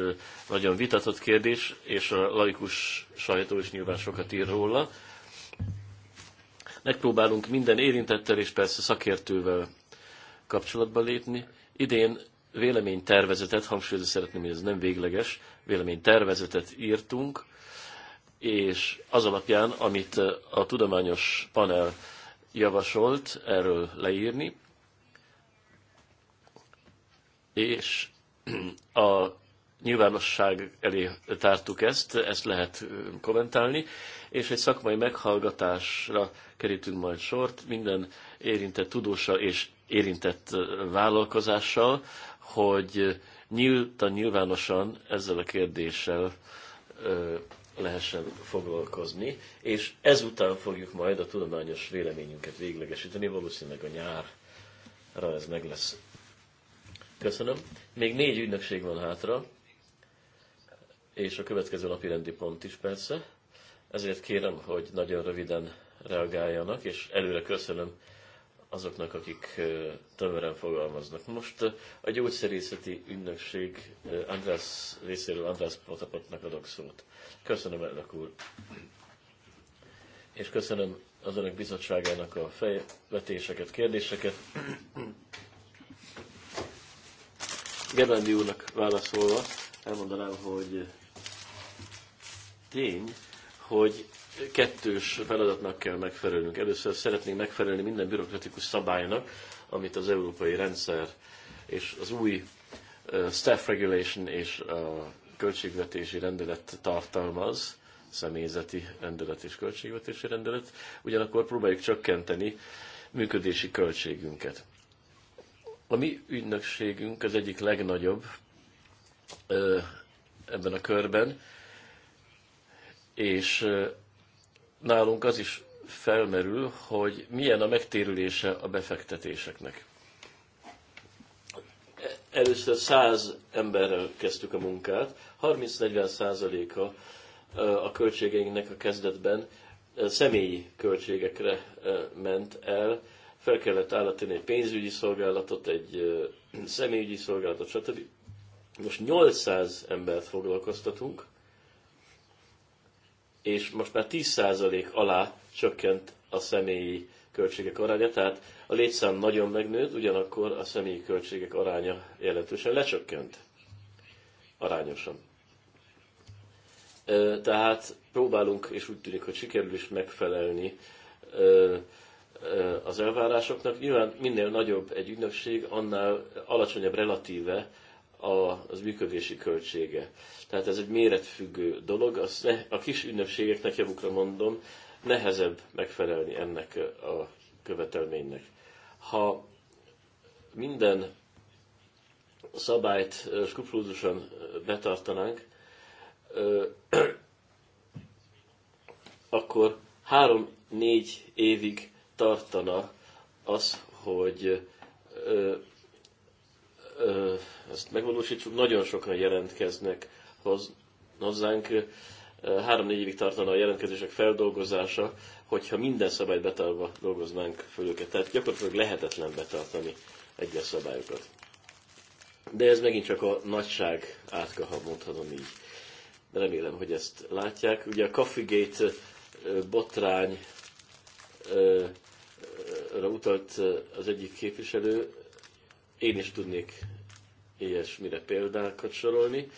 nagyon vitatott kérdés, és a laikus sajtó is nyilván sokat ír róla. Megpróbálunk minden érintettel és persze szakértővel kapcsolatba lépni. Idén véleménytervezetet, hangsúlyozni szeretném, hogy ez nem végleges, véleménytervezetet írtunk, és az alapján, amit a tudományos panel javasolt, erről leírni, és a nyilvánosság elé tártuk ezt, ezt lehet kommentálni, és egy szakmai meghallgatásra kerítünk majd sort minden érintett tudóssal és érintett vállalkozással, hogy nyíltan, nyilvánosan ezzel a kérdéssel lehessen foglalkozni, és ezután fogjuk majd a tudományos véleményünket véglegesíteni, valószínűleg a nyárra ez meg lesz Köszönöm. Még négy ügynökség van hátra, és a következő napi rendi pont is persze. Ezért kérem, hogy nagyon röviden reagáljanak, és előre köszönöm azoknak, akik tömören fogalmaznak. Most a gyógyszerészeti ügynökség András részéről András Potapotnak adok szót. Köszönöm, elnök úr. És köszönöm az önök bizottságának a fejvetéseket, kérdéseket. Gerlandi úrnak válaszolva elmondanám, hogy tény, hogy kettős feladatnak kell megfelelnünk. Először szeretnénk megfelelni minden bürokratikus szabálynak, amit az európai rendszer és az új staff regulation és a költségvetési rendelet tartalmaz, személyzeti rendelet és költségvetési rendelet, ugyanakkor próbáljuk csökkenteni működési költségünket. A mi ügynökségünk az egyik legnagyobb ebben a körben, és nálunk az is felmerül, hogy milyen a megtérülése a befektetéseknek. Először 100 emberrel kezdtük a munkát, 30-40 százaléka a költségeinknek a kezdetben személyi költségekre ment el, fel kellett állítani egy pénzügyi szolgálatot, egy <clears throat> személyügyi szolgálatot, stb. Most 800 embert foglalkoztatunk, és most már 10% alá csökkent a személyi költségek aránya, tehát a létszám nagyon megnőtt, ugyanakkor a személyi költségek aránya jelentősen lecsökkent arányosan. Tehát próbálunk, és úgy tűnik, hogy sikerül is megfelelni az elvárásoknak. Nyilván minél nagyobb egy ügynökség, annál alacsonyabb relatíve az működési költsége. Tehát ez egy méretfüggő dolog, a kis ügynökségeknek javukra mondom, nehezebb megfelelni ennek a követelménynek. Ha minden szabályt skrupulózusan betartanánk, <clears throat> akkor három-négy évig tartana az, hogy ö, ö, ezt megvalósítsuk, nagyon sokan jelentkeznek hoz, hozzánk, három-négy évig tartana a jelentkezések feldolgozása, hogyha minden szabályt betartva dolgoznánk föl őket. Tehát gyakorlatilag lehetetlen betartani egyes szabályokat. De ez megint csak a nagyság átka, ha mondhatom így. Remélem, hogy ezt látják. Ugye a Coffeegate botrány utalt az egyik képviselő, én is tudnék ilyesmire példákat sorolni.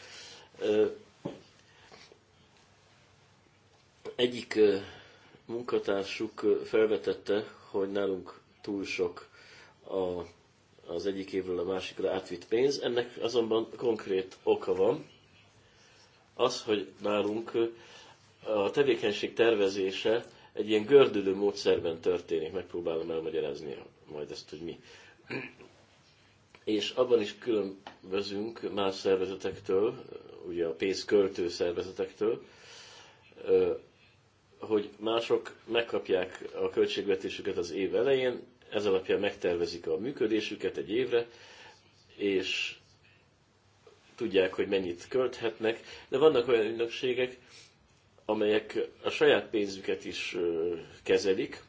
Egyik munkatársuk felvetette, hogy nálunk túl sok a, az egyik évről a másikra átvitt pénz. Ennek azonban konkrét oka van. Az, hogy nálunk a tevékenység tervezése egy ilyen gördülő módszerben történik, megpróbálom elmagyarázni majd ezt, hogy mi. És abban is különbözünk más szervezetektől, ugye a pénz költő szervezetektől, hogy mások megkapják a költségvetésüket az év elején, ez alapján megtervezik a működésüket egy évre, és tudják, hogy mennyit költhetnek, de vannak olyan ügynökségek, amelyek a saját pénzüket is kezelik,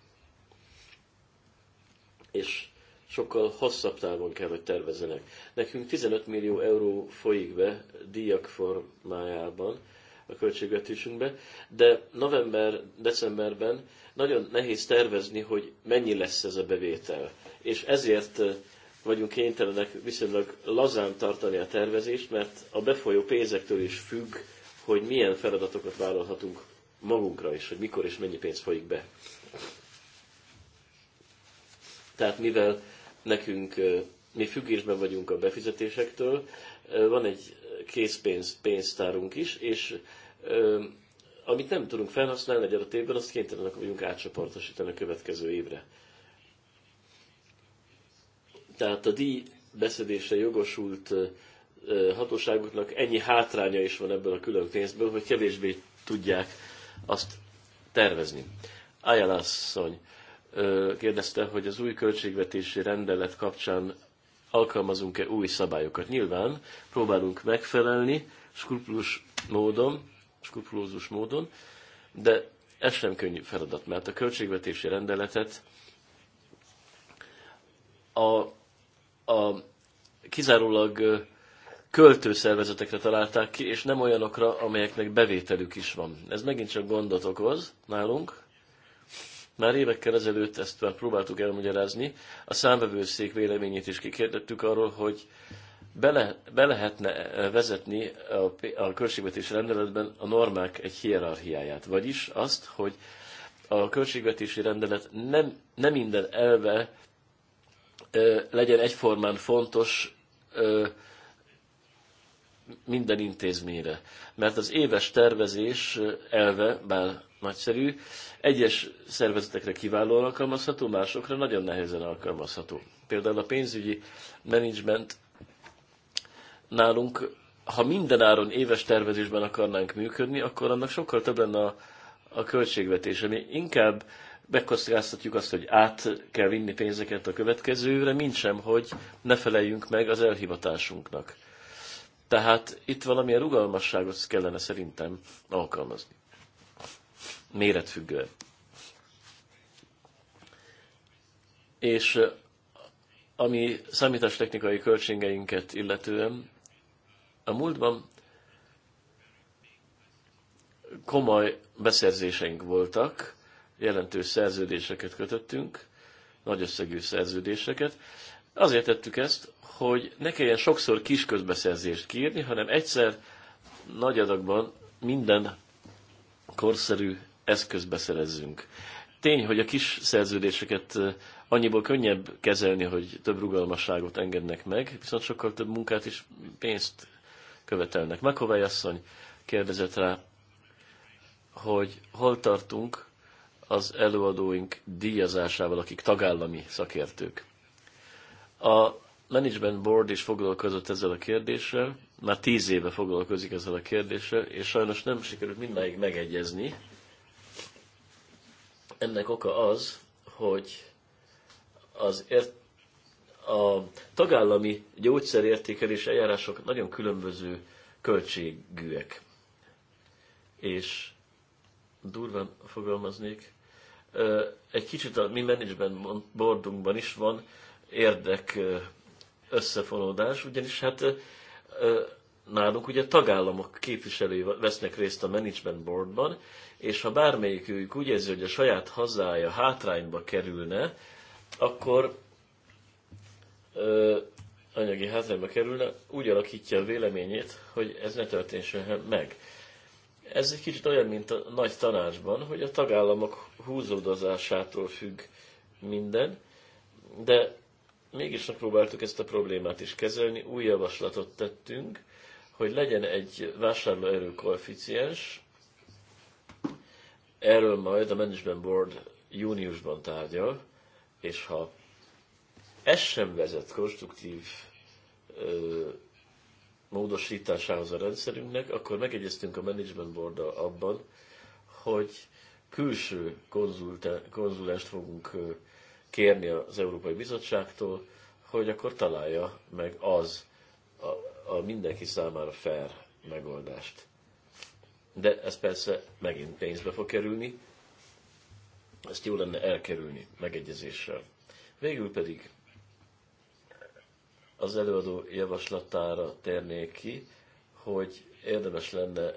és sokkal hosszabb távon kell, hogy tervezenek. Nekünk 15 millió euró folyik be díjak formájában a költségvetésünkbe, de november-decemberben nagyon nehéz tervezni, hogy mennyi lesz ez a bevétel. És ezért vagyunk kénytelenek viszonylag lazán tartani a tervezést, mert a befolyó pénzektől is függ hogy milyen feladatokat vállalhatunk magunkra is, hogy mikor és mennyi pénz folyik be. Tehát mivel nekünk mi függésben vagyunk a befizetésektől, van egy készpénz pénztárunk is, és amit nem tudunk felhasználni egy adott évben, azt kénytelenek vagyunk átcsoportosítani a következő évre. Tehát a díj beszedése jogosult hatóságoknak ennyi hátránya is van ebből a külön pénzből, hogy kevésbé tudják azt tervezni. Ayala asszony kérdezte, hogy az új költségvetési rendelet kapcsán alkalmazunk-e új szabályokat. Nyilván próbálunk megfelelni skrupulós módon, skrupulózus módon, de ez sem könnyű feladat, mert a költségvetési rendeletet a, a kizárólag költőszervezetekre találták ki, és nem olyanokra, amelyeknek bevételük is van. Ez megint csak gondot okoz nálunk. Már évekkel ezelőtt ezt már próbáltuk elmagyarázni. A számvevőszék véleményét is kikérdettük arról, hogy bele, be lehetne eh, vezetni a, a költségvetési rendeletben a normák egy hierarchiáját, vagyis azt, hogy a költségvetési rendelet nem, nem minden elve ö, eh, legyen egyformán fontos ö, eh, minden intézményre. Mert az éves tervezés elve, bár nagyszerű, egyes szervezetekre kiválóan alkalmazható, másokra nagyon nehezen alkalmazható. Például a pénzügyi menedzsment nálunk, ha mindenáron éves tervezésben akarnánk működni, akkor annak sokkal több lenne a, a költségvetése. Mi inkább megkockáztatjuk azt, hogy át kell vinni pénzeket a következőre, mint sem, hogy ne feleljünk meg az elhivatásunknak. Tehát itt valamilyen rugalmasságot kellene szerintem alkalmazni. Méretfüggően. És ami számítástechnikai költségeinket illetően, a múltban komoly beszerzéseink voltak, jelentős szerződéseket kötöttünk, nagy összegű szerződéseket. Azért tettük ezt, hogy ne kelljen sokszor kis közbeszerzést kérni, hanem egyszer nagy adagban minden korszerű eszközt beszerezzünk. Tény, hogy a kis szerződéseket eh, annyiból könnyebb kezelni, hogy több rugalmasságot engednek meg, viszont sokkal több munkát és pénzt követelnek. Makovály asszony kérdezett rá, hogy hol tartunk az előadóink díjazásával, akik tagállami szakértők. A Management Board is foglalkozott ezzel a kérdéssel, már tíz éve foglalkozik ezzel a kérdéssel, és sajnos nem sikerült mindáig megegyezni. Ennek oka az, hogy az ért, a tagállami gyógyszerértékelés eljárások nagyon különböző költségűek. És durván fogalmaznék, egy kicsit a mi management boardunkban is van érdek összefonódás, ugyanis hát nálunk ugye tagállamok képviselői vesznek részt a Management Boardban, és ha bármelyikük úgy érzi, hogy a saját hazája hátrányba kerülne, akkor ö, anyagi hátrányba kerülne, úgy alakítja a véleményét, hogy ez ne történjen meg. Ez egy kicsit olyan, mint a nagy tanácsban, hogy a tagállamok húzódozásától függ minden, de mégis megpróbáltuk ezt a problémát is kezelni, új javaslatot tettünk, hogy legyen egy vásárlóerő koeficiens, erről majd a Management Board júniusban tárgyal, és ha ez sem vezet konstruktív ö, módosításához a rendszerünknek, akkor megegyeztünk a Management Board abban, hogy külső konzulta, konzulást fogunk ö, kérni az Európai Bizottságtól, hogy akkor találja meg az a, a mindenki számára fair megoldást. De ez persze megint pénzbe fog kerülni, ezt jó lenne elkerülni megegyezéssel. Végül pedig az előadó javaslatára térnék ki, hogy érdemes lenne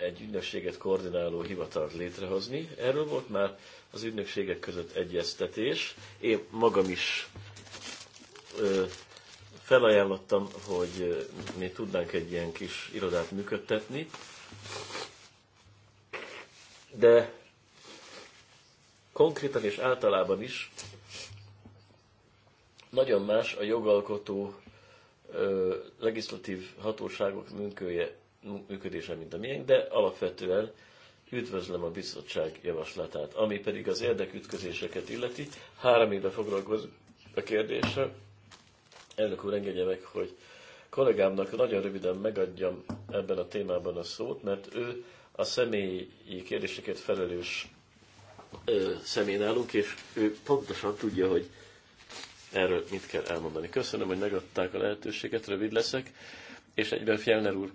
egy ügynökséget koordináló hivatalt létrehozni. Erről volt már az ügynökségek között egyeztetés. Én magam is ö, felajánlottam, hogy mi tudnánk egy ilyen kis irodát működtetni, de konkrétan és általában is nagyon más a jogalkotó ö, legislatív hatóságok működése, mint a miénk, de alapvetően Üdvözlöm a bizottság javaslatát. Ami pedig az érdekütközéseket illeti, három éve foglalkozik a kérdéssel. Elnök úr, engedje meg, hogy kollégámnak nagyon röviden megadjam ebben a témában a szót, mert ő a személyi kérdéseket felelős ö, személy nálunk, és ő pontosan tudja, hogy erről mit kell elmondani. Köszönöm, hogy megadták a lehetőséget, rövid leszek, és egyben Fjellner úr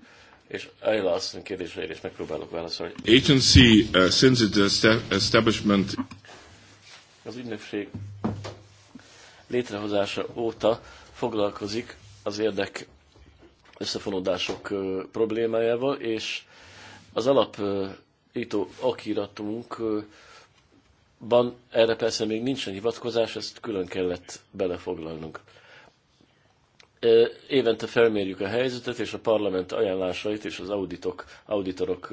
és Ayla asszony kérdéseire is megpróbálok válaszolni. Agency, uh, since its establishment... Az ügynökség létrehozása óta foglalkozik az érdek összefonódások problémájával, és az alap ító akiratunkban erre persze még nincsen hivatkozás, ezt külön kellett belefoglalnunk. Évente felmérjük a helyzetet, és a parlament ajánlásait és az auditok, auditorok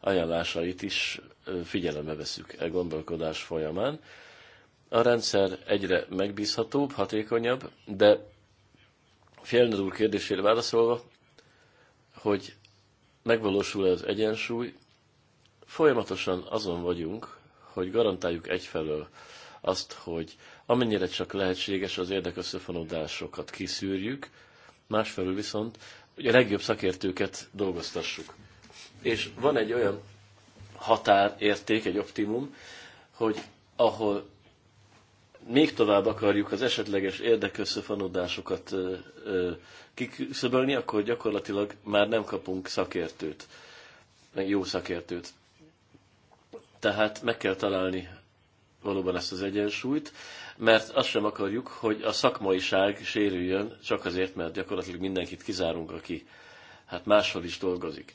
ajánlásait is figyelembe veszük e gondolkodás folyamán. A rendszer egyre megbízhatóbb, hatékonyabb, de Fjellner úr kérdésére válaszolva, hogy megvalósul -e az egyensúly, folyamatosan azon vagyunk, hogy garantáljuk egyfelől azt, hogy amennyire csak lehetséges az érdekösszefonódásokat kiszűrjük, másfelől viszont hogy a legjobb szakértőket dolgoztassuk. És van egy olyan határérték, egy optimum, hogy ahol még tovább akarjuk az esetleges érdekösszefonódásokat kiküszöbölni, akkor gyakorlatilag már nem kapunk szakértőt, meg jó szakértőt. Tehát meg kell találni valóban ezt az egyensúlyt mert azt sem akarjuk, hogy a szakmaiság sérüljön csak azért, mert gyakorlatilag mindenkit kizárunk, aki hát máshol is dolgozik.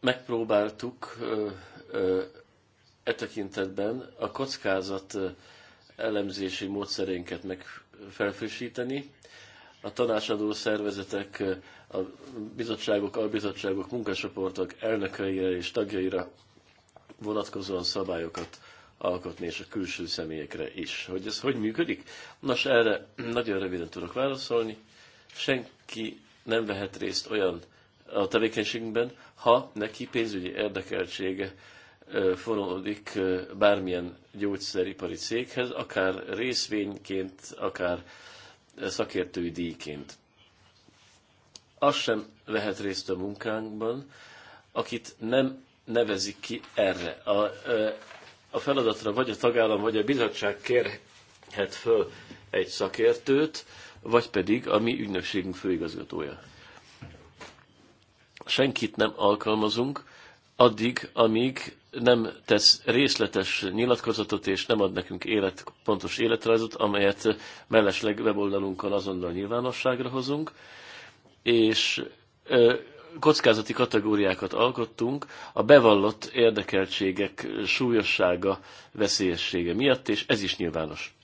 Megpróbáltuk e tekintetben a kockázat elemzési módszerénket meg A tanácsadó szervezetek, a bizottságok, albizottságok, munkasoportok elnökeire és tagjaira vonatkozóan szabályokat alkotni, és a külső személyekre is. Hogy ez hogy működik? Nos, erre nagyon röviden tudok válaszolni. Senki nem vehet részt olyan a tevékenységünkben, ha neki pénzügyi érdekeltsége fonódik bármilyen gyógyszeripari céghez, akár részvényként, akár szakértői díjként. Az sem vehet részt a munkánkban, akit nem nevezik ki erre. A, a feladatra vagy a tagállam, vagy a bizottság kérhet föl egy szakértőt, vagy pedig a mi ügynökségünk főigazgatója. Senkit nem alkalmazunk addig, amíg nem tesz részletes nyilatkozatot, és nem ad nekünk élet, pontos életrajzot, amelyet mellesleg weboldalunkon azonnal nyilvánosságra hozunk, és kockázati kategóriákat alkottunk a bevallott érdekeltségek súlyossága, veszélyessége miatt, és ez is nyilvános.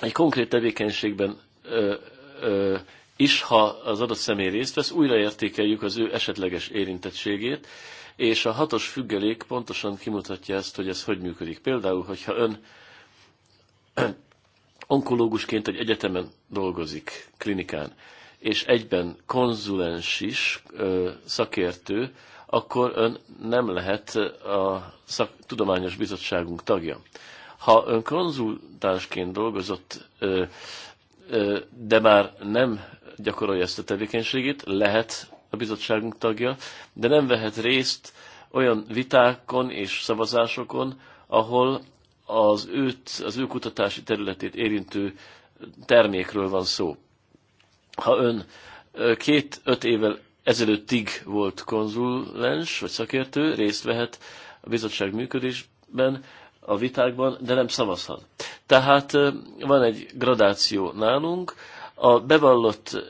Egy konkrét tevékenységben ö, ö, is, ha az adott személy részt vesz, újraértékeljük az ő esetleges érintettségét, és a hatos függelék pontosan kimutatja ezt, hogy ez hogy működik. Például, hogyha ön <clears throat> onkológusként egy egyetemen dolgozik, klinikán, és egyben konzulens is, szakértő, akkor ön nem lehet a szak, tudományos bizottságunk tagja. Ha ön konzultánsként dolgozott, de már nem gyakorolja ezt a tevékenységét, lehet a bizottságunk tagja, de nem vehet részt olyan vitákon és szavazásokon, ahol az őt, az ő kutatási területét érintő termékről van szó. Ha ön két-öt évvel ezelőttig volt konzulens vagy szakértő, részt vehet a bizottság működésben, a vitákban, de nem szavazhat. Tehát van egy gradáció nálunk, a bevallott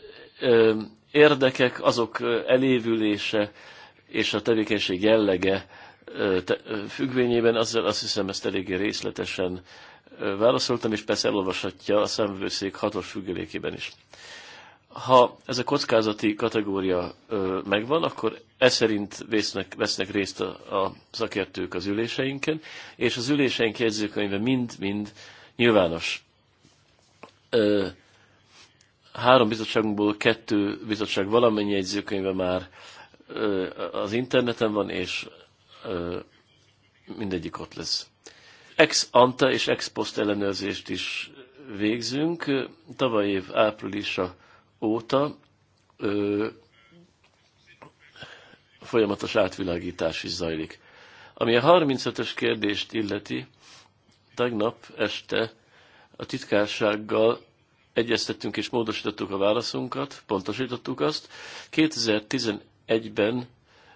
érdekek, azok elévülése és a tevékenység jellege függvényében, azzal azt hiszem ezt eléggé részletesen válaszoltam, és persze elolvashatja a szemvőszék hatos függelékében is ha ez a kockázati kategória ö, megvan, akkor e szerint vésznek, vesznek részt a, a szakértők az üléseinken, és az üléseink jegyzőkönyve mind-mind nyilvános. Ö, három bizottságunkból kettő bizottság valamennyi jegyzőkönyve már ö, az interneten van, és ö, mindegyik ott lesz. Ex ante és ex post ellenőrzést is végzünk. Tavaly év áprilisa óta ö, folyamatos átvilágítás is zajlik. Ami a 35-ös kérdést illeti, tegnap este a titkársággal egyeztettünk és módosítottuk a válaszunkat, pontosítottuk azt. 2011-ben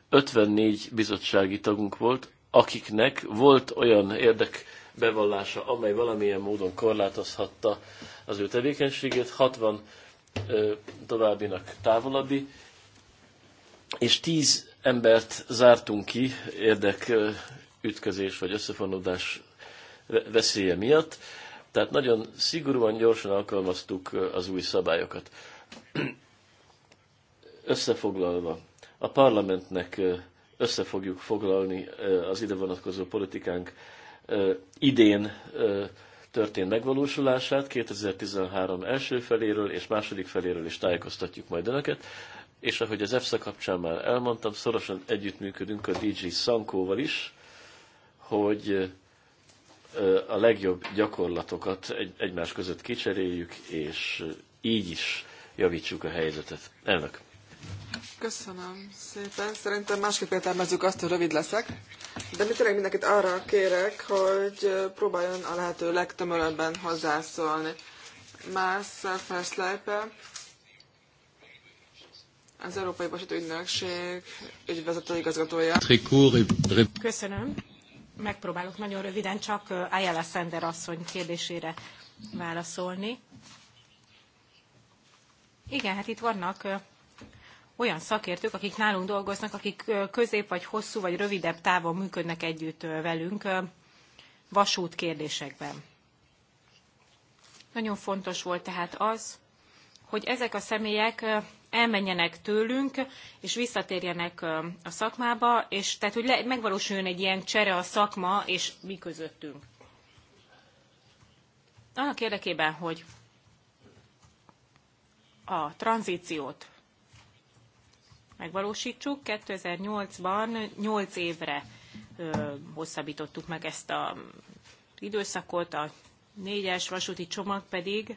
54 bizottsági tagunk volt, akiknek volt olyan érdek bevallása, amely valamilyen módon korlátozhatta az ő tevékenységét. 60 továbbinak távolabbi, és tíz embert zártunk ki érdek ütközés vagy összefonódás veszélye miatt, tehát nagyon szigorúan, gyorsan alkalmaztuk az új szabályokat. Összefoglalva, a parlamentnek össze fogjuk foglalni az ide vonatkozó politikánk idén történt megvalósulását 2013 első feléről és második feléről is tájékoztatjuk majd önöket, és ahogy az EFSA kapcsán már elmondtam, szorosan együttműködünk a DG Sankóval is, hogy a legjobb gyakorlatokat egy, egymás között kicseréljük, és így is javítsuk a helyzetet. Elnök! Köszönöm szépen. Szerintem másképp értelmezzük azt, hogy rövid leszek. De mi tényleg mindenkit arra kérek, hogy próbáljon a lehető legtömörebben hozzászólni. más Fersleipe, az Európai Vasúti Ügynökség ügyvezető igazgatója. Köszönöm. Megpróbálok nagyon röviden csak uh, Ayala Sender asszony kérdésére válaszolni. Igen, hát itt vannak uh, olyan szakértők, akik nálunk dolgoznak, akik közép vagy hosszú vagy rövidebb távon működnek együtt velünk vasút kérdésekben. Nagyon fontos volt tehát az, hogy ezek a személyek elmenjenek tőlünk, és visszatérjenek a szakmába, és tehát, hogy megvalósuljon egy ilyen csere a szakma, és mi közöttünk. Annak érdekében, hogy a tranzíciót megvalósítsuk. 2008-ban 8 évre ö, hosszabbítottuk meg ezt a időszakot, a négyes vasúti csomag pedig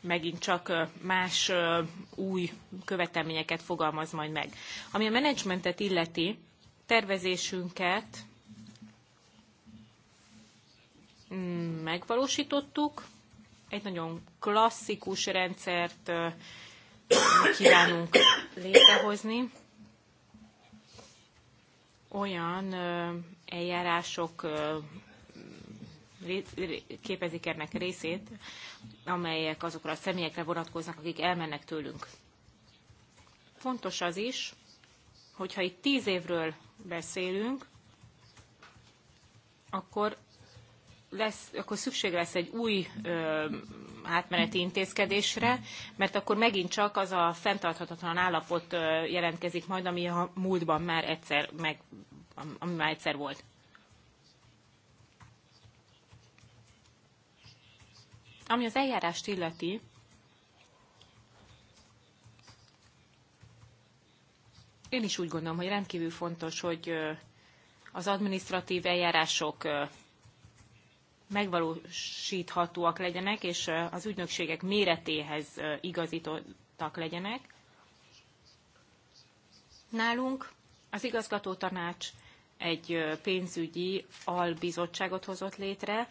megint csak más új követelményeket fogalmaz majd meg. Ami a menedzsmentet illeti, tervezésünket megvalósítottuk, egy nagyon klasszikus rendszert kívánunk létrehozni. Olyan eljárások képezik ennek részét, amelyek azokra a személyekre vonatkoznak, akik elmennek tőlünk. Fontos az is, hogyha itt tíz évről beszélünk, akkor lesz, akkor szükség lesz egy új ö, átmeneti intézkedésre, mert akkor megint csak az a fenntarthatatlan állapot ö, jelentkezik majd, ami a múltban már egyszer, meg, ami már egyszer volt. Ami az eljárást illeti, én is úgy gondolom, hogy rendkívül fontos, hogy az administratív eljárások megvalósíthatóak legyenek, és az ügynökségek méretéhez igazítottak legyenek. Nálunk az igazgató tanács egy pénzügyi albizottságot hozott létre,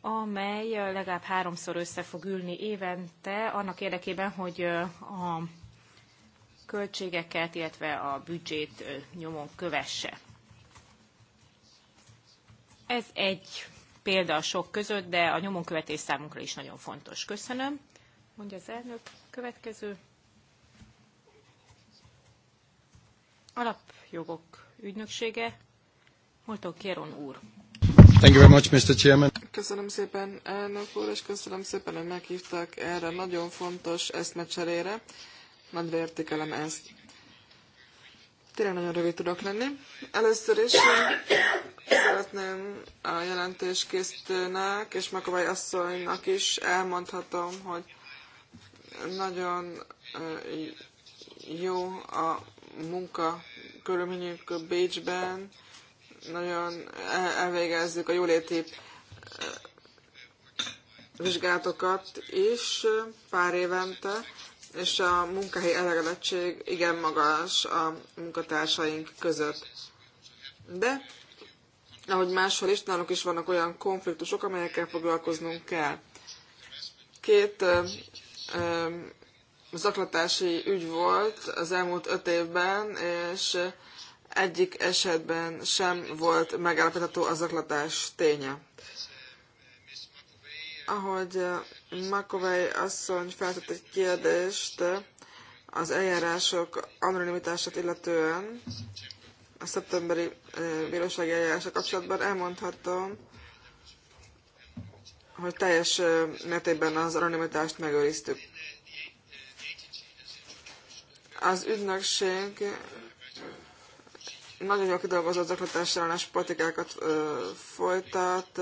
amely legalább háromszor össze fog ülni évente, annak érdekében, hogy a költségeket, illetve a büdzsét nyomon kövesse. Ez egy példa a sok között, de a nyomonkövetés számunkra is nagyon fontos. Köszönöm. Mondja az elnök. Következő. Alapjogok ügynöksége. Moltó Kéron úr. Thank you very much, Mr. Chairman. Köszönöm szépen, elnök úr, és köszönöm szépen, hogy meghívtak erre nagyon fontos eszmecserére. Nagyra értékelem ezt. Tényleg nagyon rövid tudok lenni. Először is Szeretném a jelentéskészítőnek és Makovai asszonynak is elmondhatom, hogy nagyon jó a munka körülményünk Bécsben, nagyon e-, elvégezzük a jóléti vizsgálatokat is pár évente, és a munkahelyi elegedettség igen magas a munkatársaink között. De ahogy máshol is, nálunk is vannak olyan konfliktusok, amelyekkel foglalkoznunk kell. Két ö, ö, zaklatási ügy volt az elmúlt öt évben, és egyik esetben sem volt megállapítható a zaklatás ténye. Ahogy Makovej asszony feltett egy kérdést az eljárások anonimitását illetően, a szeptemberi bírósági eljárása kapcsolatban elmondhatom, hogy teljes mértékben az anonimitást megőriztük. Az ügynökség nagyon jól kidolgozott zaklatás ellenes politikákat folytat,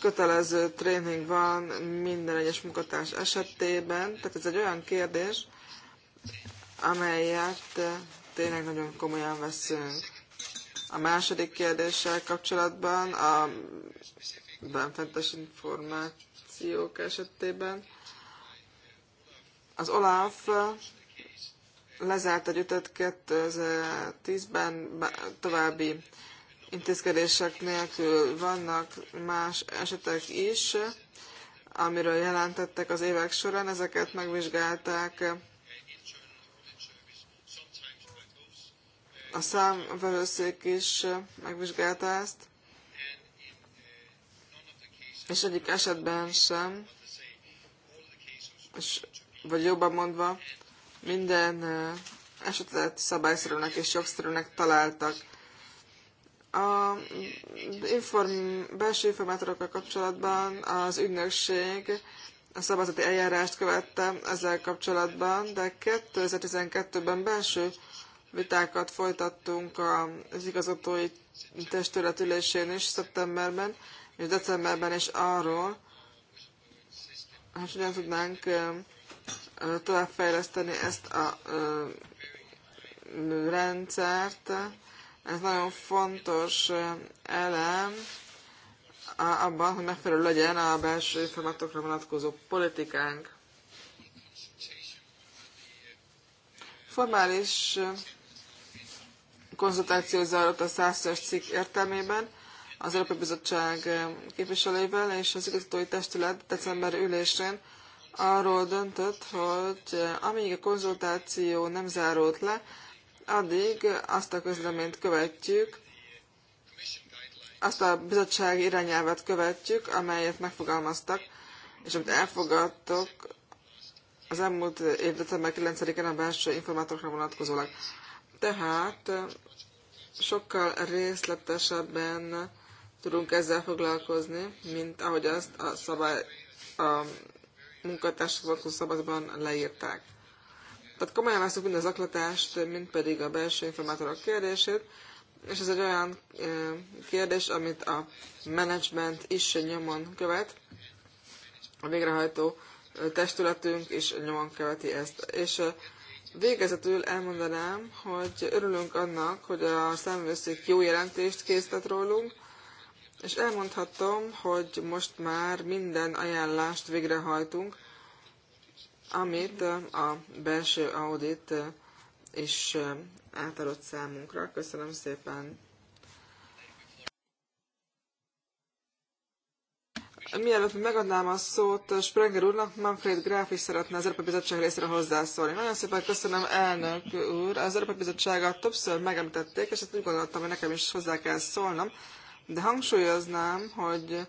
kötelező tréning van minden egyes munkatárs esetében, tehát ez egy olyan kérdés, amelyet tényleg nagyon komolyan veszünk. A második kérdéssel kapcsolatban a benfentes információk esetében az Olaf lezárt egy ütet 2010-ben további intézkedések nélkül vannak más esetek is, amiről jelentettek az évek során, ezeket megvizsgálták A számvevőszék is megvizsgálta ezt, és egyik esetben sem, és, vagy jobban mondva, minden esetet szabályszerűnek és jogszerűnek találtak. A inform, belső informátorokkal kapcsolatban az ügynökség a szabadati eljárást követte ezzel kapcsolatban, de 2012-ben belső vitákat folytattunk az igazgatói testület is szeptemberben és decemberben is arról, hogy hogyan tudnánk továbbfejleszteni ezt a rendszert. Ez nagyon fontos elem abban, hogy megfelelő legyen a belső folyamatokra vonatkozó politikánk. Formális konzultáció zajlott a 100 cikk értelmében az Európai Bizottság képviselőivel, és az igazgatói testület december ülésén arról döntött, hogy amíg a konzultáció nem zárult le, addig azt a közleményt követjük, azt a bizottság irányelvet követjük, amelyet megfogalmaztak, és amit elfogadtok az elmúlt év december 9-en a belső informátorokra vonatkozólag. Tehát sokkal részletesebben tudunk ezzel foglalkozni, mint ahogy azt a, szabály, a munkatársazatú szabadban leírták. Tehát komolyan veszük mind a zaklatást, mind pedig a belső informátorok kérdését, és ez egy olyan kérdés, amit a menedzsment is nyomon követ, a végrehajtó testületünk is nyomon követi ezt. És Végezetül elmondanám, hogy örülünk annak, hogy a számvőszék jó jelentést készített rólunk, és elmondhatom, hogy most már minden ajánlást végrehajtunk, amit a belső audit is eh, átadott számunkra. Köszönöm szépen! Mielőtt megadnám a szót Sprenger úrnak, Manfred Graf is szeretne az Európai Bizottság részéről hozzászólni. Nagyon szépen köszönöm, elnök úr. Az Európai Bizottságot többször megemlítették, és ezt úgy gondoltam, hogy nekem is hozzá kell szólnom, de hangsúlyoznám, hogy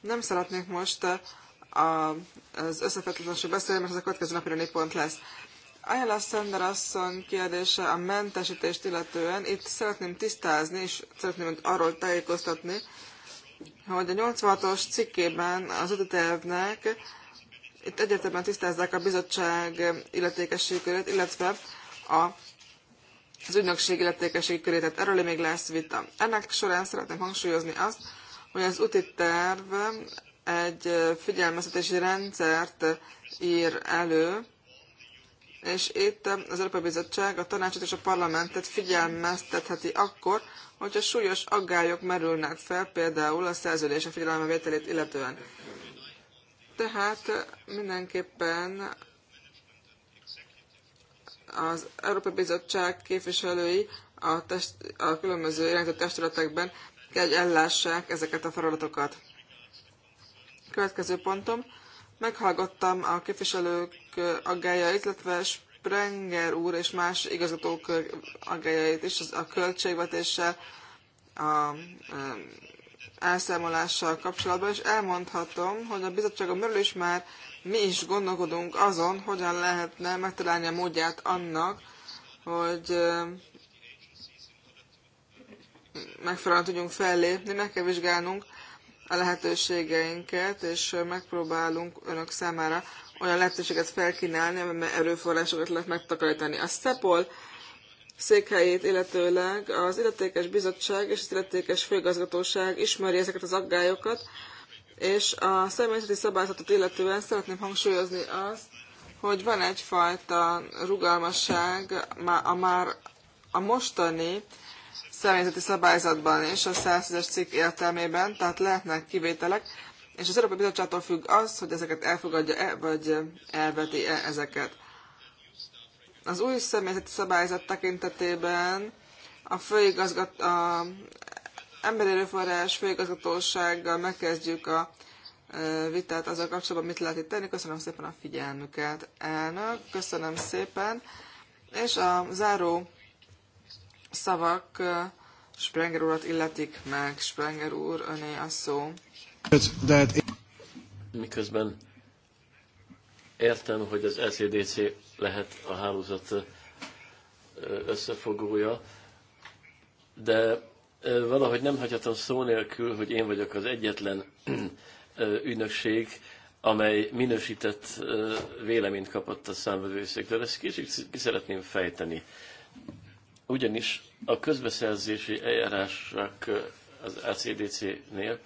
nem szeretnék most az összefetletlenség beszélni, mert ez a következő napi pont lesz. Ayala Szender asszony kérdése a mentesítést illetően, itt szeretném tisztázni, és szeretném arról tájékoztatni, hogy a 86-os cikkében az ütetelvnek itt egyértelműen tisztázzák a bizottság illetékességkörét, illetve a, az ügynökség illetékességkörét, tehát erről még lesz vita. Ennek során szeretném hangsúlyozni azt, hogy az úti terv egy figyelmeztetési rendszert ír elő, és itt um, az Európai Bizottság a tanácsot és a parlamentet figyelmeztetheti akkor, hogyha súlyos aggályok merülnek fel, például a szerződés a vételét illetően. Tehát uh, mindenképpen az Európai Bizottság képviselői a, test, a különböző irányított testületekben kell, hogy ellássák ezeket a feladatokat. Következő pontom. Meghallgattam a képviselők aggájait, illetve Sprenger úr és más igazgatók aggájait is a költségvetéssel, a elszámolással kapcsolatban, és elmondhatom, hogy a bizottságon belül is már mi is gondolkodunk azon, hogyan lehetne megtalálni a módját annak, hogy megfelelően tudjunk fellépni, meg kell vizsgálnunk a lehetőségeinket, és megpróbálunk önök számára olyan lehetőséget felkínálni, amiben erőforrásokat lehet megtakarítani. A SZEPOL székhelyét illetőleg az illetékes bizottság és az illetékes főgazgatóság ismeri ezeket az aggályokat, és a személyzeti szabályzatot illetően szeretném hangsúlyozni azt, hogy van egyfajta rugalmasság a már a mostani személyzeti szabályzatban és a 110-es cikk értelmében, tehát lehetnek kivételek, és az Európai Bizottságtól függ az, hogy ezeket elfogadja-e, vagy elveti-e ezeket. Az új személyzeti szabályzat tekintetében a főigazgat, a emberi erőforrás főigazgatósággal megkezdjük a e, vitát azzal kapcsolatban, mit lehet itt tenni. Köszönöm szépen a figyelmüket, elnök. Köszönöm szépen. És a záró szavak e, Sprenger urat illetik meg. Sprenger úr, öné a szó. Miközben értem, hogy az SZDC lehet a hálózat összefogója, de valahogy nem hagyhatom szó nélkül, hogy én vagyok az egyetlen ügynökség, amely minősített véleményt kapott a számvevőszéktől. Ezt kicsit ki szeretném fejteni. Ugyanis a közbeszerzési eljárások az ACDC-nél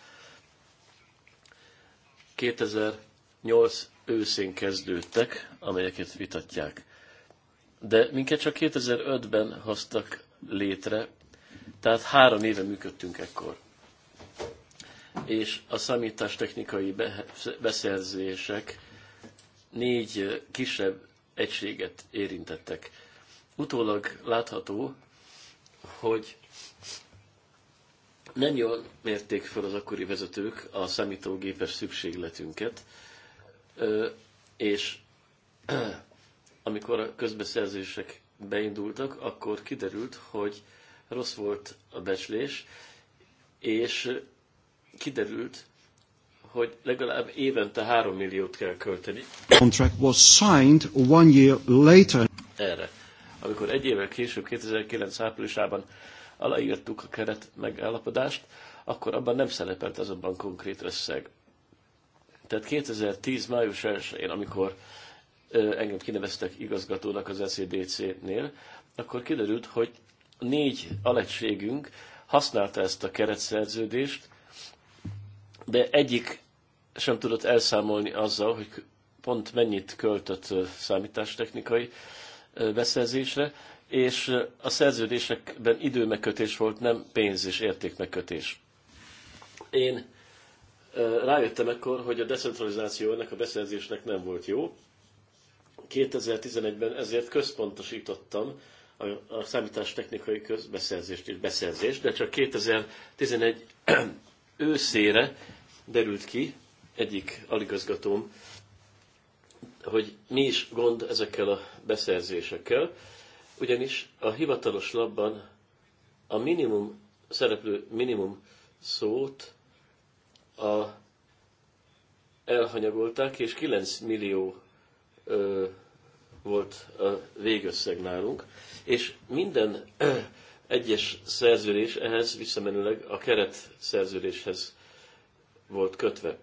2008 őszén kezdődtek, amelyeket vitatják. De minket csak 2005-ben hoztak létre, tehát három éve működtünk ekkor. És a számítástechnikai beszerzések négy kisebb egységet érintettek. Utólag látható, hogy nem jól mérték fel az akkori vezetők a számítógépes szükségletünket, és <clears throat> amikor a közbeszerzések beindultak, akkor kiderült, hogy rossz volt a becslés, és kiderült, hogy legalább évente 3 milliót kell költeni. Contract was signed one year later. Erre. Amikor egy évvel később, 2009. áprilisában aláírtuk a keret megállapodást, akkor abban nem szerepelt azonban konkrét összeg. Tehát 2010. május 1-én, amikor engem kineveztek igazgatónak az ECDC-nél, akkor kiderült, hogy négy alegységünk használta ezt a keretszerződést, de egyik sem tudott elszámolni azzal, hogy pont mennyit költött számítástechnikai beszerzésre, és a szerződésekben időmekötés volt, nem pénz és értékmekötés. Én rájöttem ekkor, hogy a decentralizáció ennek a beszerzésnek nem volt jó. 2011-ben ezért központosítottam a, a számítástechnikai közbeszerzést és beszerzést, de csak 2011 <clears throat> őszére derült ki egyik aligazgatóm, hogy mi is gond ezekkel a beszerzésekkel, ugyanis a hivatalos labban a minimum szereplő minimum szót a, elhanyagolták, és 9 millió ö, volt a végösszeg nálunk, és minden ö, egyes szerződés ehhez visszamenőleg a keret szerződéshez volt kötve.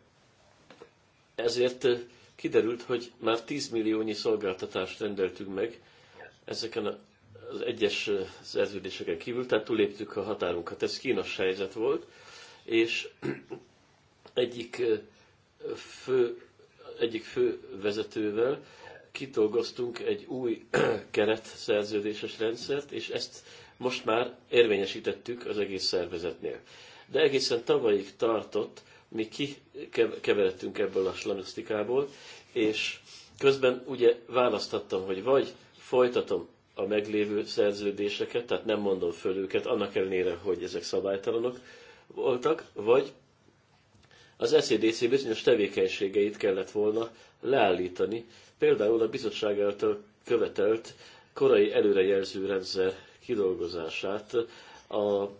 Ezért kiderült, hogy már 10 milliónyi szolgáltatást rendeltünk meg ezeken a az egyes szerződéseken kívül, tehát túléptük a határunkat. Ez kínos helyzet volt, és egyik fő, egyik fő vezetővel kitolgoztunk egy új <clears throat> keret szerződéses rendszert, és ezt most már érvényesítettük az egész szervezetnél. De egészen tavalyig tartott, mi kikeveredtünk ebből a slamisztikából, és közben ugye választottam, hogy vagy folytatom a meglévő szerződéseket, tehát nem mondom föl őket, annak ellenére, hogy ezek szabálytalanok voltak, vagy az SZDC e bizonyos tevékenységeit kellett volna leállítani, például a bizottság által követelt korai előrejelző rendszer kidolgozását, a, a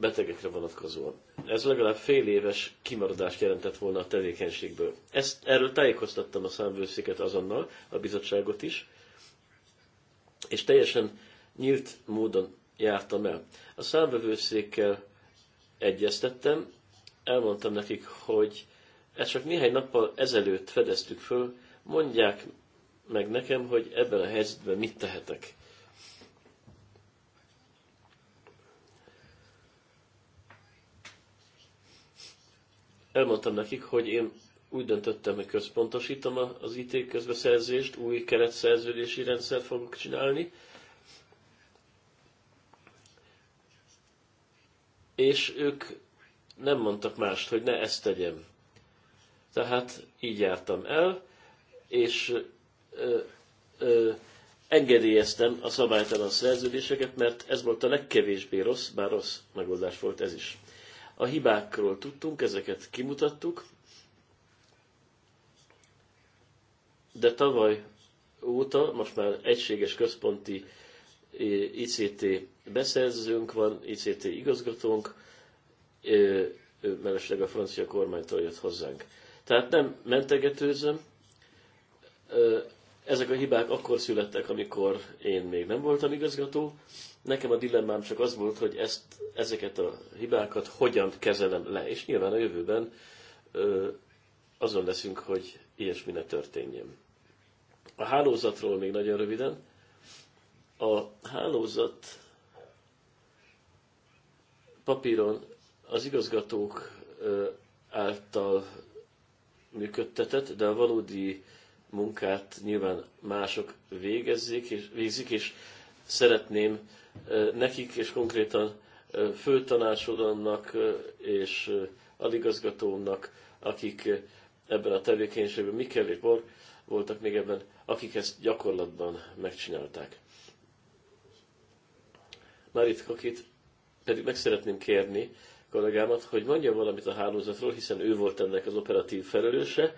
betegekre vonatkozóan. Ez legalább fél éves kimaradást jelentett volna a tevékenységből. Ezt, erről tájékoztattam a számvősziket azonnal, a bizottságot is, és teljesen nyílt módon jártam el. A számvevőszékkel egyeztettem, elmondtam nekik, hogy ezt csak néhány nappal ezelőtt fedeztük föl, mondják meg nekem, hogy ebben a helyzetben mit tehetek. elmondtam nekik, hogy én úgy döntöttem, hogy központosítom az IT közbeszerzést, új keretszerződési rendszer fogok csinálni, és ők nem mondtak mást, hogy ne ezt tegyem. Tehát így jártam el, és ö, ö, engedélyeztem a szabálytalan szerződéseket, mert ez volt a legkevésbé rossz, bár rossz megoldás volt ez is. A hibákról tudtunk, ezeket kimutattuk, de tavaly óta most már egységes központi ICT beszerzőnk van, ICT igazgatónk, mellesleg a francia kormánytól jött hozzánk. Tehát nem mentegetőzöm, ezek a hibák akkor születtek, amikor én még nem voltam igazgató, Nekem a dilemmám csak az volt, hogy ezt, ezeket a hibákat hogyan kezelem le, és nyilván a jövőben ö, azon leszünk, hogy ilyesmi ne történjen. A hálózatról még nagyon röviden. A hálózat papíron az igazgatók által működtetett, de a valódi munkát nyilván mások végezzék és végzik, és szeretném nekik, és konkrétan főtanácsodannak és aligazgatónak, akik ebben a tevékenységben, Mikkel és Borg voltak még ebben, akik ezt gyakorlatban megcsinálták. Marit Kokit pedig meg szeretném kérni kollégámat, hogy mondja valamit a hálózatról, hiszen ő volt ennek az operatív felelőse,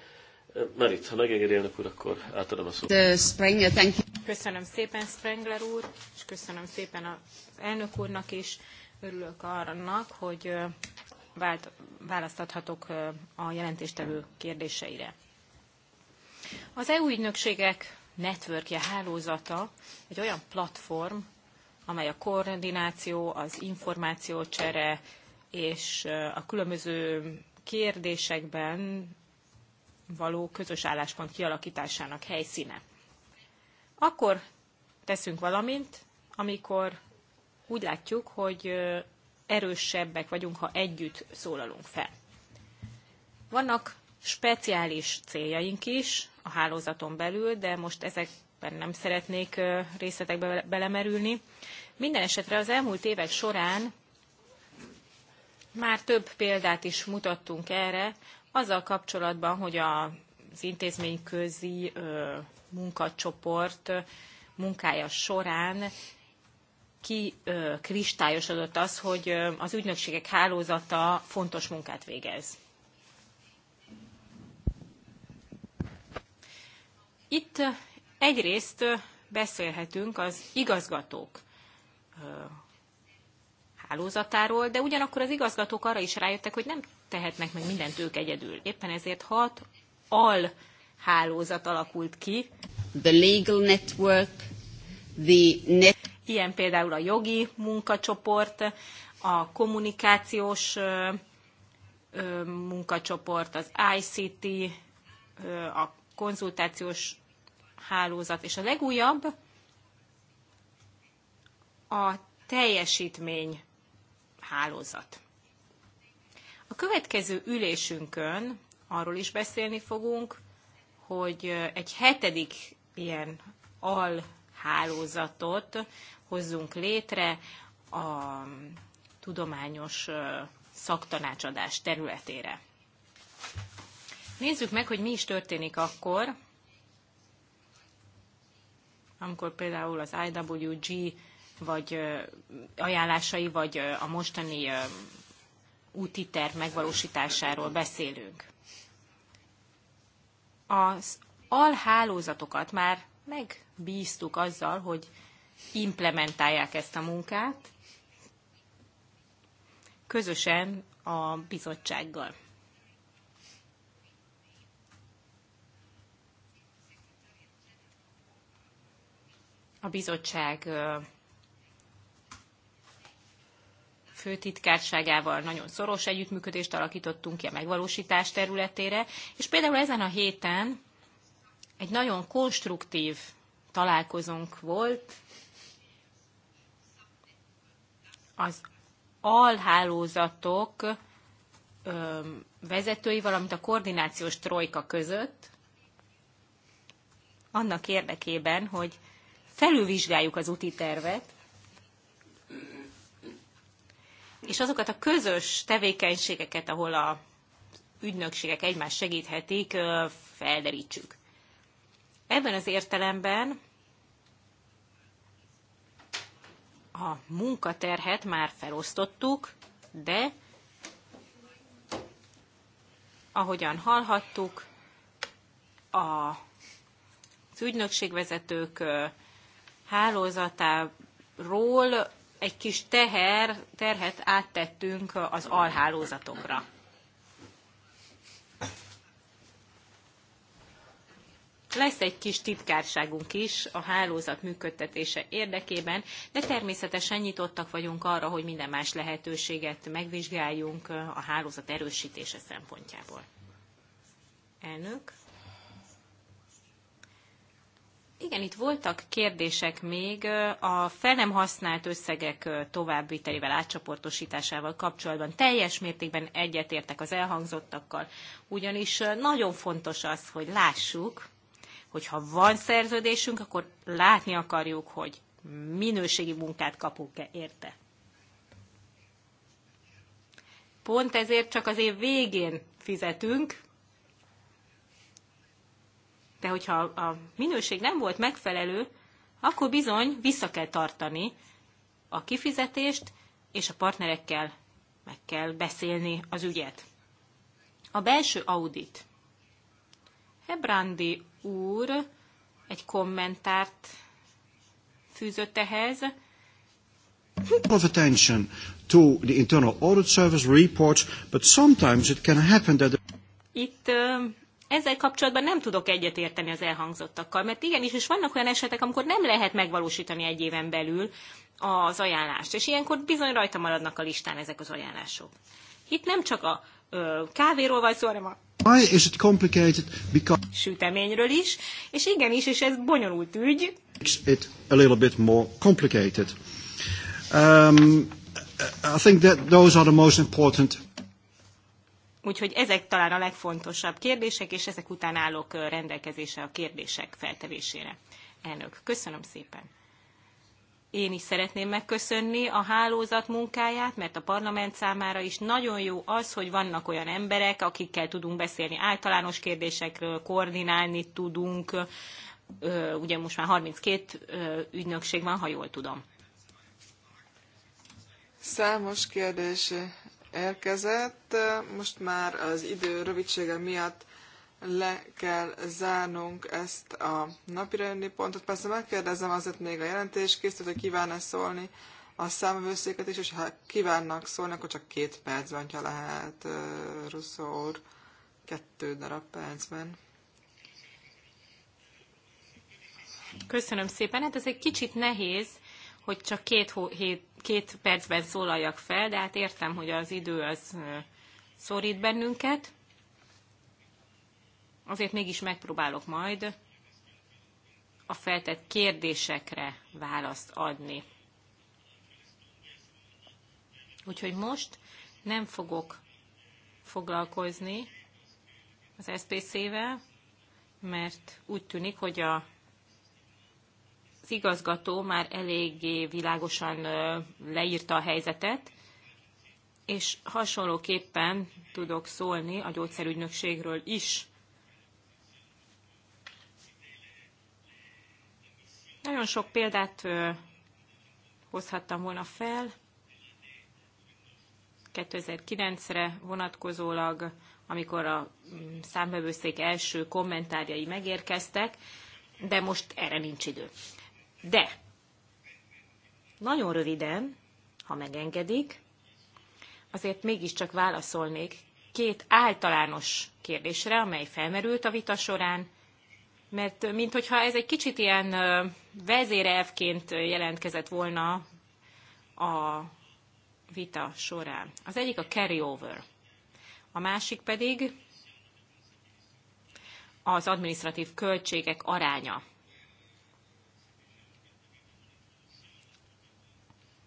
Merit, ha megengedi elnök úr, akkor átadom a szót. thank you. Köszönöm szépen Sprengler úr, és köszönöm szépen az elnök úrnak is. Örülök annak, hogy vált, választathatok a jelentéstevő kérdéseire. Az EU ügynökségek networkje, hálózata egy olyan platform, amely a koordináció, az információcsere és a különböző kérdésekben való közös álláspont kialakításának helyszíne. Akkor teszünk valamint, amikor úgy látjuk, hogy erősebbek vagyunk, ha együtt szólalunk fel. Vannak speciális céljaink is a hálózaton belül, de most ezekben nem szeretnék részletekbe belemerülni. Minden esetre az elmúlt évek során már több példát is mutattunk erre, azzal kapcsolatban, hogy az intézményközi munkacsoport munkája során kristályosodott az, hogy az ügynökségek hálózata fontos munkát végez. Itt egyrészt beszélhetünk az igazgatók hálózatáról, de ugyanakkor az igazgatók arra is rájöttek, hogy nem tehetnek meg mindent ők egyedül. Éppen ezért hat al hálózat alakult ki. The legal network, the net... Ilyen például a jogi munkacsoport, a kommunikációs munkacsoport, az ICT, a konzultációs hálózat, és a legújabb a teljesítmény hálózat. A következő ülésünkön arról is beszélni fogunk, hogy egy hetedik ilyen alhálózatot hozzunk létre a tudományos szaktanácsadás területére. Nézzük meg, hogy mi is történik akkor, amikor például az IWG vagy ajánlásai, vagy a mostani úti terv megvalósításáról beszélünk. Az alhálózatokat már megbíztuk azzal, hogy implementálják ezt a munkát közösen a bizottsággal. A bizottság főtitkárságával nagyon szoros együttműködést alakítottunk ki a megvalósítás területére, és például ezen a héten egy nagyon konstruktív találkozónk volt az alhálózatok vezetői, valamint a koordinációs trojka között, annak érdekében, hogy felülvizsgáljuk az úti tervet, és azokat a közös tevékenységeket, ahol a ügynökségek egymást segíthetik, felderítsük. Ebben az értelemben a munkaterhet már felosztottuk, de ahogyan hallhattuk, a, az ügynökségvezetők hálózatáról egy kis teher, terhet áttettünk az alhálózatokra. Lesz egy kis titkárságunk is a hálózat működtetése érdekében, de természetesen nyitottak vagyunk arra, hogy minden más lehetőséget megvizsgáljunk a hálózat erősítése szempontjából. Elnök. Igen, itt voltak kérdések még a fel nem használt összegek továbbvitelével, átcsoportosításával kapcsolatban. Teljes mértékben egyetértek az elhangzottakkal, ugyanis nagyon fontos az, hogy lássuk, hogy ha van szerződésünk, akkor látni akarjuk, hogy minőségi munkát kapunk-e érte. Pont ezért csak az év végén fizetünk, de hogyha a minőség nem volt megfelelő, akkor bizony vissza kell tartani a kifizetést, és a partnerekkel meg kell beszélni az ügyet. A belső audit. Hebrandi úr egy kommentárt fűzött ehhez. Of attention to the internal audit service reports, but sometimes it can happen that Itt ezzel kapcsolatban nem tudok egyetérteni az elhangzottakkal, mert igenis, és vannak olyan esetek, amikor nem lehet megvalósítani egy éven belül az ajánlást, és ilyenkor bizony rajta maradnak a listán ezek az ajánlások. Itt nem csak a ö, kávéról van szó, hanem a Why is it complicated? Because süteményről is, és igenis, és ez bonyolult ügy. It a little bit more complicated. Um, I think that those are the most important Úgyhogy ezek talán a legfontosabb kérdések, és ezek után állok rendelkezésre a kérdések feltevésére. Elnök, köszönöm szépen! Én is szeretném megköszönni a hálózat munkáját, mert a parlament számára is nagyon jó az, hogy vannak olyan emberek, akikkel tudunk beszélni általános kérdésekről, koordinálni tudunk. Ugye most már 32 ügynökség van, ha jól tudom. Számos kérdés érkezett. Most már az idő rövidsége miatt le kell zárnunk ezt a napirendi pontot. Persze megkérdezem azért még a jelentés készült, hogy kíván-e szólni a számvőszéket is, és ha kívánnak szólni, akkor csak két percben, ha lehet, Russzó úr, kettő darab percben. Köszönöm szépen. Hát ez egy kicsit nehéz, hogy csak két hét két percben szólaljak fel, de hát értem, hogy az idő az szorít bennünket. Azért mégis megpróbálok majd a feltett kérdésekre választ adni. Úgyhogy most nem fogok foglalkozni az SPC-vel, mert úgy tűnik, hogy a az igazgató már eléggé világosan leírta a helyzetet, és hasonlóképpen tudok szólni a gyógyszerügynökségről is. Nagyon sok példát hozhattam volna fel. 2009-re vonatkozólag, amikor a mm, számbevőszék első kommentárjai megérkeztek, de most erre nincs idő. De nagyon röviden, ha megengedik, azért mégiscsak válaszolnék két általános kérdésre, amely felmerült a vita során, mert minthogyha ez egy kicsit ilyen vezérelvként jelentkezett volna a vita során. Az egyik a carryover, a másik pedig az administratív költségek aránya.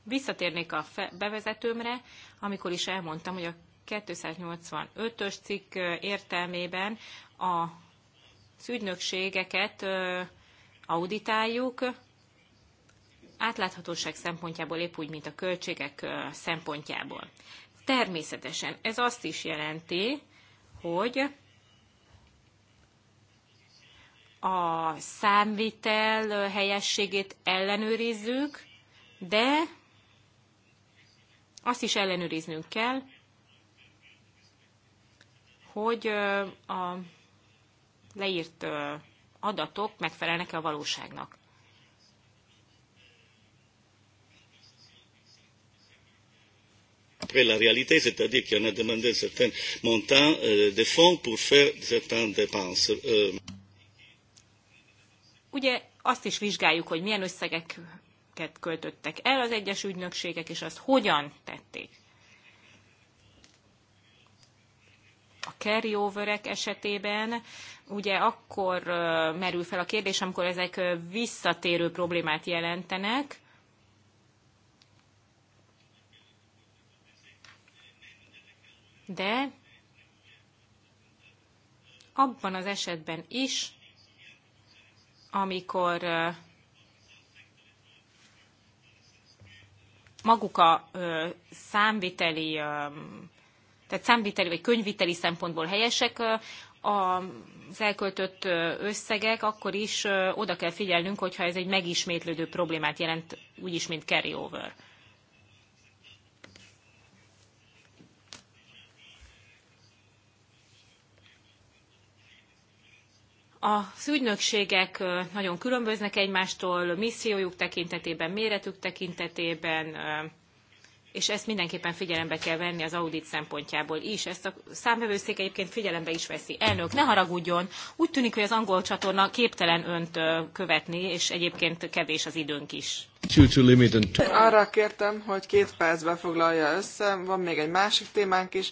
visszatérnék a bevezetőmre, amikor is elmondtam, hogy a 285-ös cikk értelmében a ügynökségeket auditáljuk, átláthatóság szempontjából épp úgy, mint a költségek szempontjából. Természetesen ez azt is jelenti, hogy a számvitel helyességét ellenőrizzük, de azt is ellenőriznünk kell, hogy a leírt adatok megfelelnek-e a valóságnak. Après la réalité, c'est-à-dire qu'on a demandé un certain montant euh, de fonds pour faire certaines dépenses. Euh... Ugye azt is vizsgáljuk, hogy milyen összegek pénzeket költöttek el az egyes ügynökségek, és azt hogyan tették. A carryoverek esetében ugye akkor merül fel a kérdés, amikor ezek visszatérő problémát jelentenek, de abban az esetben is, amikor maguk a számviteli, tehát számviteli vagy könyviteli szempontból helyesek, az elköltött összegek, akkor is oda kell figyelnünk, hogyha ez egy megismétlődő problémát jelent, úgyis, mint carryover. Az ügynökségek nagyon különböznek egymástól missziójuk tekintetében, méretük tekintetében, és ezt mindenképpen figyelembe kell venni az audit szempontjából is. Ezt a számvevőszék egyébként figyelembe is veszi. Elnök, ne haragudjon! Úgy tűnik, hogy az angol csatorna képtelen önt követni, és egyébként kevés az időnk is. Arra kértem, hogy két percben foglalja össze, van még egy másik témánk is,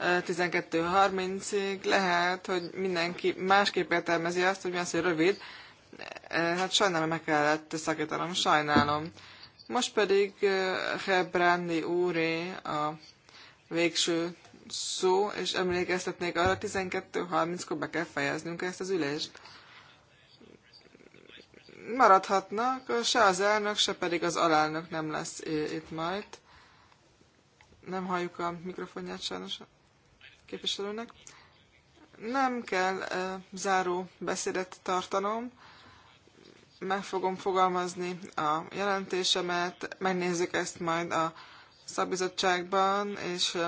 12.30-ig. Lehet, hogy mindenki másképp értelmezi azt, hogy mi az, hogy rövid. E, hát sajnálom, meg kellett szakítanom, sajnálom. Most pedig e, Hebrandi úré a végső szó, és emlékeztetnék arra, 12.30-kor be kell fejeznünk ezt az ülést. Maradhatnak, se az elnök, se pedig az alelnök nem lesz itt majd. Nem halljuk a mikrofonját sajnos képviselőnek. Nem kell uh, záró beszédet tartanom, meg fogom fogalmazni a jelentésemet, megnézzük ezt majd a szabizottságban, és uh,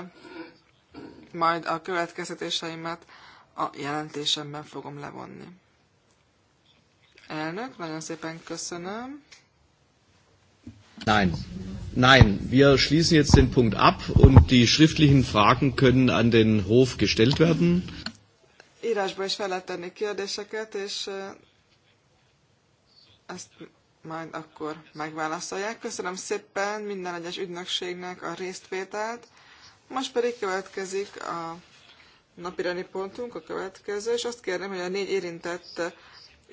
majd a következtetéseimet a jelentésemben fogom levonni. Elnök, nagyon szépen köszönöm. Nein. Nein, wir schließen jetzt den Punkt ab und die schriftlichen Fragen können an den Hof gestellt werden. Írásba is fel lehet tenni kérdéseket, és ezt majd akkor megválaszolják. Köszönöm szépen minden egyes ügynökségnek a résztvételt. Most pedig következik a napirani pontunk, a következő, és azt kérném, hogy a négy érintett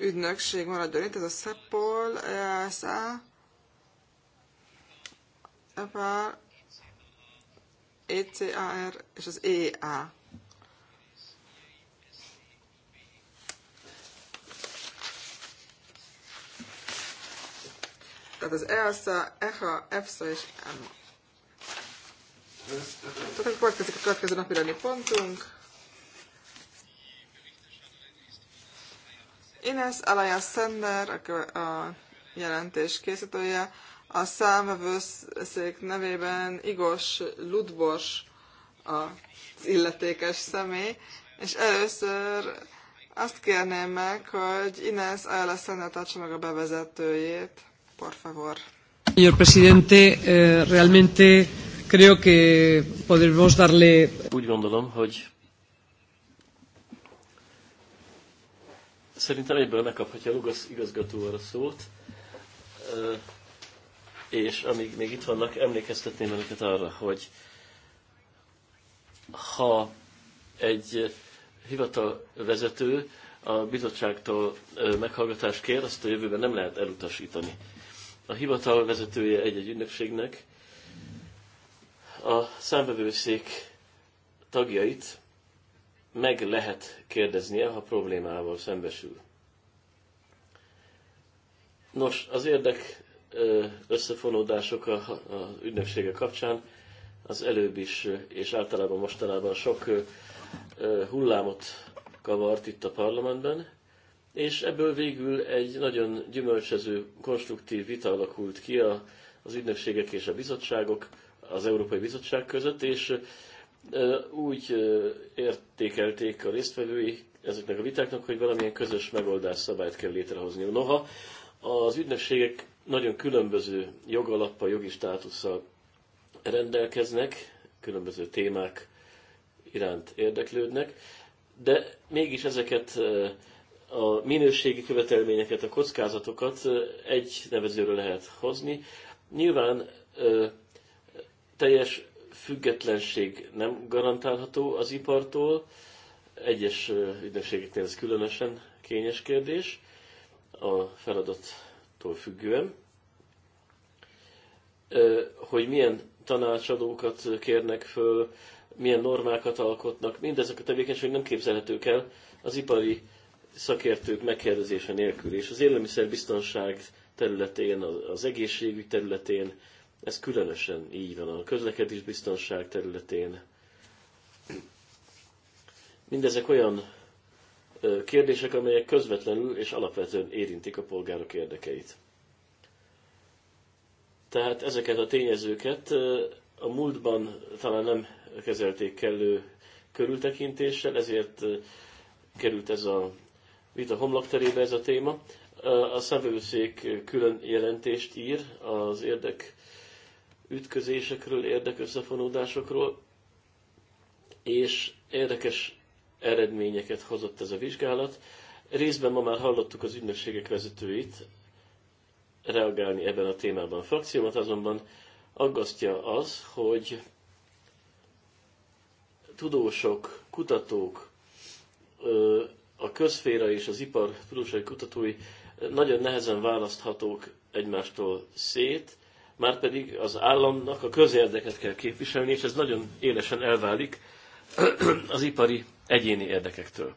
ügynökség maradjon itt, ez a SEPOL, EASA, EVAR, e ECAR és az EA. Tehát az EASA, EHA, EFSA és EMA. Tehát akkor következik a következő napi rendi pontunk. Ines Alaya Sender, a, a jelentés készítője, a számvevőszék nevében Igos Ludbors az illetékes személy, és először azt kérném meg, hogy Inés Ayala Szenna tartsa meg a bevezetőjét. Por favor. Señor presidente, eh, realmente creo que podemos darle... Úgy gondolom, hogy szerintem egyből megkaphatja Lugasz igazgató a szót. Eh, és amíg még itt vannak, emlékeztetném önöket arra, hogy ha egy hivatalvezető a bizottságtól meghallgatást kér, azt a jövőben nem lehet elutasítani. A hivatal vezetője egy-egy ünnepségnek a számbevőszék tagjait meg lehet kérdeznie, ha problémával szembesül. Nos, az érdek összefonódások a, a kapcsán, az előbb is, és általában mostanában sok hullámot kavart itt a parlamentben, és ebből végül egy nagyon gyümölcsező, konstruktív vita alakult ki a, az ügynökségek és a bizottságok, az Európai Bizottság között, és úgy értékelték a résztvevői ezeknek a vitáknak, hogy valamilyen közös megoldás szabályt kell létrehozni. Noha az ügynökségek nagyon különböző jogalappal, jogi státusszal rendelkeznek, különböző témák iránt érdeklődnek, de mégis ezeket eh, a minőségi követelményeket, a kockázatokat eh, egy nevezőre lehet hozni. Nyilván eh, teljes függetlenség nem garantálható az ipartól, egyes ügynökségeknél ez különösen kényes kérdés, a feladat tanácsadóktól függően, hogy milyen tanácsadókat kérnek föl, milyen normákat alkotnak, mindezek a tevékenységek nem képzelhetők el az ipari szakértők megkérdezése nélkül, és az élelmiszerbiztonság területén, az egészségügy területén, ez különösen így van, a közlekedés biztonság területén. Mindezek olyan kérdések, amelyek közvetlenül és alapvetően érintik a polgárok érdekeit. Tehát ezeket a tényezőket a múltban talán nem kezelték kellő körültekintéssel, ezért került ez a vita homlokterébe ez a téma. A szemvevőszék külön jelentést ír az érdek ütközésekről, érdekösszefonódásokról, és érdekes eredményeket hozott ez a vizsgálat. Részben ma már hallottuk az ügynökségek vezetőit reagálni ebben a témában. A frakciómat azonban aggasztja az, hogy tudósok, kutatók, a közféra és az ipar tudósai kutatói nagyon nehezen választhatók egymástól szét, már pedig az államnak a közérdeket kell képviselni, és ez nagyon élesen elválik az ipari egyéni érdekektől.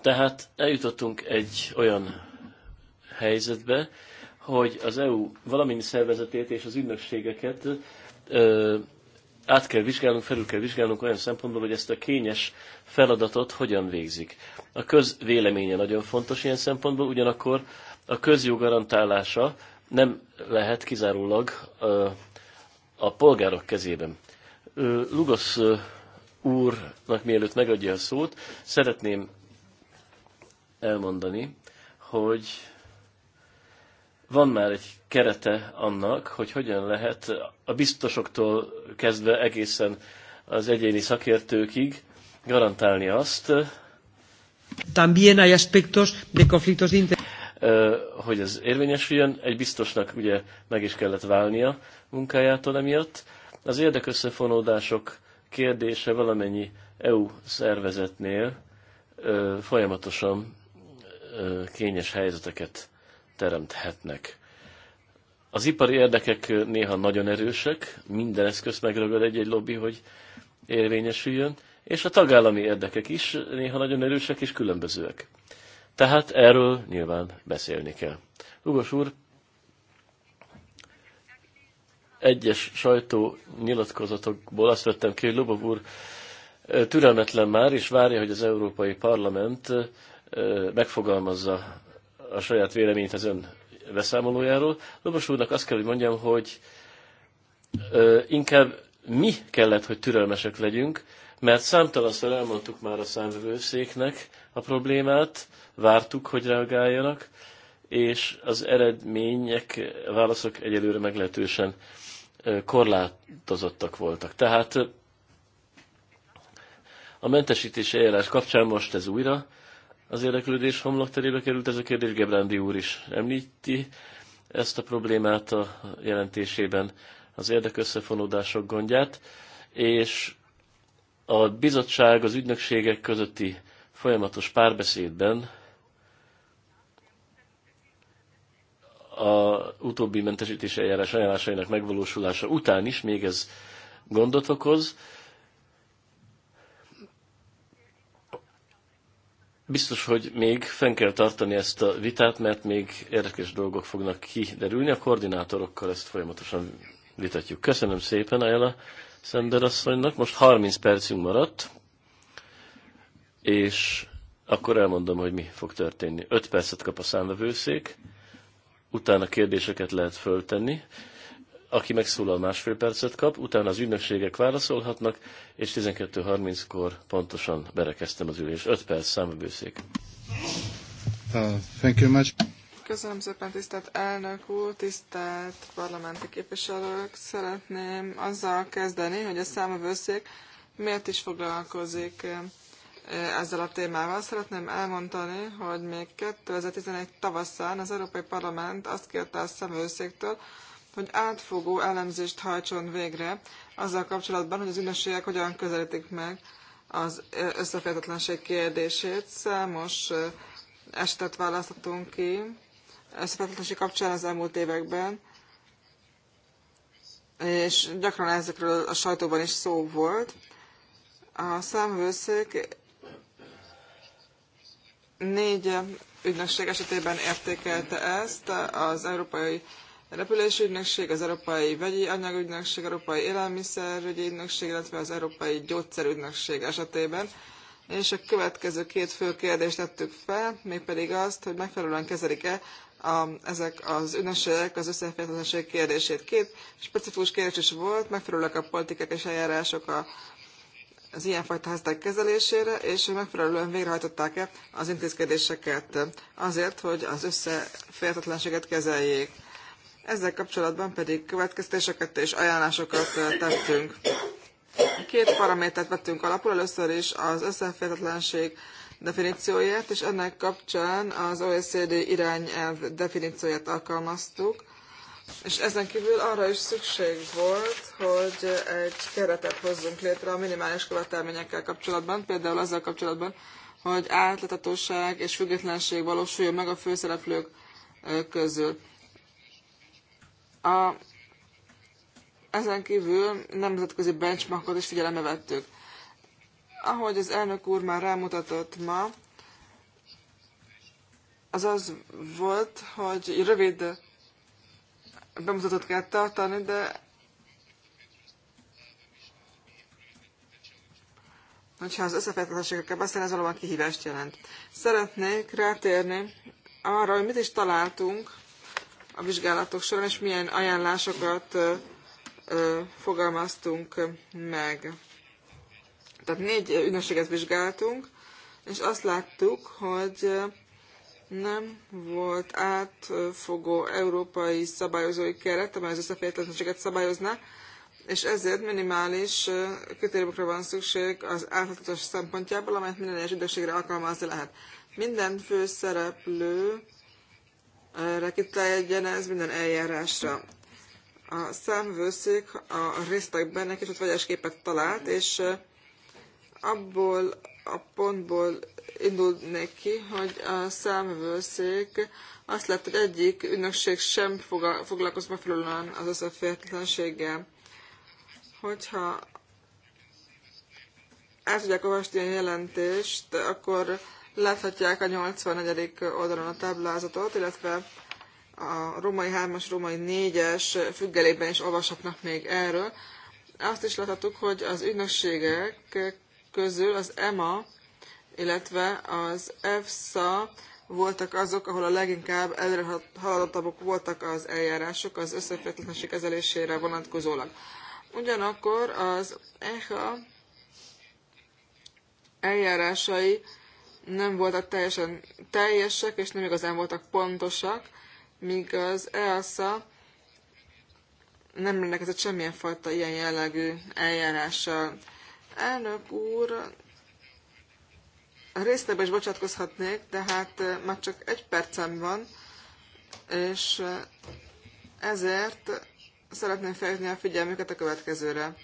Tehát eljutottunk egy olyan helyzetbe, hogy az EU valamennyi szervezetét és az ügynökségeket ö, át kell vizsgálnunk, felül kell vizsgálnunk olyan szempontból, hogy ezt a kényes feladatot hogyan végzik. A közvéleménye nagyon fontos ilyen szempontból, ugyanakkor a közjó garantálása nem lehet kizárólag a polgárok kezében. Lugos úrnak mielőtt megadja a szót, szeretném elmondani, hogy van már egy kerete annak, hogy hogyan lehet a biztosoktól kezdve egészen az egyéni szakértőkig garantálni azt, También hay aspectos de conflictos de interés hogy ez érvényesüljön. Egy biztosnak ugye meg is kellett válnia munkájától emiatt. Az érdekösszefonódások kérdése valamennyi EU szervezetnél folyamatosan kényes helyzeteket teremthetnek. Az ipari érdekek néha nagyon erősek, minden eszköz megragad egy-egy lobby, hogy érvényesüljön, és a tagállami érdekek is néha nagyon erősek és különbözőek. Tehát erről nyilván beszélni kell. Lugos úr, egyes sajtó nyilatkozatokból azt vettem ki, hogy Lubov úr türelmetlen már, és várja, hogy az Európai Parlament megfogalmazza a saját véleményt az ön beszámolójáról. Lubos úrnak azt kell, hogy mondjam, hogy inkább mi kellett, hogy türelmesek legyünk, mert számtalanszor elmondtuk már a számvevőszéknek a problémát, vártuk, hogy reagáljanak, és az eredmények, a válaszok egyelőre meglehetősen korlátozottak voltak. Tehát a mentesítési eljárás kapcsán most ez újra az érdeklődés terébe került ez a kérdés, Gebrándi úr is említi ezt a problémát a jelentésében, az érdekösszefonódások gondját, és a bizottság az ügynökségek közötti folyamatos párbeszédben a utóbbi mentesítési eljárás ajánlásainak megvalósulása után is még ez gondot okoz. Biztos, hogy még fenn kell tartani ezt a vitát, mert még érdekes dolgok fognak kiderülni. A koordinátorokkal ezt folyamatosan vitatjuk. Köszönöm szépen, Ajala Szender asszonynak. Most 30 percünk maradt, és akkor elmondom, hogy mi fog történni. 5 percet kap a számvevőszék utána kérdéseket lehet föltenni, aki megszólal másfél percet kap, utána az ügynökségek válaszolhatnak, és 12.30-kor pontosan berekeztem az ülés. 5 perc számvevőszék. Uh, thank you much. Köszönöm szépen, tisztelt elnök úr, tisztelt parlamenti képviselők. Szeretném azzal kezdeni, hogy a számvevőszék miért is foglalkozik Eh, ezzel a témával. Szeretném elmondani, hogy még 2011 tavaszán az Európai Parlament azt kérte a szemőszéktől, hogy átfogó elemzést hajtson végre azzal kapcsolatban, hogy az ügynökségek hogyan közelítik meg az eh, összeférhetetlenség kérdését. Számos eh, esetet választhatunk ki összeférhetetlenség kapcsán az elmúlt években, és gyakran ezekről a sajtóban is szó volt. A számvőszék Négy ügynökség esetében értékelte ezt az Európai Repülési Ügynökség, az Európai Vegyi Anyagügynökség, Európai Élelmiszerügyi Ügynökség, illetve az Európai Gyógyszerügynökség esetében. És a következő két fő kérdést tettük fel, mégpedig azt, hogy megfelelően kezelik-e a, ezek az ünnepségek az összeférhetetlenség kérdését. Két specifikus kérdés is volt, megfelelőek a politikák és eljárások a az ilyenfajta helyzetek kezelésére, és hogy megfelelően végrehajtották-e az intézkedéseket azért, hogy az összeférhetetlenséget kezeljék. Ezzel kapcsolatban pedig következtéseket és ajánlásokat tettünk. Két paramétert vettünk alapul, először is az összeférhetetlenség definícióját, és ennek kapcsán az OECD irányelv definícióját alkalmaztuk, és ezen kívül arra is szükség volt, hogy egy keretet hozzunk létre a minimális követelményekkel kapcsolatban, például azzal kapcsolatban, hogy átláthatóság és függetlenség valósuljon meg a főszereplők közül. A, ezen kívül nemzetközi benchmarkot is figyelembe vettük. Ahogy az elnök úr már rámutatott ma, az az volt, hogy rövid bemutatót kell tartani, de hogyha az összeférhetetlenségekkel beszélni, ez valóban kihívást jelent. Szeretnék rátérni arra, hogy mit is találtunk a vizsgálatok során, és milyen ajánlásokat ö, ö, fogalmaztunk meg. Tehát négy ügynökséget vizsgáltunk, és azt láttuk, hogy nem volt átfogó európai szabályozói keret, amely az összeférhetetlenséget szabályozná, és ezért minimális kritériumokra van szükség az átláthatós szempontjából, amelyet minden egyes ügynökségre alkalmazni lehet. Minden főszereplő kiterjedjen ez minden eljárásra. A számvőszék a résztekben egy kicsit vegyes képet talált, és abból a pontból indulnék ki, hogy a számvőszék azt lett, hogy egyik ügynökség sem foglalkozik megfelelően az összeférhetetlenséggel. Hogyha el tudják olvasni a jelentést, akkor láthatják a 84. oldalon a táblázatot, illetve a római 3-as, római 4-es függelében is olvashatnak még erről. Azt is láthatjuk, hogy az ügynökségek közül az EMA, illetve az EFSA voltak azok, ahol a leginkább előre haladottabbak voltak az eljárások az összeférhetetlenség kezelésére vonatkozólag. Ugyanakkor az EHA eljárásai nem voltak teljesen teljesek, és nem igazán voltak pontosak, míg az EASA nem rendelkezett semmilyen fajta ilyen jellegű eljárással. Elnök úr, részletbe is bocsátkozhatnék, de hát eh, már csak egy percem van, és eh, ezért szeretném felhívni a figyelmüket a következőre,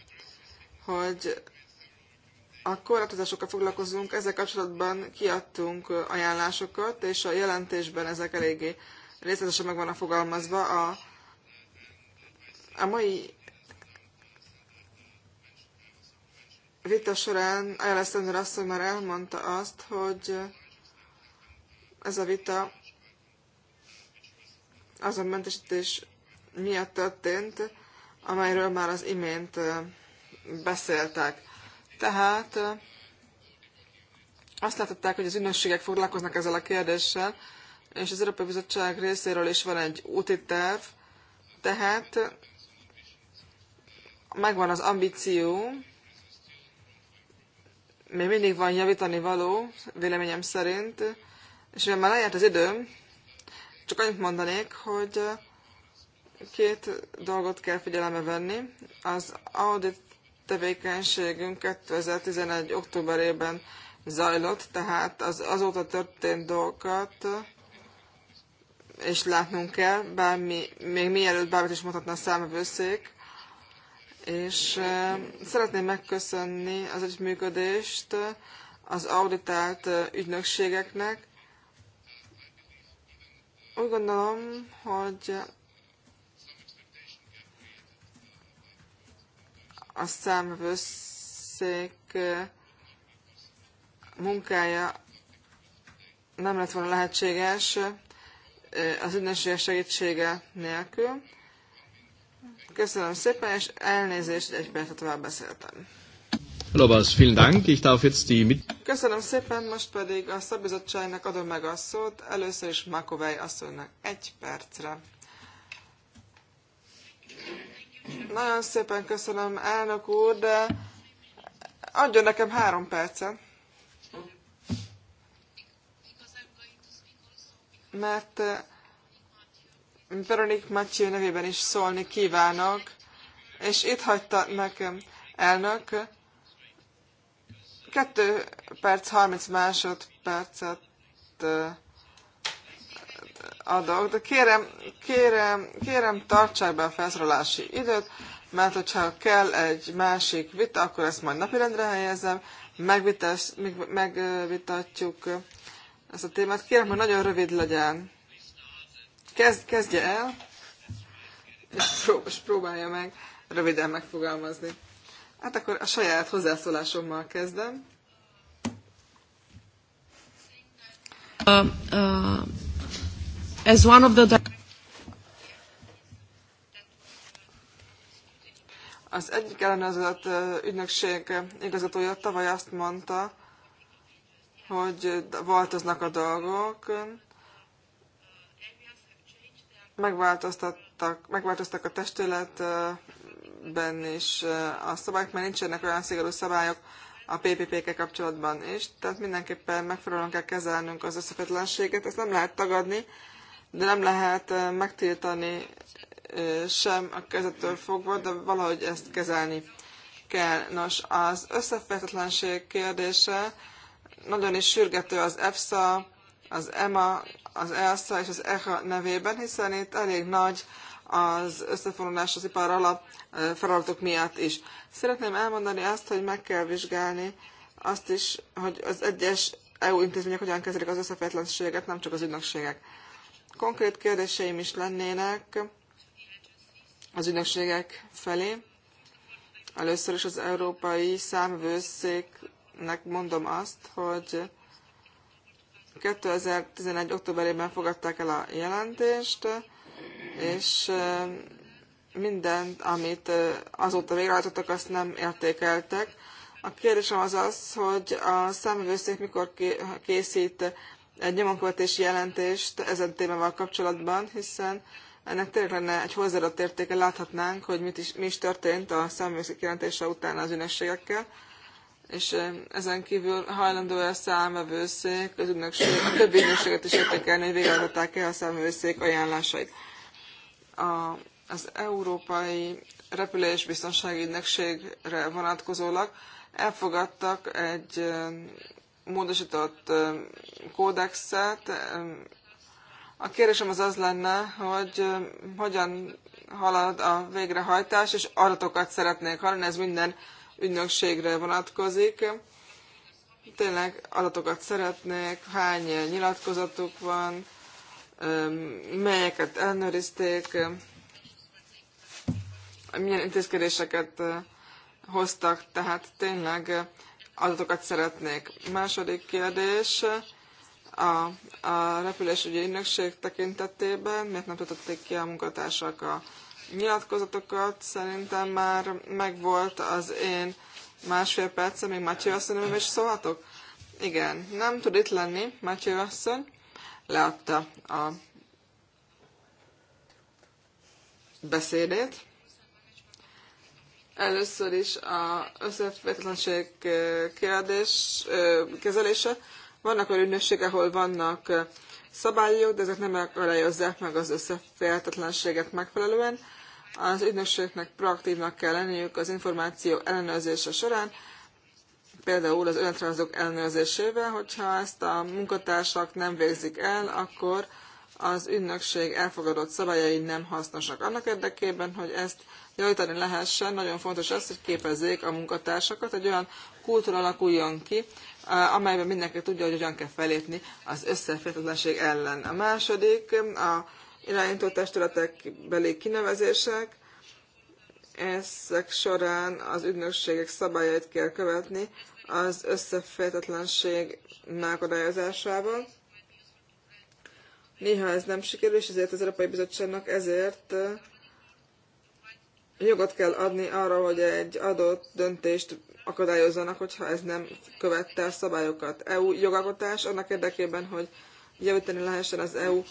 hogy a korlátozásokkal foglalkozunk, ezzel kapcsolatban kiadtunk eh, ajánlásokat, és a jelentésben ezek eléggé részletesen meg vannak fogalmazva. A, a mai vita során Alexander asszony már elmondta azt, hogy ez a vita az a mentesítés miatt történt, amelyről már az imént beszéltek. Tehát azt látották, hogy az ünnösségek foglalkoznak ezzel a kérdéssel, és az Európai Bizottság részéről is van egy úti terv, tehát megvan az ambíció, még mindig van javítani való, véleményem szerint, és mivel már lejárt az időm, csak annyit mondanék, hogy két dolgot kell figyelembe venni. Az audit tevékenységünk 2011. októberében zajlott, tehát az azóta történt dolgokat és látnunk kell, bármi, még mielőtt bármit is mondhatna a számvevőszék, és szeretném megköszönni az együttműködést az auditált ügynökségeknek. Úgy gondolom, hogy a számvőszék munkája nem lett volna lehetséges az ügynökség segítsége nélkül. Köszönöm szépen, és elnézést, egy percet tovább beszéltem. Lovas, vielen Dank. Ich darf jetzt die mit Köszönöm szépen, most pedig a szabizottságnak adom meg a szót. Először is Makovej asszonynak egy percre. Nagyon szépen köszönöm, elnök úr, de adjon nekem három percet. Mert Veronik Matyő nevében is szólni kívánok, és itt hagyta nekem elnök 2 perc 30 másodpercet adok, de kérem, kérem, kérem tartsák be a felszólalási időt, mert hogyha kell egy másik vita, akkor ezt majd napirendre helyezem, megvitatjuk ezt a témát. Kérem, hogy nagyon rövid legyen kezd, kezdje el, és, pró- és próbálja meg röviden megfogalmazni. Hát akkor a saját hozzászólásommal kezdem. Uh, uh, as one of the Az egyik ellenőrzött uh, ügynökség igazgatója tavaly azt mondta, hogy változnak a dolgok, megváltoztattak, megváltoztak a testületben is a szabályok, mert nincsenek olyan szigorú szabályok a PPP-kkel kapcsolatban is, tehát mindenképpen megfelelően kell kezelnünk az összefetlenséget, ezt nem lehet tagadni, de nem lehet megtiltani sem a kezettől fogva, de valahogy ezt kezelni kell. Nos, az összefetlenség kérdése nagyon is sürgető az EFSA az EMA, az EASA és az EHA nevében, hiszen itt elég nagy az összefonulás az ipar alap feladatok miatt is. Szeretném elmondani azt, hogy meg kell vizsgálni azt is, hogy az egyes EU intézmények hogyan kezelik az összefetlenséget, nem csak az ügynökségek. Konkrét kérdéseim is lennének az ügynökségek felé. Először is az Európai Számvőszéknek mondom azt, hogy 2011. októberében fogadták el a jelentést, és mindent, amit azóta végrehajtottak, azt nem értékeltek. A kérdésem az az, hogy a számvevőszék mikor készít egy nyomonkövetési jelentést ezen témával kapcsolatban, hiszen ennek tényleg lenne egy hozzáadott értéke, láthatnánk, hogy mit is, mi is történt a számvevőszék jelentése után az ünnepségekkel és ezen kívül hajlandó a számvevőszék, az ügynökség, a többi ügynökséget is értékelni, hogy végrehajtották-e a számvevőszék ajánlásait. A, az Európai Repülésbiztonsági Ügynökségre vonatkozólag elfogadtak egy módosított kódexet. A kérésem az az lenne, hogy hogyan halad a végrehajtás, és adatokat szeretnék hallani, ez minden ügynökségre vonatkozik. Tényleg adatokat szeretnék, hány nyilatkozatuk van, melyeket ellenőrizték, milyen intézkedéseket hoztak, tehát tényleg adatokat szeretnék. Második kérdés a, a repülésügyi ügynökség tekintetében, miért nem töltötték ki a munkatársak a nyilatkozatokat szerintem már megvolt az én másfél perce, még Matyő asszonyom is szólhatok? Igen, nem tud itt lenni Matyő asszony, leadta a beszédét. Először is a összeférhetetlenség kérdés kezelése. Vannak olyan ügynökségek, ahol vannak szabályok, de ezek nem akarályozzák meg az összeférhetetlenséget megfelelően. Az ügynökségnek proaktívnak kell lenniük az információ ellenőrzése során, például az öntranszok ellenőrzésével, hogyha ezt a munkatársak nem végzik el, akkor az ügynökség elfogadott szabályai nem hasznosak. Annak érdekében, hogy ezt javítani lehessen, nagyon fontos az, hogy képezzék a munkatársakat, egy olyan kultúra alakuljon ki, eh, amelyben mindenki tudja, hogy hogyan kell felépni az összeférhetetlenség ellen. A második, a irányító testületek belé kinevezések. Ezek során az ügynökségek szabályait kell követni az összefejtetlenség megakadályozásával. Néha ez nem sikerül, és ezért az Európai Bizottságnak ezért eh, jogot kell adni arra, hogy egy adott döntést akadályozzanak, hogyha ez nem követte a szabályokat. EU jogalkotás annak érdekében, hogy javítani lehessen az EU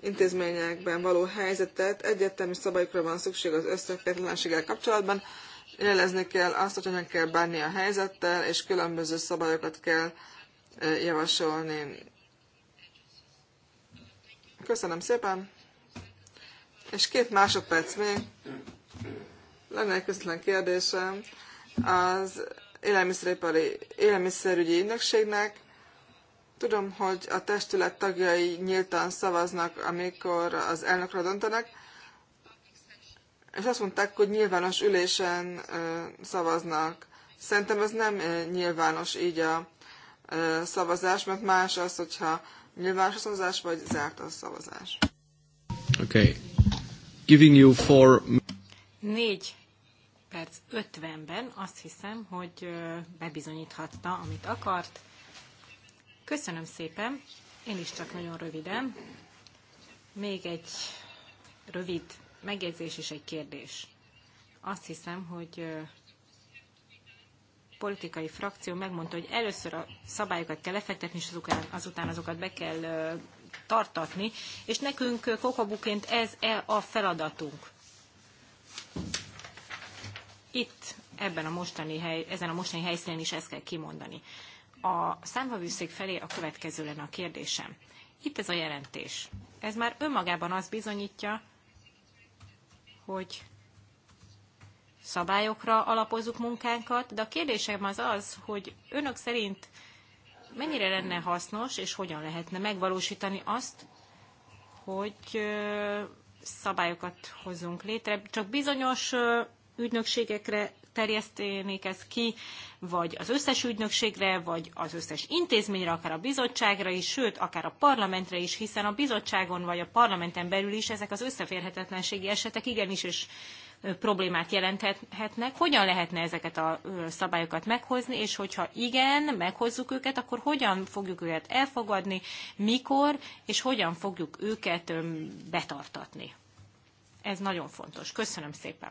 intézményekben való helyzetet. Egyértelmű szabályokra van szükség az összeférhetetlenséggel kapcsolatban. Jelezni kell azt, hogy hogyan kell bánni a helyzettel, és különböző szabályokat kell javasolni. Köszönöm szépen! És két másodperc még. Lenne egy közvetlen kérdésem. Az élelmiszeripari élelmiszerügyi ügynökségnek Tudom, hogy a testület tagjai nyíltan szavaznak, amikor az elnökről döntenek, és azt mondták, hogy nyilvános ülésen szavaznak. Szerintem ez nem nyilvános így a szavazás, mert más az, hogyha nyilvános a szavazás, vagy zárt a szavazás. Okay. Giving you four... Négy perc ötvenben azt hiszem, hogy bebizonyíthatta, amit akart. Köszönöm szépen, én is csak nagyon röviden. Még egy rövid megjegyzés és egy kérdés. Azt hiszem, hogy politikai frakció megmondta, hogy először a szabályokat kell lefektetni, és azután, azután azokat be kell tartatni, és nekünk kokobuként ez e a feladatunk. Itt, ebben a mostani hely, ezen a mostani helyszínen is ezt kell kimondani a számvevőszék felé a következő lenne a kérdésem. Itt ez a jelentés. Ez már önmagában azt bizonyítja, hogy szabályokra alapozzuk munkánkat, de a kérdésem az az, hogy önök szerint mennyire lenne hasznos, és hogyan lehetne megvalósítani azt, hogy szabályokat hozzunk létre, csak bizonyos ügynökségekre terjesztenék ezt ki, vagy az összes ügynökségre, vagy az összes intézményre, akár a bizottságra is, sőt, akár a parlamentre is, hiszen a bizottságon vagy a parlamenten belül is ezek az összeférhetetlenségi esetek igenis is problémát jelenthetnek. Hogyan lehetne ezeket a szabályokat meghozni, és hogyha igen, meghozzuk őket, akkor hogyan fogjuk őket elfogadni, mikor, és hogyan fogjuk őket betartatni. Ez nagyon fontos. Köszönöm szépen.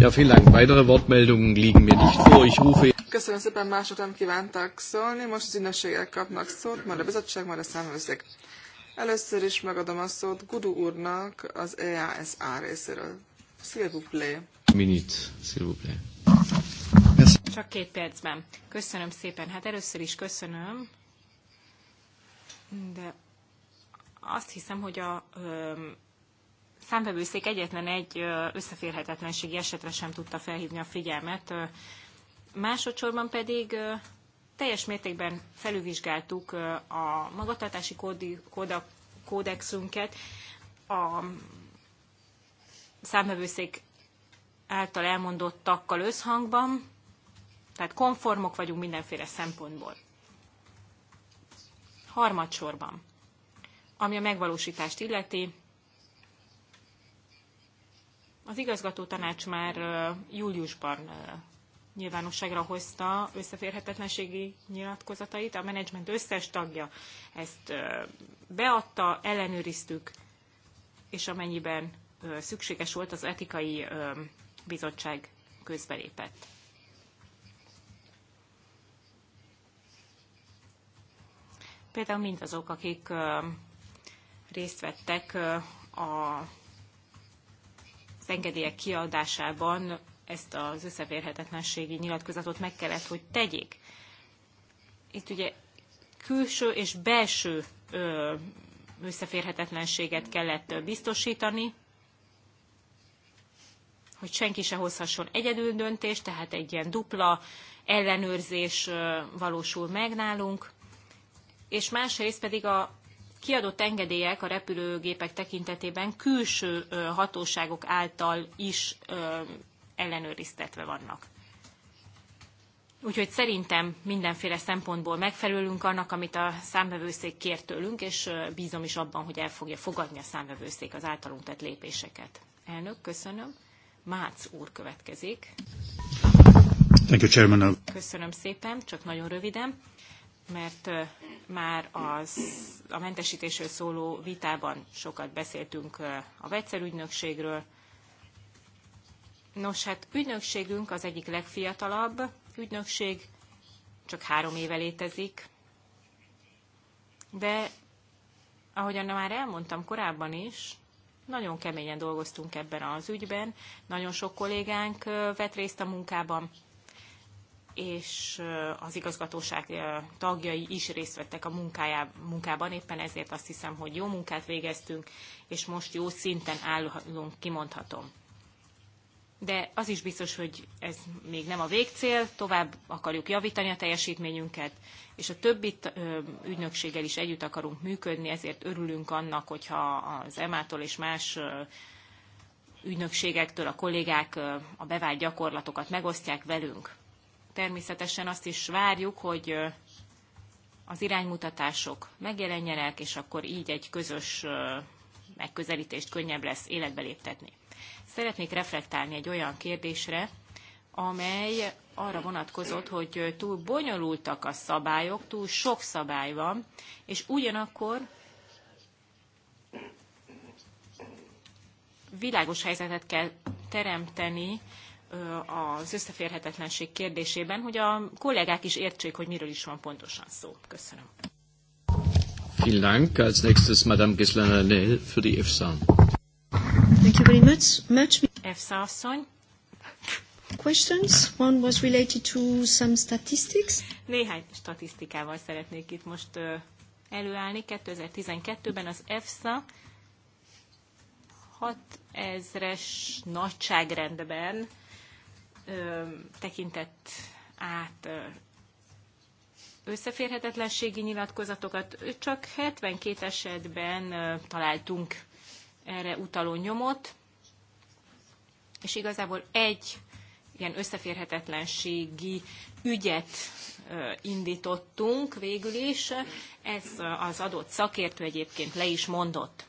Ja, vielen Dank. Weitere Wortmeldungen liegen mir nicht vor. Ich rufe... Köszönöm szépen, mások nem kívántak szólni. Most az ünnepségek kapnak szót, majd a bizottság, majd a számvőszék. Először is megadom a szót Gudu úrnak az EASA részéről. S'il vous Minit, s'il vous Csak két percben. Köszönöm szépen. Hát először is köszönöm, de azt hiszem, hogy a számvevőszék egyetlen egy összeférhetetlenségi esetre sem tudta felhívni a figyelmet. Másodszorban pedig teljes mértékben felülvizsgáltuk a magatartási kódexünket, a számvevőszék által elmondottakkal összhangban, tehát konformok vagyunk mindenféle szempontból. Harmadsorban, ami a megvalósítást illeti, az igazgató tanács már júliusban nyilvánosságra hozta összeférhetetlenségi nyilatkozatait. A menedzsment összes tagja ezt beadta, ellenőriztük, és amennyiben szükséges volt, az etikai bizottság közbelépett. Például mindazok, akik részt vettek a az engedélyek kiadásában ezt az összeférhetetlenségi nyilatkozatot meg kellett, hogy tegyék. Itt ugye külső és belső összeférhetetlenséget kellett biztosítani, hogy senki se hozhasson egyedül döntést, tehát egy ilyen dupla ellenőrzés valósul meg nálunk, és másrészt pedig a kiadott engedélyek a repülőgépek tekintetében külső hatóságok által is ellenőriztetve vannak. Úgyhogy szerintem mindenféle szempontból megfelelünk annak, amit a számvevőszék kér tőlünk, és bízom is abban, hogy el fogja fogadni a számvevőszék az általunk tett lépéseket. Elnök, köszönöm. Mácz úr következik. Thank you, Chairman. Köszönöm szépen, csak nagyon röviden mert már az, a mentesítésről szóló vitában sokat beszéltünk a vegyszerügynökségről. Nos, hát ügynökségünk az egyik legfiatalabb ügynökség, csak három éve létezik, de ahogyan már elmondtam korábban is, nagyon keményen dolgoztunk ebben az ügyben, nagyon sok kollégánk vett részt a munkában, és az igazgatóság tagjai is részt vettek a munkájá, munkában, éppen ezért azt hiszem, hogy jó munkát végeztünk, és most jó szinten állunk, kimondhatom. De az is biztos, hogy ez még nem a végcél, tovább akarjuk javítani a teljesítményünket, és a többi ügynökséggel is együtt akarunk működni, ezért örülünk annak, hogyha az EMA-tól és más ügynökségektől a kollégák a bevált gyakorlatokat megosztják velünk természetesen azt is várjuk, hogy az iránymutatások megjelenjenek, és akkor így egy közös megközelítést könnyebb lesz életbe léptetni. Szeretnék reflektálni egy olyan kérdésre, amely arra vonatkozott, hogy túl bonyolultak a szabályok, túl sok szabály van, és ugyanakkor világos helyzetet kell teremteni az összeférhetetlenség kérdésében, hogy a kollégák is értsék, hogy miről is van pontosan szó. Köszönöm. Vielen Dank. Als nächstes Madame Gislana für die EFSA. Thank you very much. much. EFSA asszony. Questions. One was related to some statistics. Néhány statisztikával szeretnék itt most előállni. 2012-ben az EFSA 6000-es nagyságrendben tekintett át összeférhetetlenségi nyilatkozatokat, csak 72 esetben találtunk erre utaló nyomot, és igazából egy ilyen összeférhetetlenségi ügyet indítottunk végül is. Ez az adott szakértő egyébként le is mondott.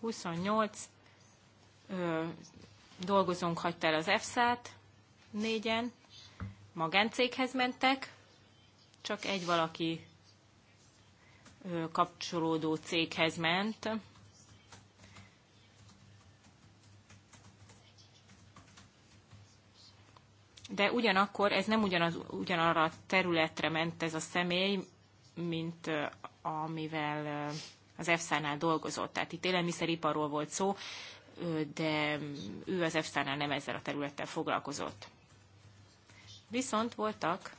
28 dolgozónk hagyta el az EFSA-t, négyen, magáncéghez mentek, csak egy valaki kapcsolódó céghez ment. De ugyanakkor ez nem ugyanaz, ugyanarra a területre ment ez a személy, mint amivel az EFSA-nál dolgozott. Tehát itt élelmiszeriparról volt szó, de ő az EFSA-nál nem ezzel a területtel foglalkozott. Viszont voltak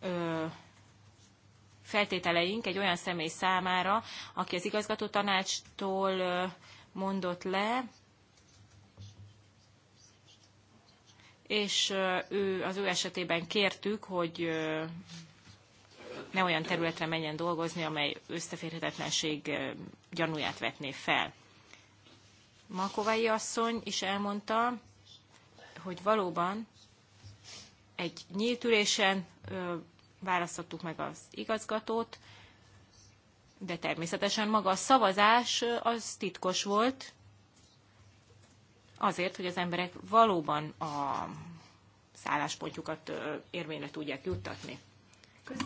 ö, feltételeink egy olyan személy számára, aki az igazgató tanácstól mondott le, és ő, az ő esetében kértük, hogy ne olyan területre menjen dolgozni, amely összeférhetetlenség eh, gyanúját vetné fel. Makovai asszony is elmondta, hogy valóban egy nyílt ülésen választottuk meg az igazgatót, de természetesen maga a szavazás az titkos volt, azért, hogy az emberek valóban a szálláspontjukat érvényre tudják juttatni.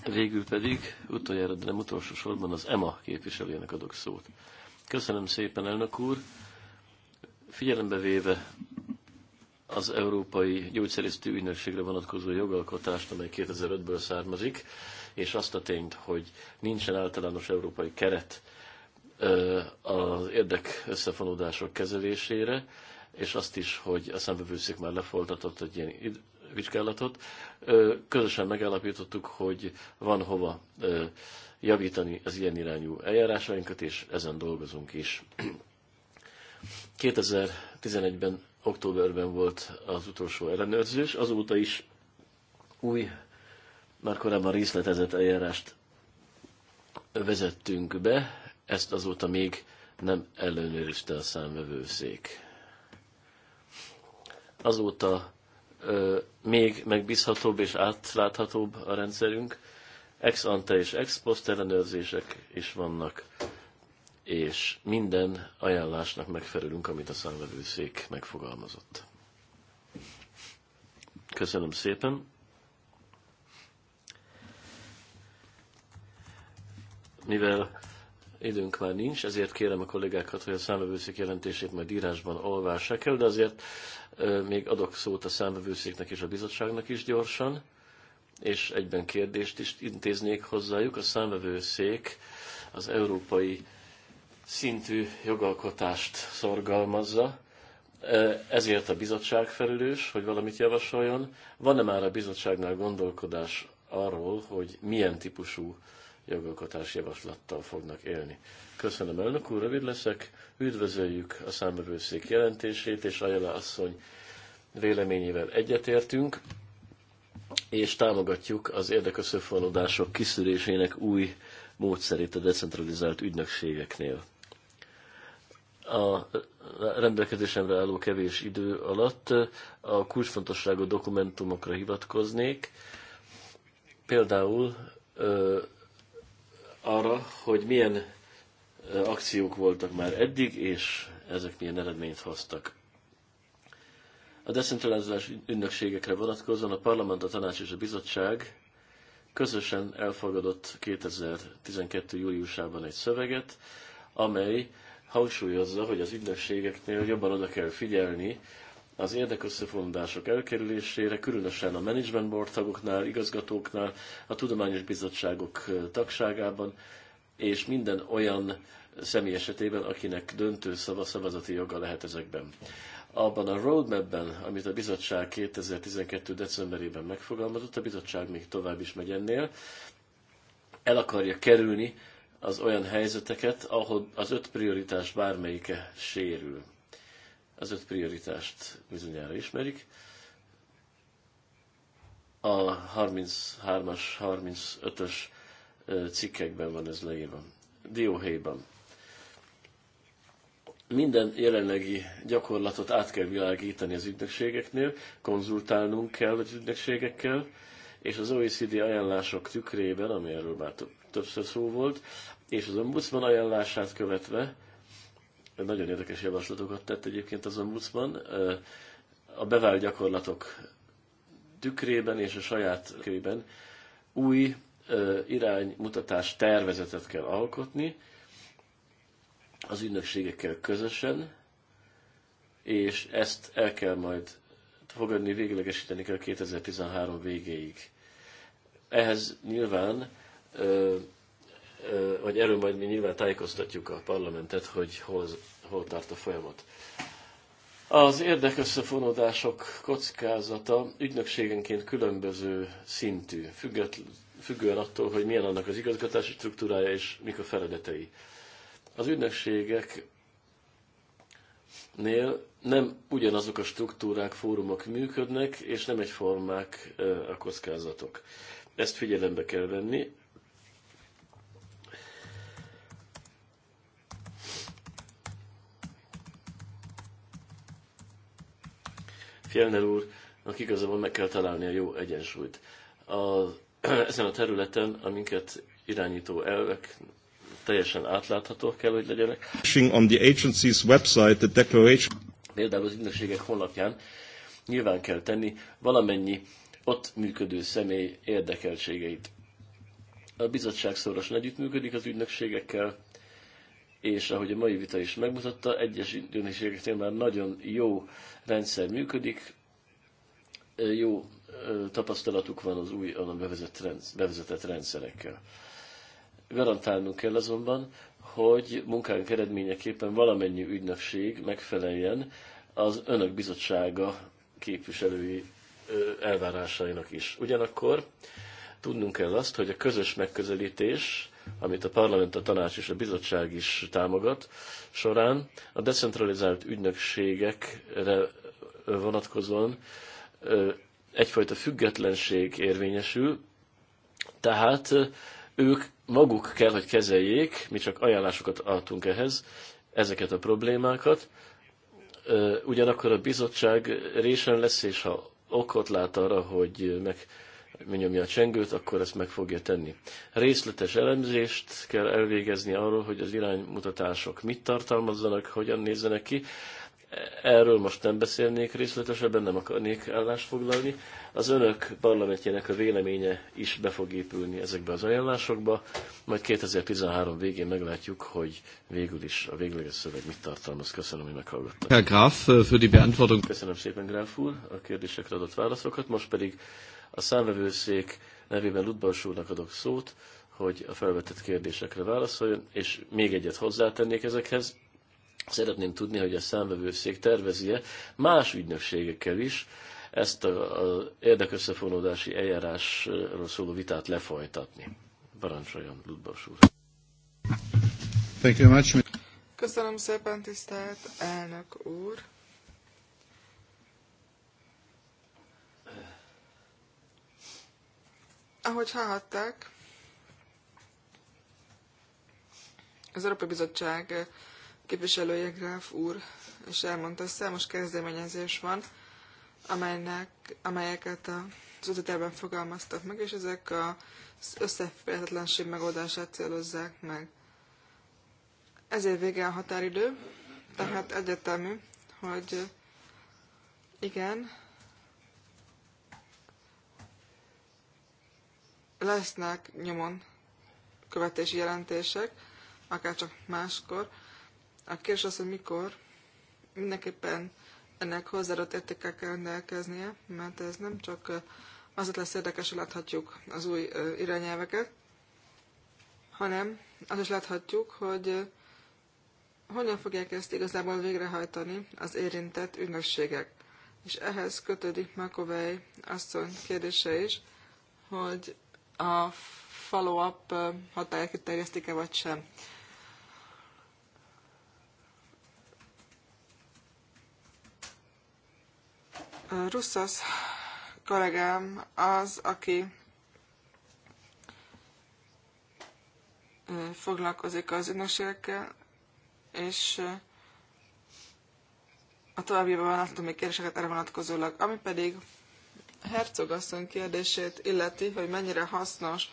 Végül pedig utoljára, de nem utolsó sorban az EMA képviselőjének adok szót. Köszönöm szépen, elnök úr. Figyelembe véve az Európai Gyógyszerésztő Ügynökségre vonatkozó jogalkotást, amely 2005-ből származik, és azt a tényt, hogy nincsen általános európai keret az érdek összefonódások kezelésére, és azt is, hogy a szembevőszék már lefoltatott egy ilyen vizsgálatot. Közösen megállapítottuk, hogy van hova javítani az ilyen irányú eljárásainkat, és ezen dolgozunk is. 2011-ben, októberben volt az utolsó ellenőrzés, azóta is új, már korábban részletezett eljárást vezettünk be, ezt azóta még nem ellenőrizte a számvevőszék. Azóta még megbízhatóbb és átláthatóbb a rendszerünk. Ex ante és ex post ellenőrzések is vannak, és minden ajánlásnak megfelelünk, amit a számvevőszék megfogalmazott. Köszönöm szépen! Mivel időnk már nincs, ezért kérem a kollégákat, hogy a számvevőszék jelentését majd írásban olvassák el, de azért még adok szót a számvevőszéknek és a bizottságnak is gyorsan, és egyben kérdést is intéznék hozzájuk. A számvevőszék az európai szintű jogalkotást szorgalmazza, ezért a bizottság felülős, hogy valamit javasoljon. Van-e már a bizottságnál gondolkodás arról, hogy milyen típusú jogalkotás javaslattal fognak élni. Köszönöm, elnök úr, rövid leszek. Üdvözöljük a számövőszék jelentését, és Ajala asszony véleményével egyetértünk, és támogatjuk az érdekösszefonódások kiszűrésének új módszerét a decentralizált ügynökségeknél. A rendelkezésemre álló kevés idő alatt a kulcsfontosságú dokumentumokra hivatkoznék, például arra, hogy milyen akciók voltak már eddig, és ezek milyen eredményt hoztak. A decentralizálás ünnökségekre vonatkozóan a Parlament, a Tanács és a Bizottság közösen elfogadott 2012. júliusában egy szöveget, amely hangsúlyozza, hogy az ügynökségeknél jobban oda kell figyelni az érdekösszefonódások elkerülésére, különösen a management board tagoknál, igazgatóknál, a tudományos bizottságok tagságában, és minden olyan személy esetében, akinek döntő szava, szavazati joga lehet ezekben. Abban a roadmapben, amit a bizottság 2012. decemberében megfogalmazott, a bizottság még tovább is megy ennél, el akarja kerülni az olyan helyzeteket, ahol az öt prioritás bármelyike sérül az öt prioritást bizonyára ismerik. A 33-as, 35-ös cikkekben van ez leírva. Dióhéjban. Minden jelenlegi gyakorlatot át kell világítani az ügynökségeknél, konzultálnunk kell az ügynökségekkel, és az OECD ajánlások tükrében, amiről már többször szó volt, és az ombudsman ajánlását követve nagyon érdekes javaslatokat tett egyébként az ombudsman. A bevált gyakorlatok tükrében és a saját körében új iránymutatás tervezetet kell alkotni az ügynökségekkel közösen, és ezt el kell majd fogadni, véglegesíteni kell 2013 végéig. Ehhez nyilván vagy erről majd mi nyilván tájékoztatjuk a parlamentet, hogy hol, hol tart a folyamat. Az érdekösszefonódások kockázata ügynökségenként különböző szintű, független, függően attól, hogy milyen annak az igazgatási struktúrája és mik a feladatai. Az ügynökségeknél nem ugyanazok a struktúrák, fórumok működnek, és nem egyformák a kockázatok. Ezt figyelembe kell venni, Jelner úr, akik igazából meg kell találni a jó egyensúlyt. A, <clears throat> ezen a területen a minket irányító elvek teljesen átláthatóak kell, hogy legyenek. On the agency's website, the declaration... Például az ügynökségek honlapján nyilván kell tenni valamennyi ott működő személy érdekeltségeit. A bizottság szorosan együttműködik az ügynökségekkel, és ahogy a mai vita is megmutatta, egyes ügynökségeknél már nagyon jó rendszer működik, jó tapasztalatuk van az új újonnan bevezetett rendszerekkel. Garantálnunk kell azonban, hogy munkánk eredményeképpen valamennyi ügynökség megfeleljen az önök bizottsága képviselői elvárásainak is. Ugyanakkor tudnunk kell azt, hogy a közös megközelítés amit a parlament, a tanács és a bizottság is támogat során, a decentralizált ügynökségekre vonatkozóan egyfajta függetlenség érvényesül, tehát ők maguk kell, hogy kezeljék, mi csak ajánlásokat adtunk ehhez, ezeket a problémákat. Ugyanakkor a bizottság résen lesz, és ha okot lát arra, hogy meg megnyomja a csengőt, akkor ezt meg fogja tenni. Részletes elemzést kell elvégezni arról, hogy az iránymutatások mit tartalmazzanak, hogyan nézzenek ki. Erről most nem beszélnék részletesebben, nem akarnék állást foglalni. Az önök parlamentjének a véleménye is be fog épülni ezekbe az ajánlásokba, majd 2013 végén meglátjuk, hogy végül is a végleges szöveg mit tartalmaz. Köszönöm, hogy meghallgattak. Herr Graf, äh, für die Beantwortung. Köszönöm szépen, Graf úr, a kérdésekre adott válaszokat. Most pedig a számvevőszék nevében Ludbars úrnak adok szót, hogy a felvetett kérdésekre válaszoljon, és még egyet hozzátennék ezekhez. Szeretném tudni, hogy a számvevőszék tervezi-e más ügynökségekkel is ezt az érdekösszefonódási eljárásról szóló vitát lefolytatni. Parancsoljon, Ludbars úr. Thank you much. Köszönöm szépen, tisztelt elnök úr! Ahogy hallhatták, az Európai Bizottság képviselője Gráf úr és elmondta, hogy számos kezdeményezés van, amelynek, amelyeket a szózatában fogalmaztak meg, és ezek az összeférhetetlenség megoldását célozzák meg. Ezért vége a határidő, tehát egyetemű, hogy igen, lesznek nyomon követési jelentések, akár csak máskor. A kérdés az, hogy mikor mindenképpen ennek hozzáadott értékkel kell rendelkeznie, mert ez nem csak azért lesz érdekes, hogy láthatjuk az új irányelveket, hanem az is láthatjuk, hogy hogyan fogják ezt igazából végrehajtani az érintett ügynökségek. És ehhez kötődik Makovej asszony kérdése is, hogy a follow-up hatályát kiterjesztik-e vagy sem. Russas kollégám az, aki foglalkozik az ügynökségekkel, és a további van láttam még kérdéseket erre vonatkozólag, ami pedig Herzog asszony kérdését illeti, hogy mennyire hasznos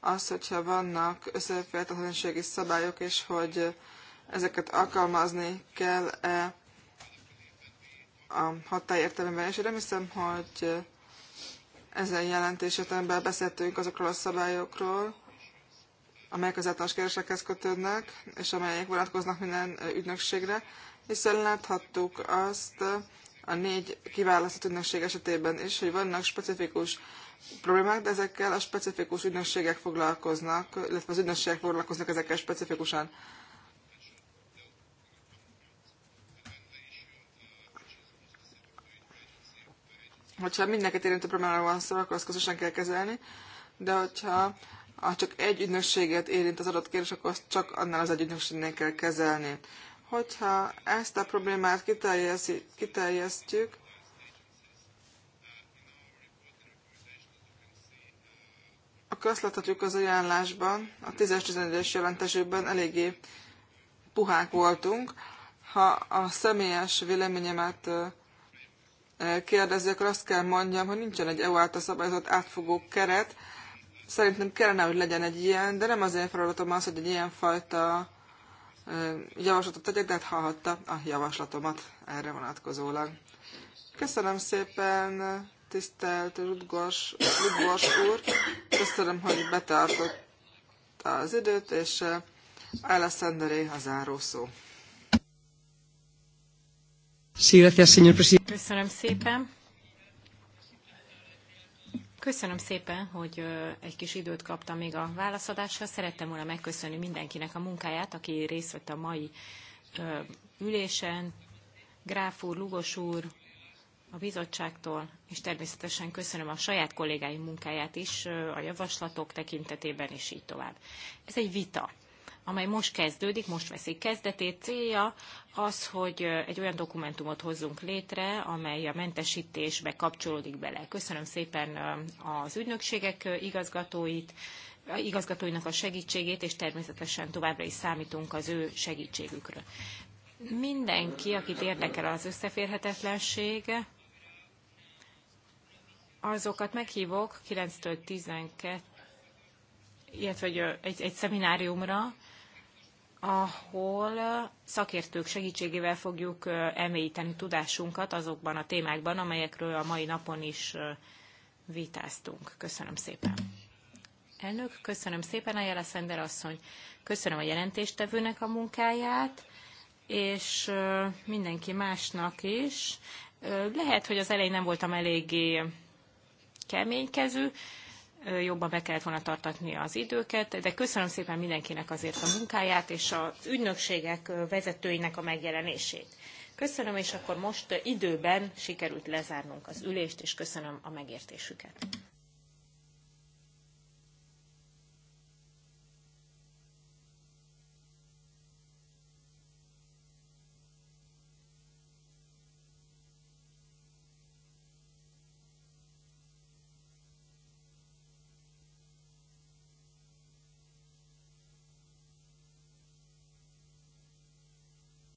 az, hogyha vannak összeférhetetlenségi szabályok, és hogy ezeket alkalmazni kell-e a hatály értelemben. És én nem hiszem, hogy ezen jelentés értelemben beszéltünk azokról a szabályokról, amelyek az általános kérdésekhez kötődnek, és amelyek vonatkoznak minden ügynökségre, hiszen láthattuk azt a négy kiválasztott ügynökség esetében is, hogy vannak specifikus problémák, de ezekkel a specifikus ügynökségek foglalkoznak, illetve az ügynökségek foglalkoznak ezekkel specifikusan. Hogyha mindenkit érintő problémára van szó, akkor azt közösen kell kezelni, de hogyha ha csak egy ügynökséget érint az adott kérdés, akkor azt csak annál az egy ügynökségnél kell kezelni. Hogyha ezt a problémát kiterjesztjük, akkor azt láthatjuk az ajánlásban, a 10-11-es jelentésében eléggé puhák voltunk. Ha a személyes véleményemet kérdezzük, akkor azt kell mondjam, hogy nincsen egy EU által szabályozott átfogó keret. Szerintem kellene, hogy legyen egy ilyen, de nem az én feladatom az, hogy egy ilyen fajta javaslatot tegyek, de hát hallhatta a javaslatomat erre vonatkozólag. Köszönöm szépen, tisztelt Rudgors, Rudgors úr, köszönöm, hogy betartott az időt, és Alessanderé a záró szó. Köszönöm szépen. Köszönöm szépen, hogy egy kis időt kaptam még a válaszadásra. Szerettem volna megköszönni mindenkinek a munkáját, aki részt vett a mai ülésen. Gráf úr, Lugos úr, a bizottságtól, és természetesen köszönöm a saját kollégáim munkáját is, a javaslatok tekintetében, és így tovább. Ez egy vita amely most kezdődik, most veszik kezdetét, célja az, hogy egy olyan dokumentumot hozzunk létre, amely a mentesítésbe kapcsolódik bele. Köszönöm szépen az ügynökségek igazgatóit, igazgatóinak a segítségét, és természetesen továbbra is számítunk az ő segítségükre. Mindenki, akit érdekel az összeférhetetlenség, azokat meghívok 9-től 12 illetve egy, egy szemináriumra, ahol szakértők segítségével fogjuk elmélyíteni tudásunkat azokban a témákban, amelyekről a mai napon is vitáztunk. Köszönöm szépen. Elnök, köszönöm szépen, Ajala Szender asszony. Köszönöm a jelentéstevőnek a munkáját, és mindenki másnak is. Lehet, hogy az elején nem voltam eléggé keménykező, jobban be kellett volna tartatni az időket, de köszönöm szépen mindenkinek azért a munkáját és az ügynökségek vezetőinek a megjelenését. Köszönöm, és akkor most időben sikerült lezárnunk az ülést, és köszönöm a megértésüket.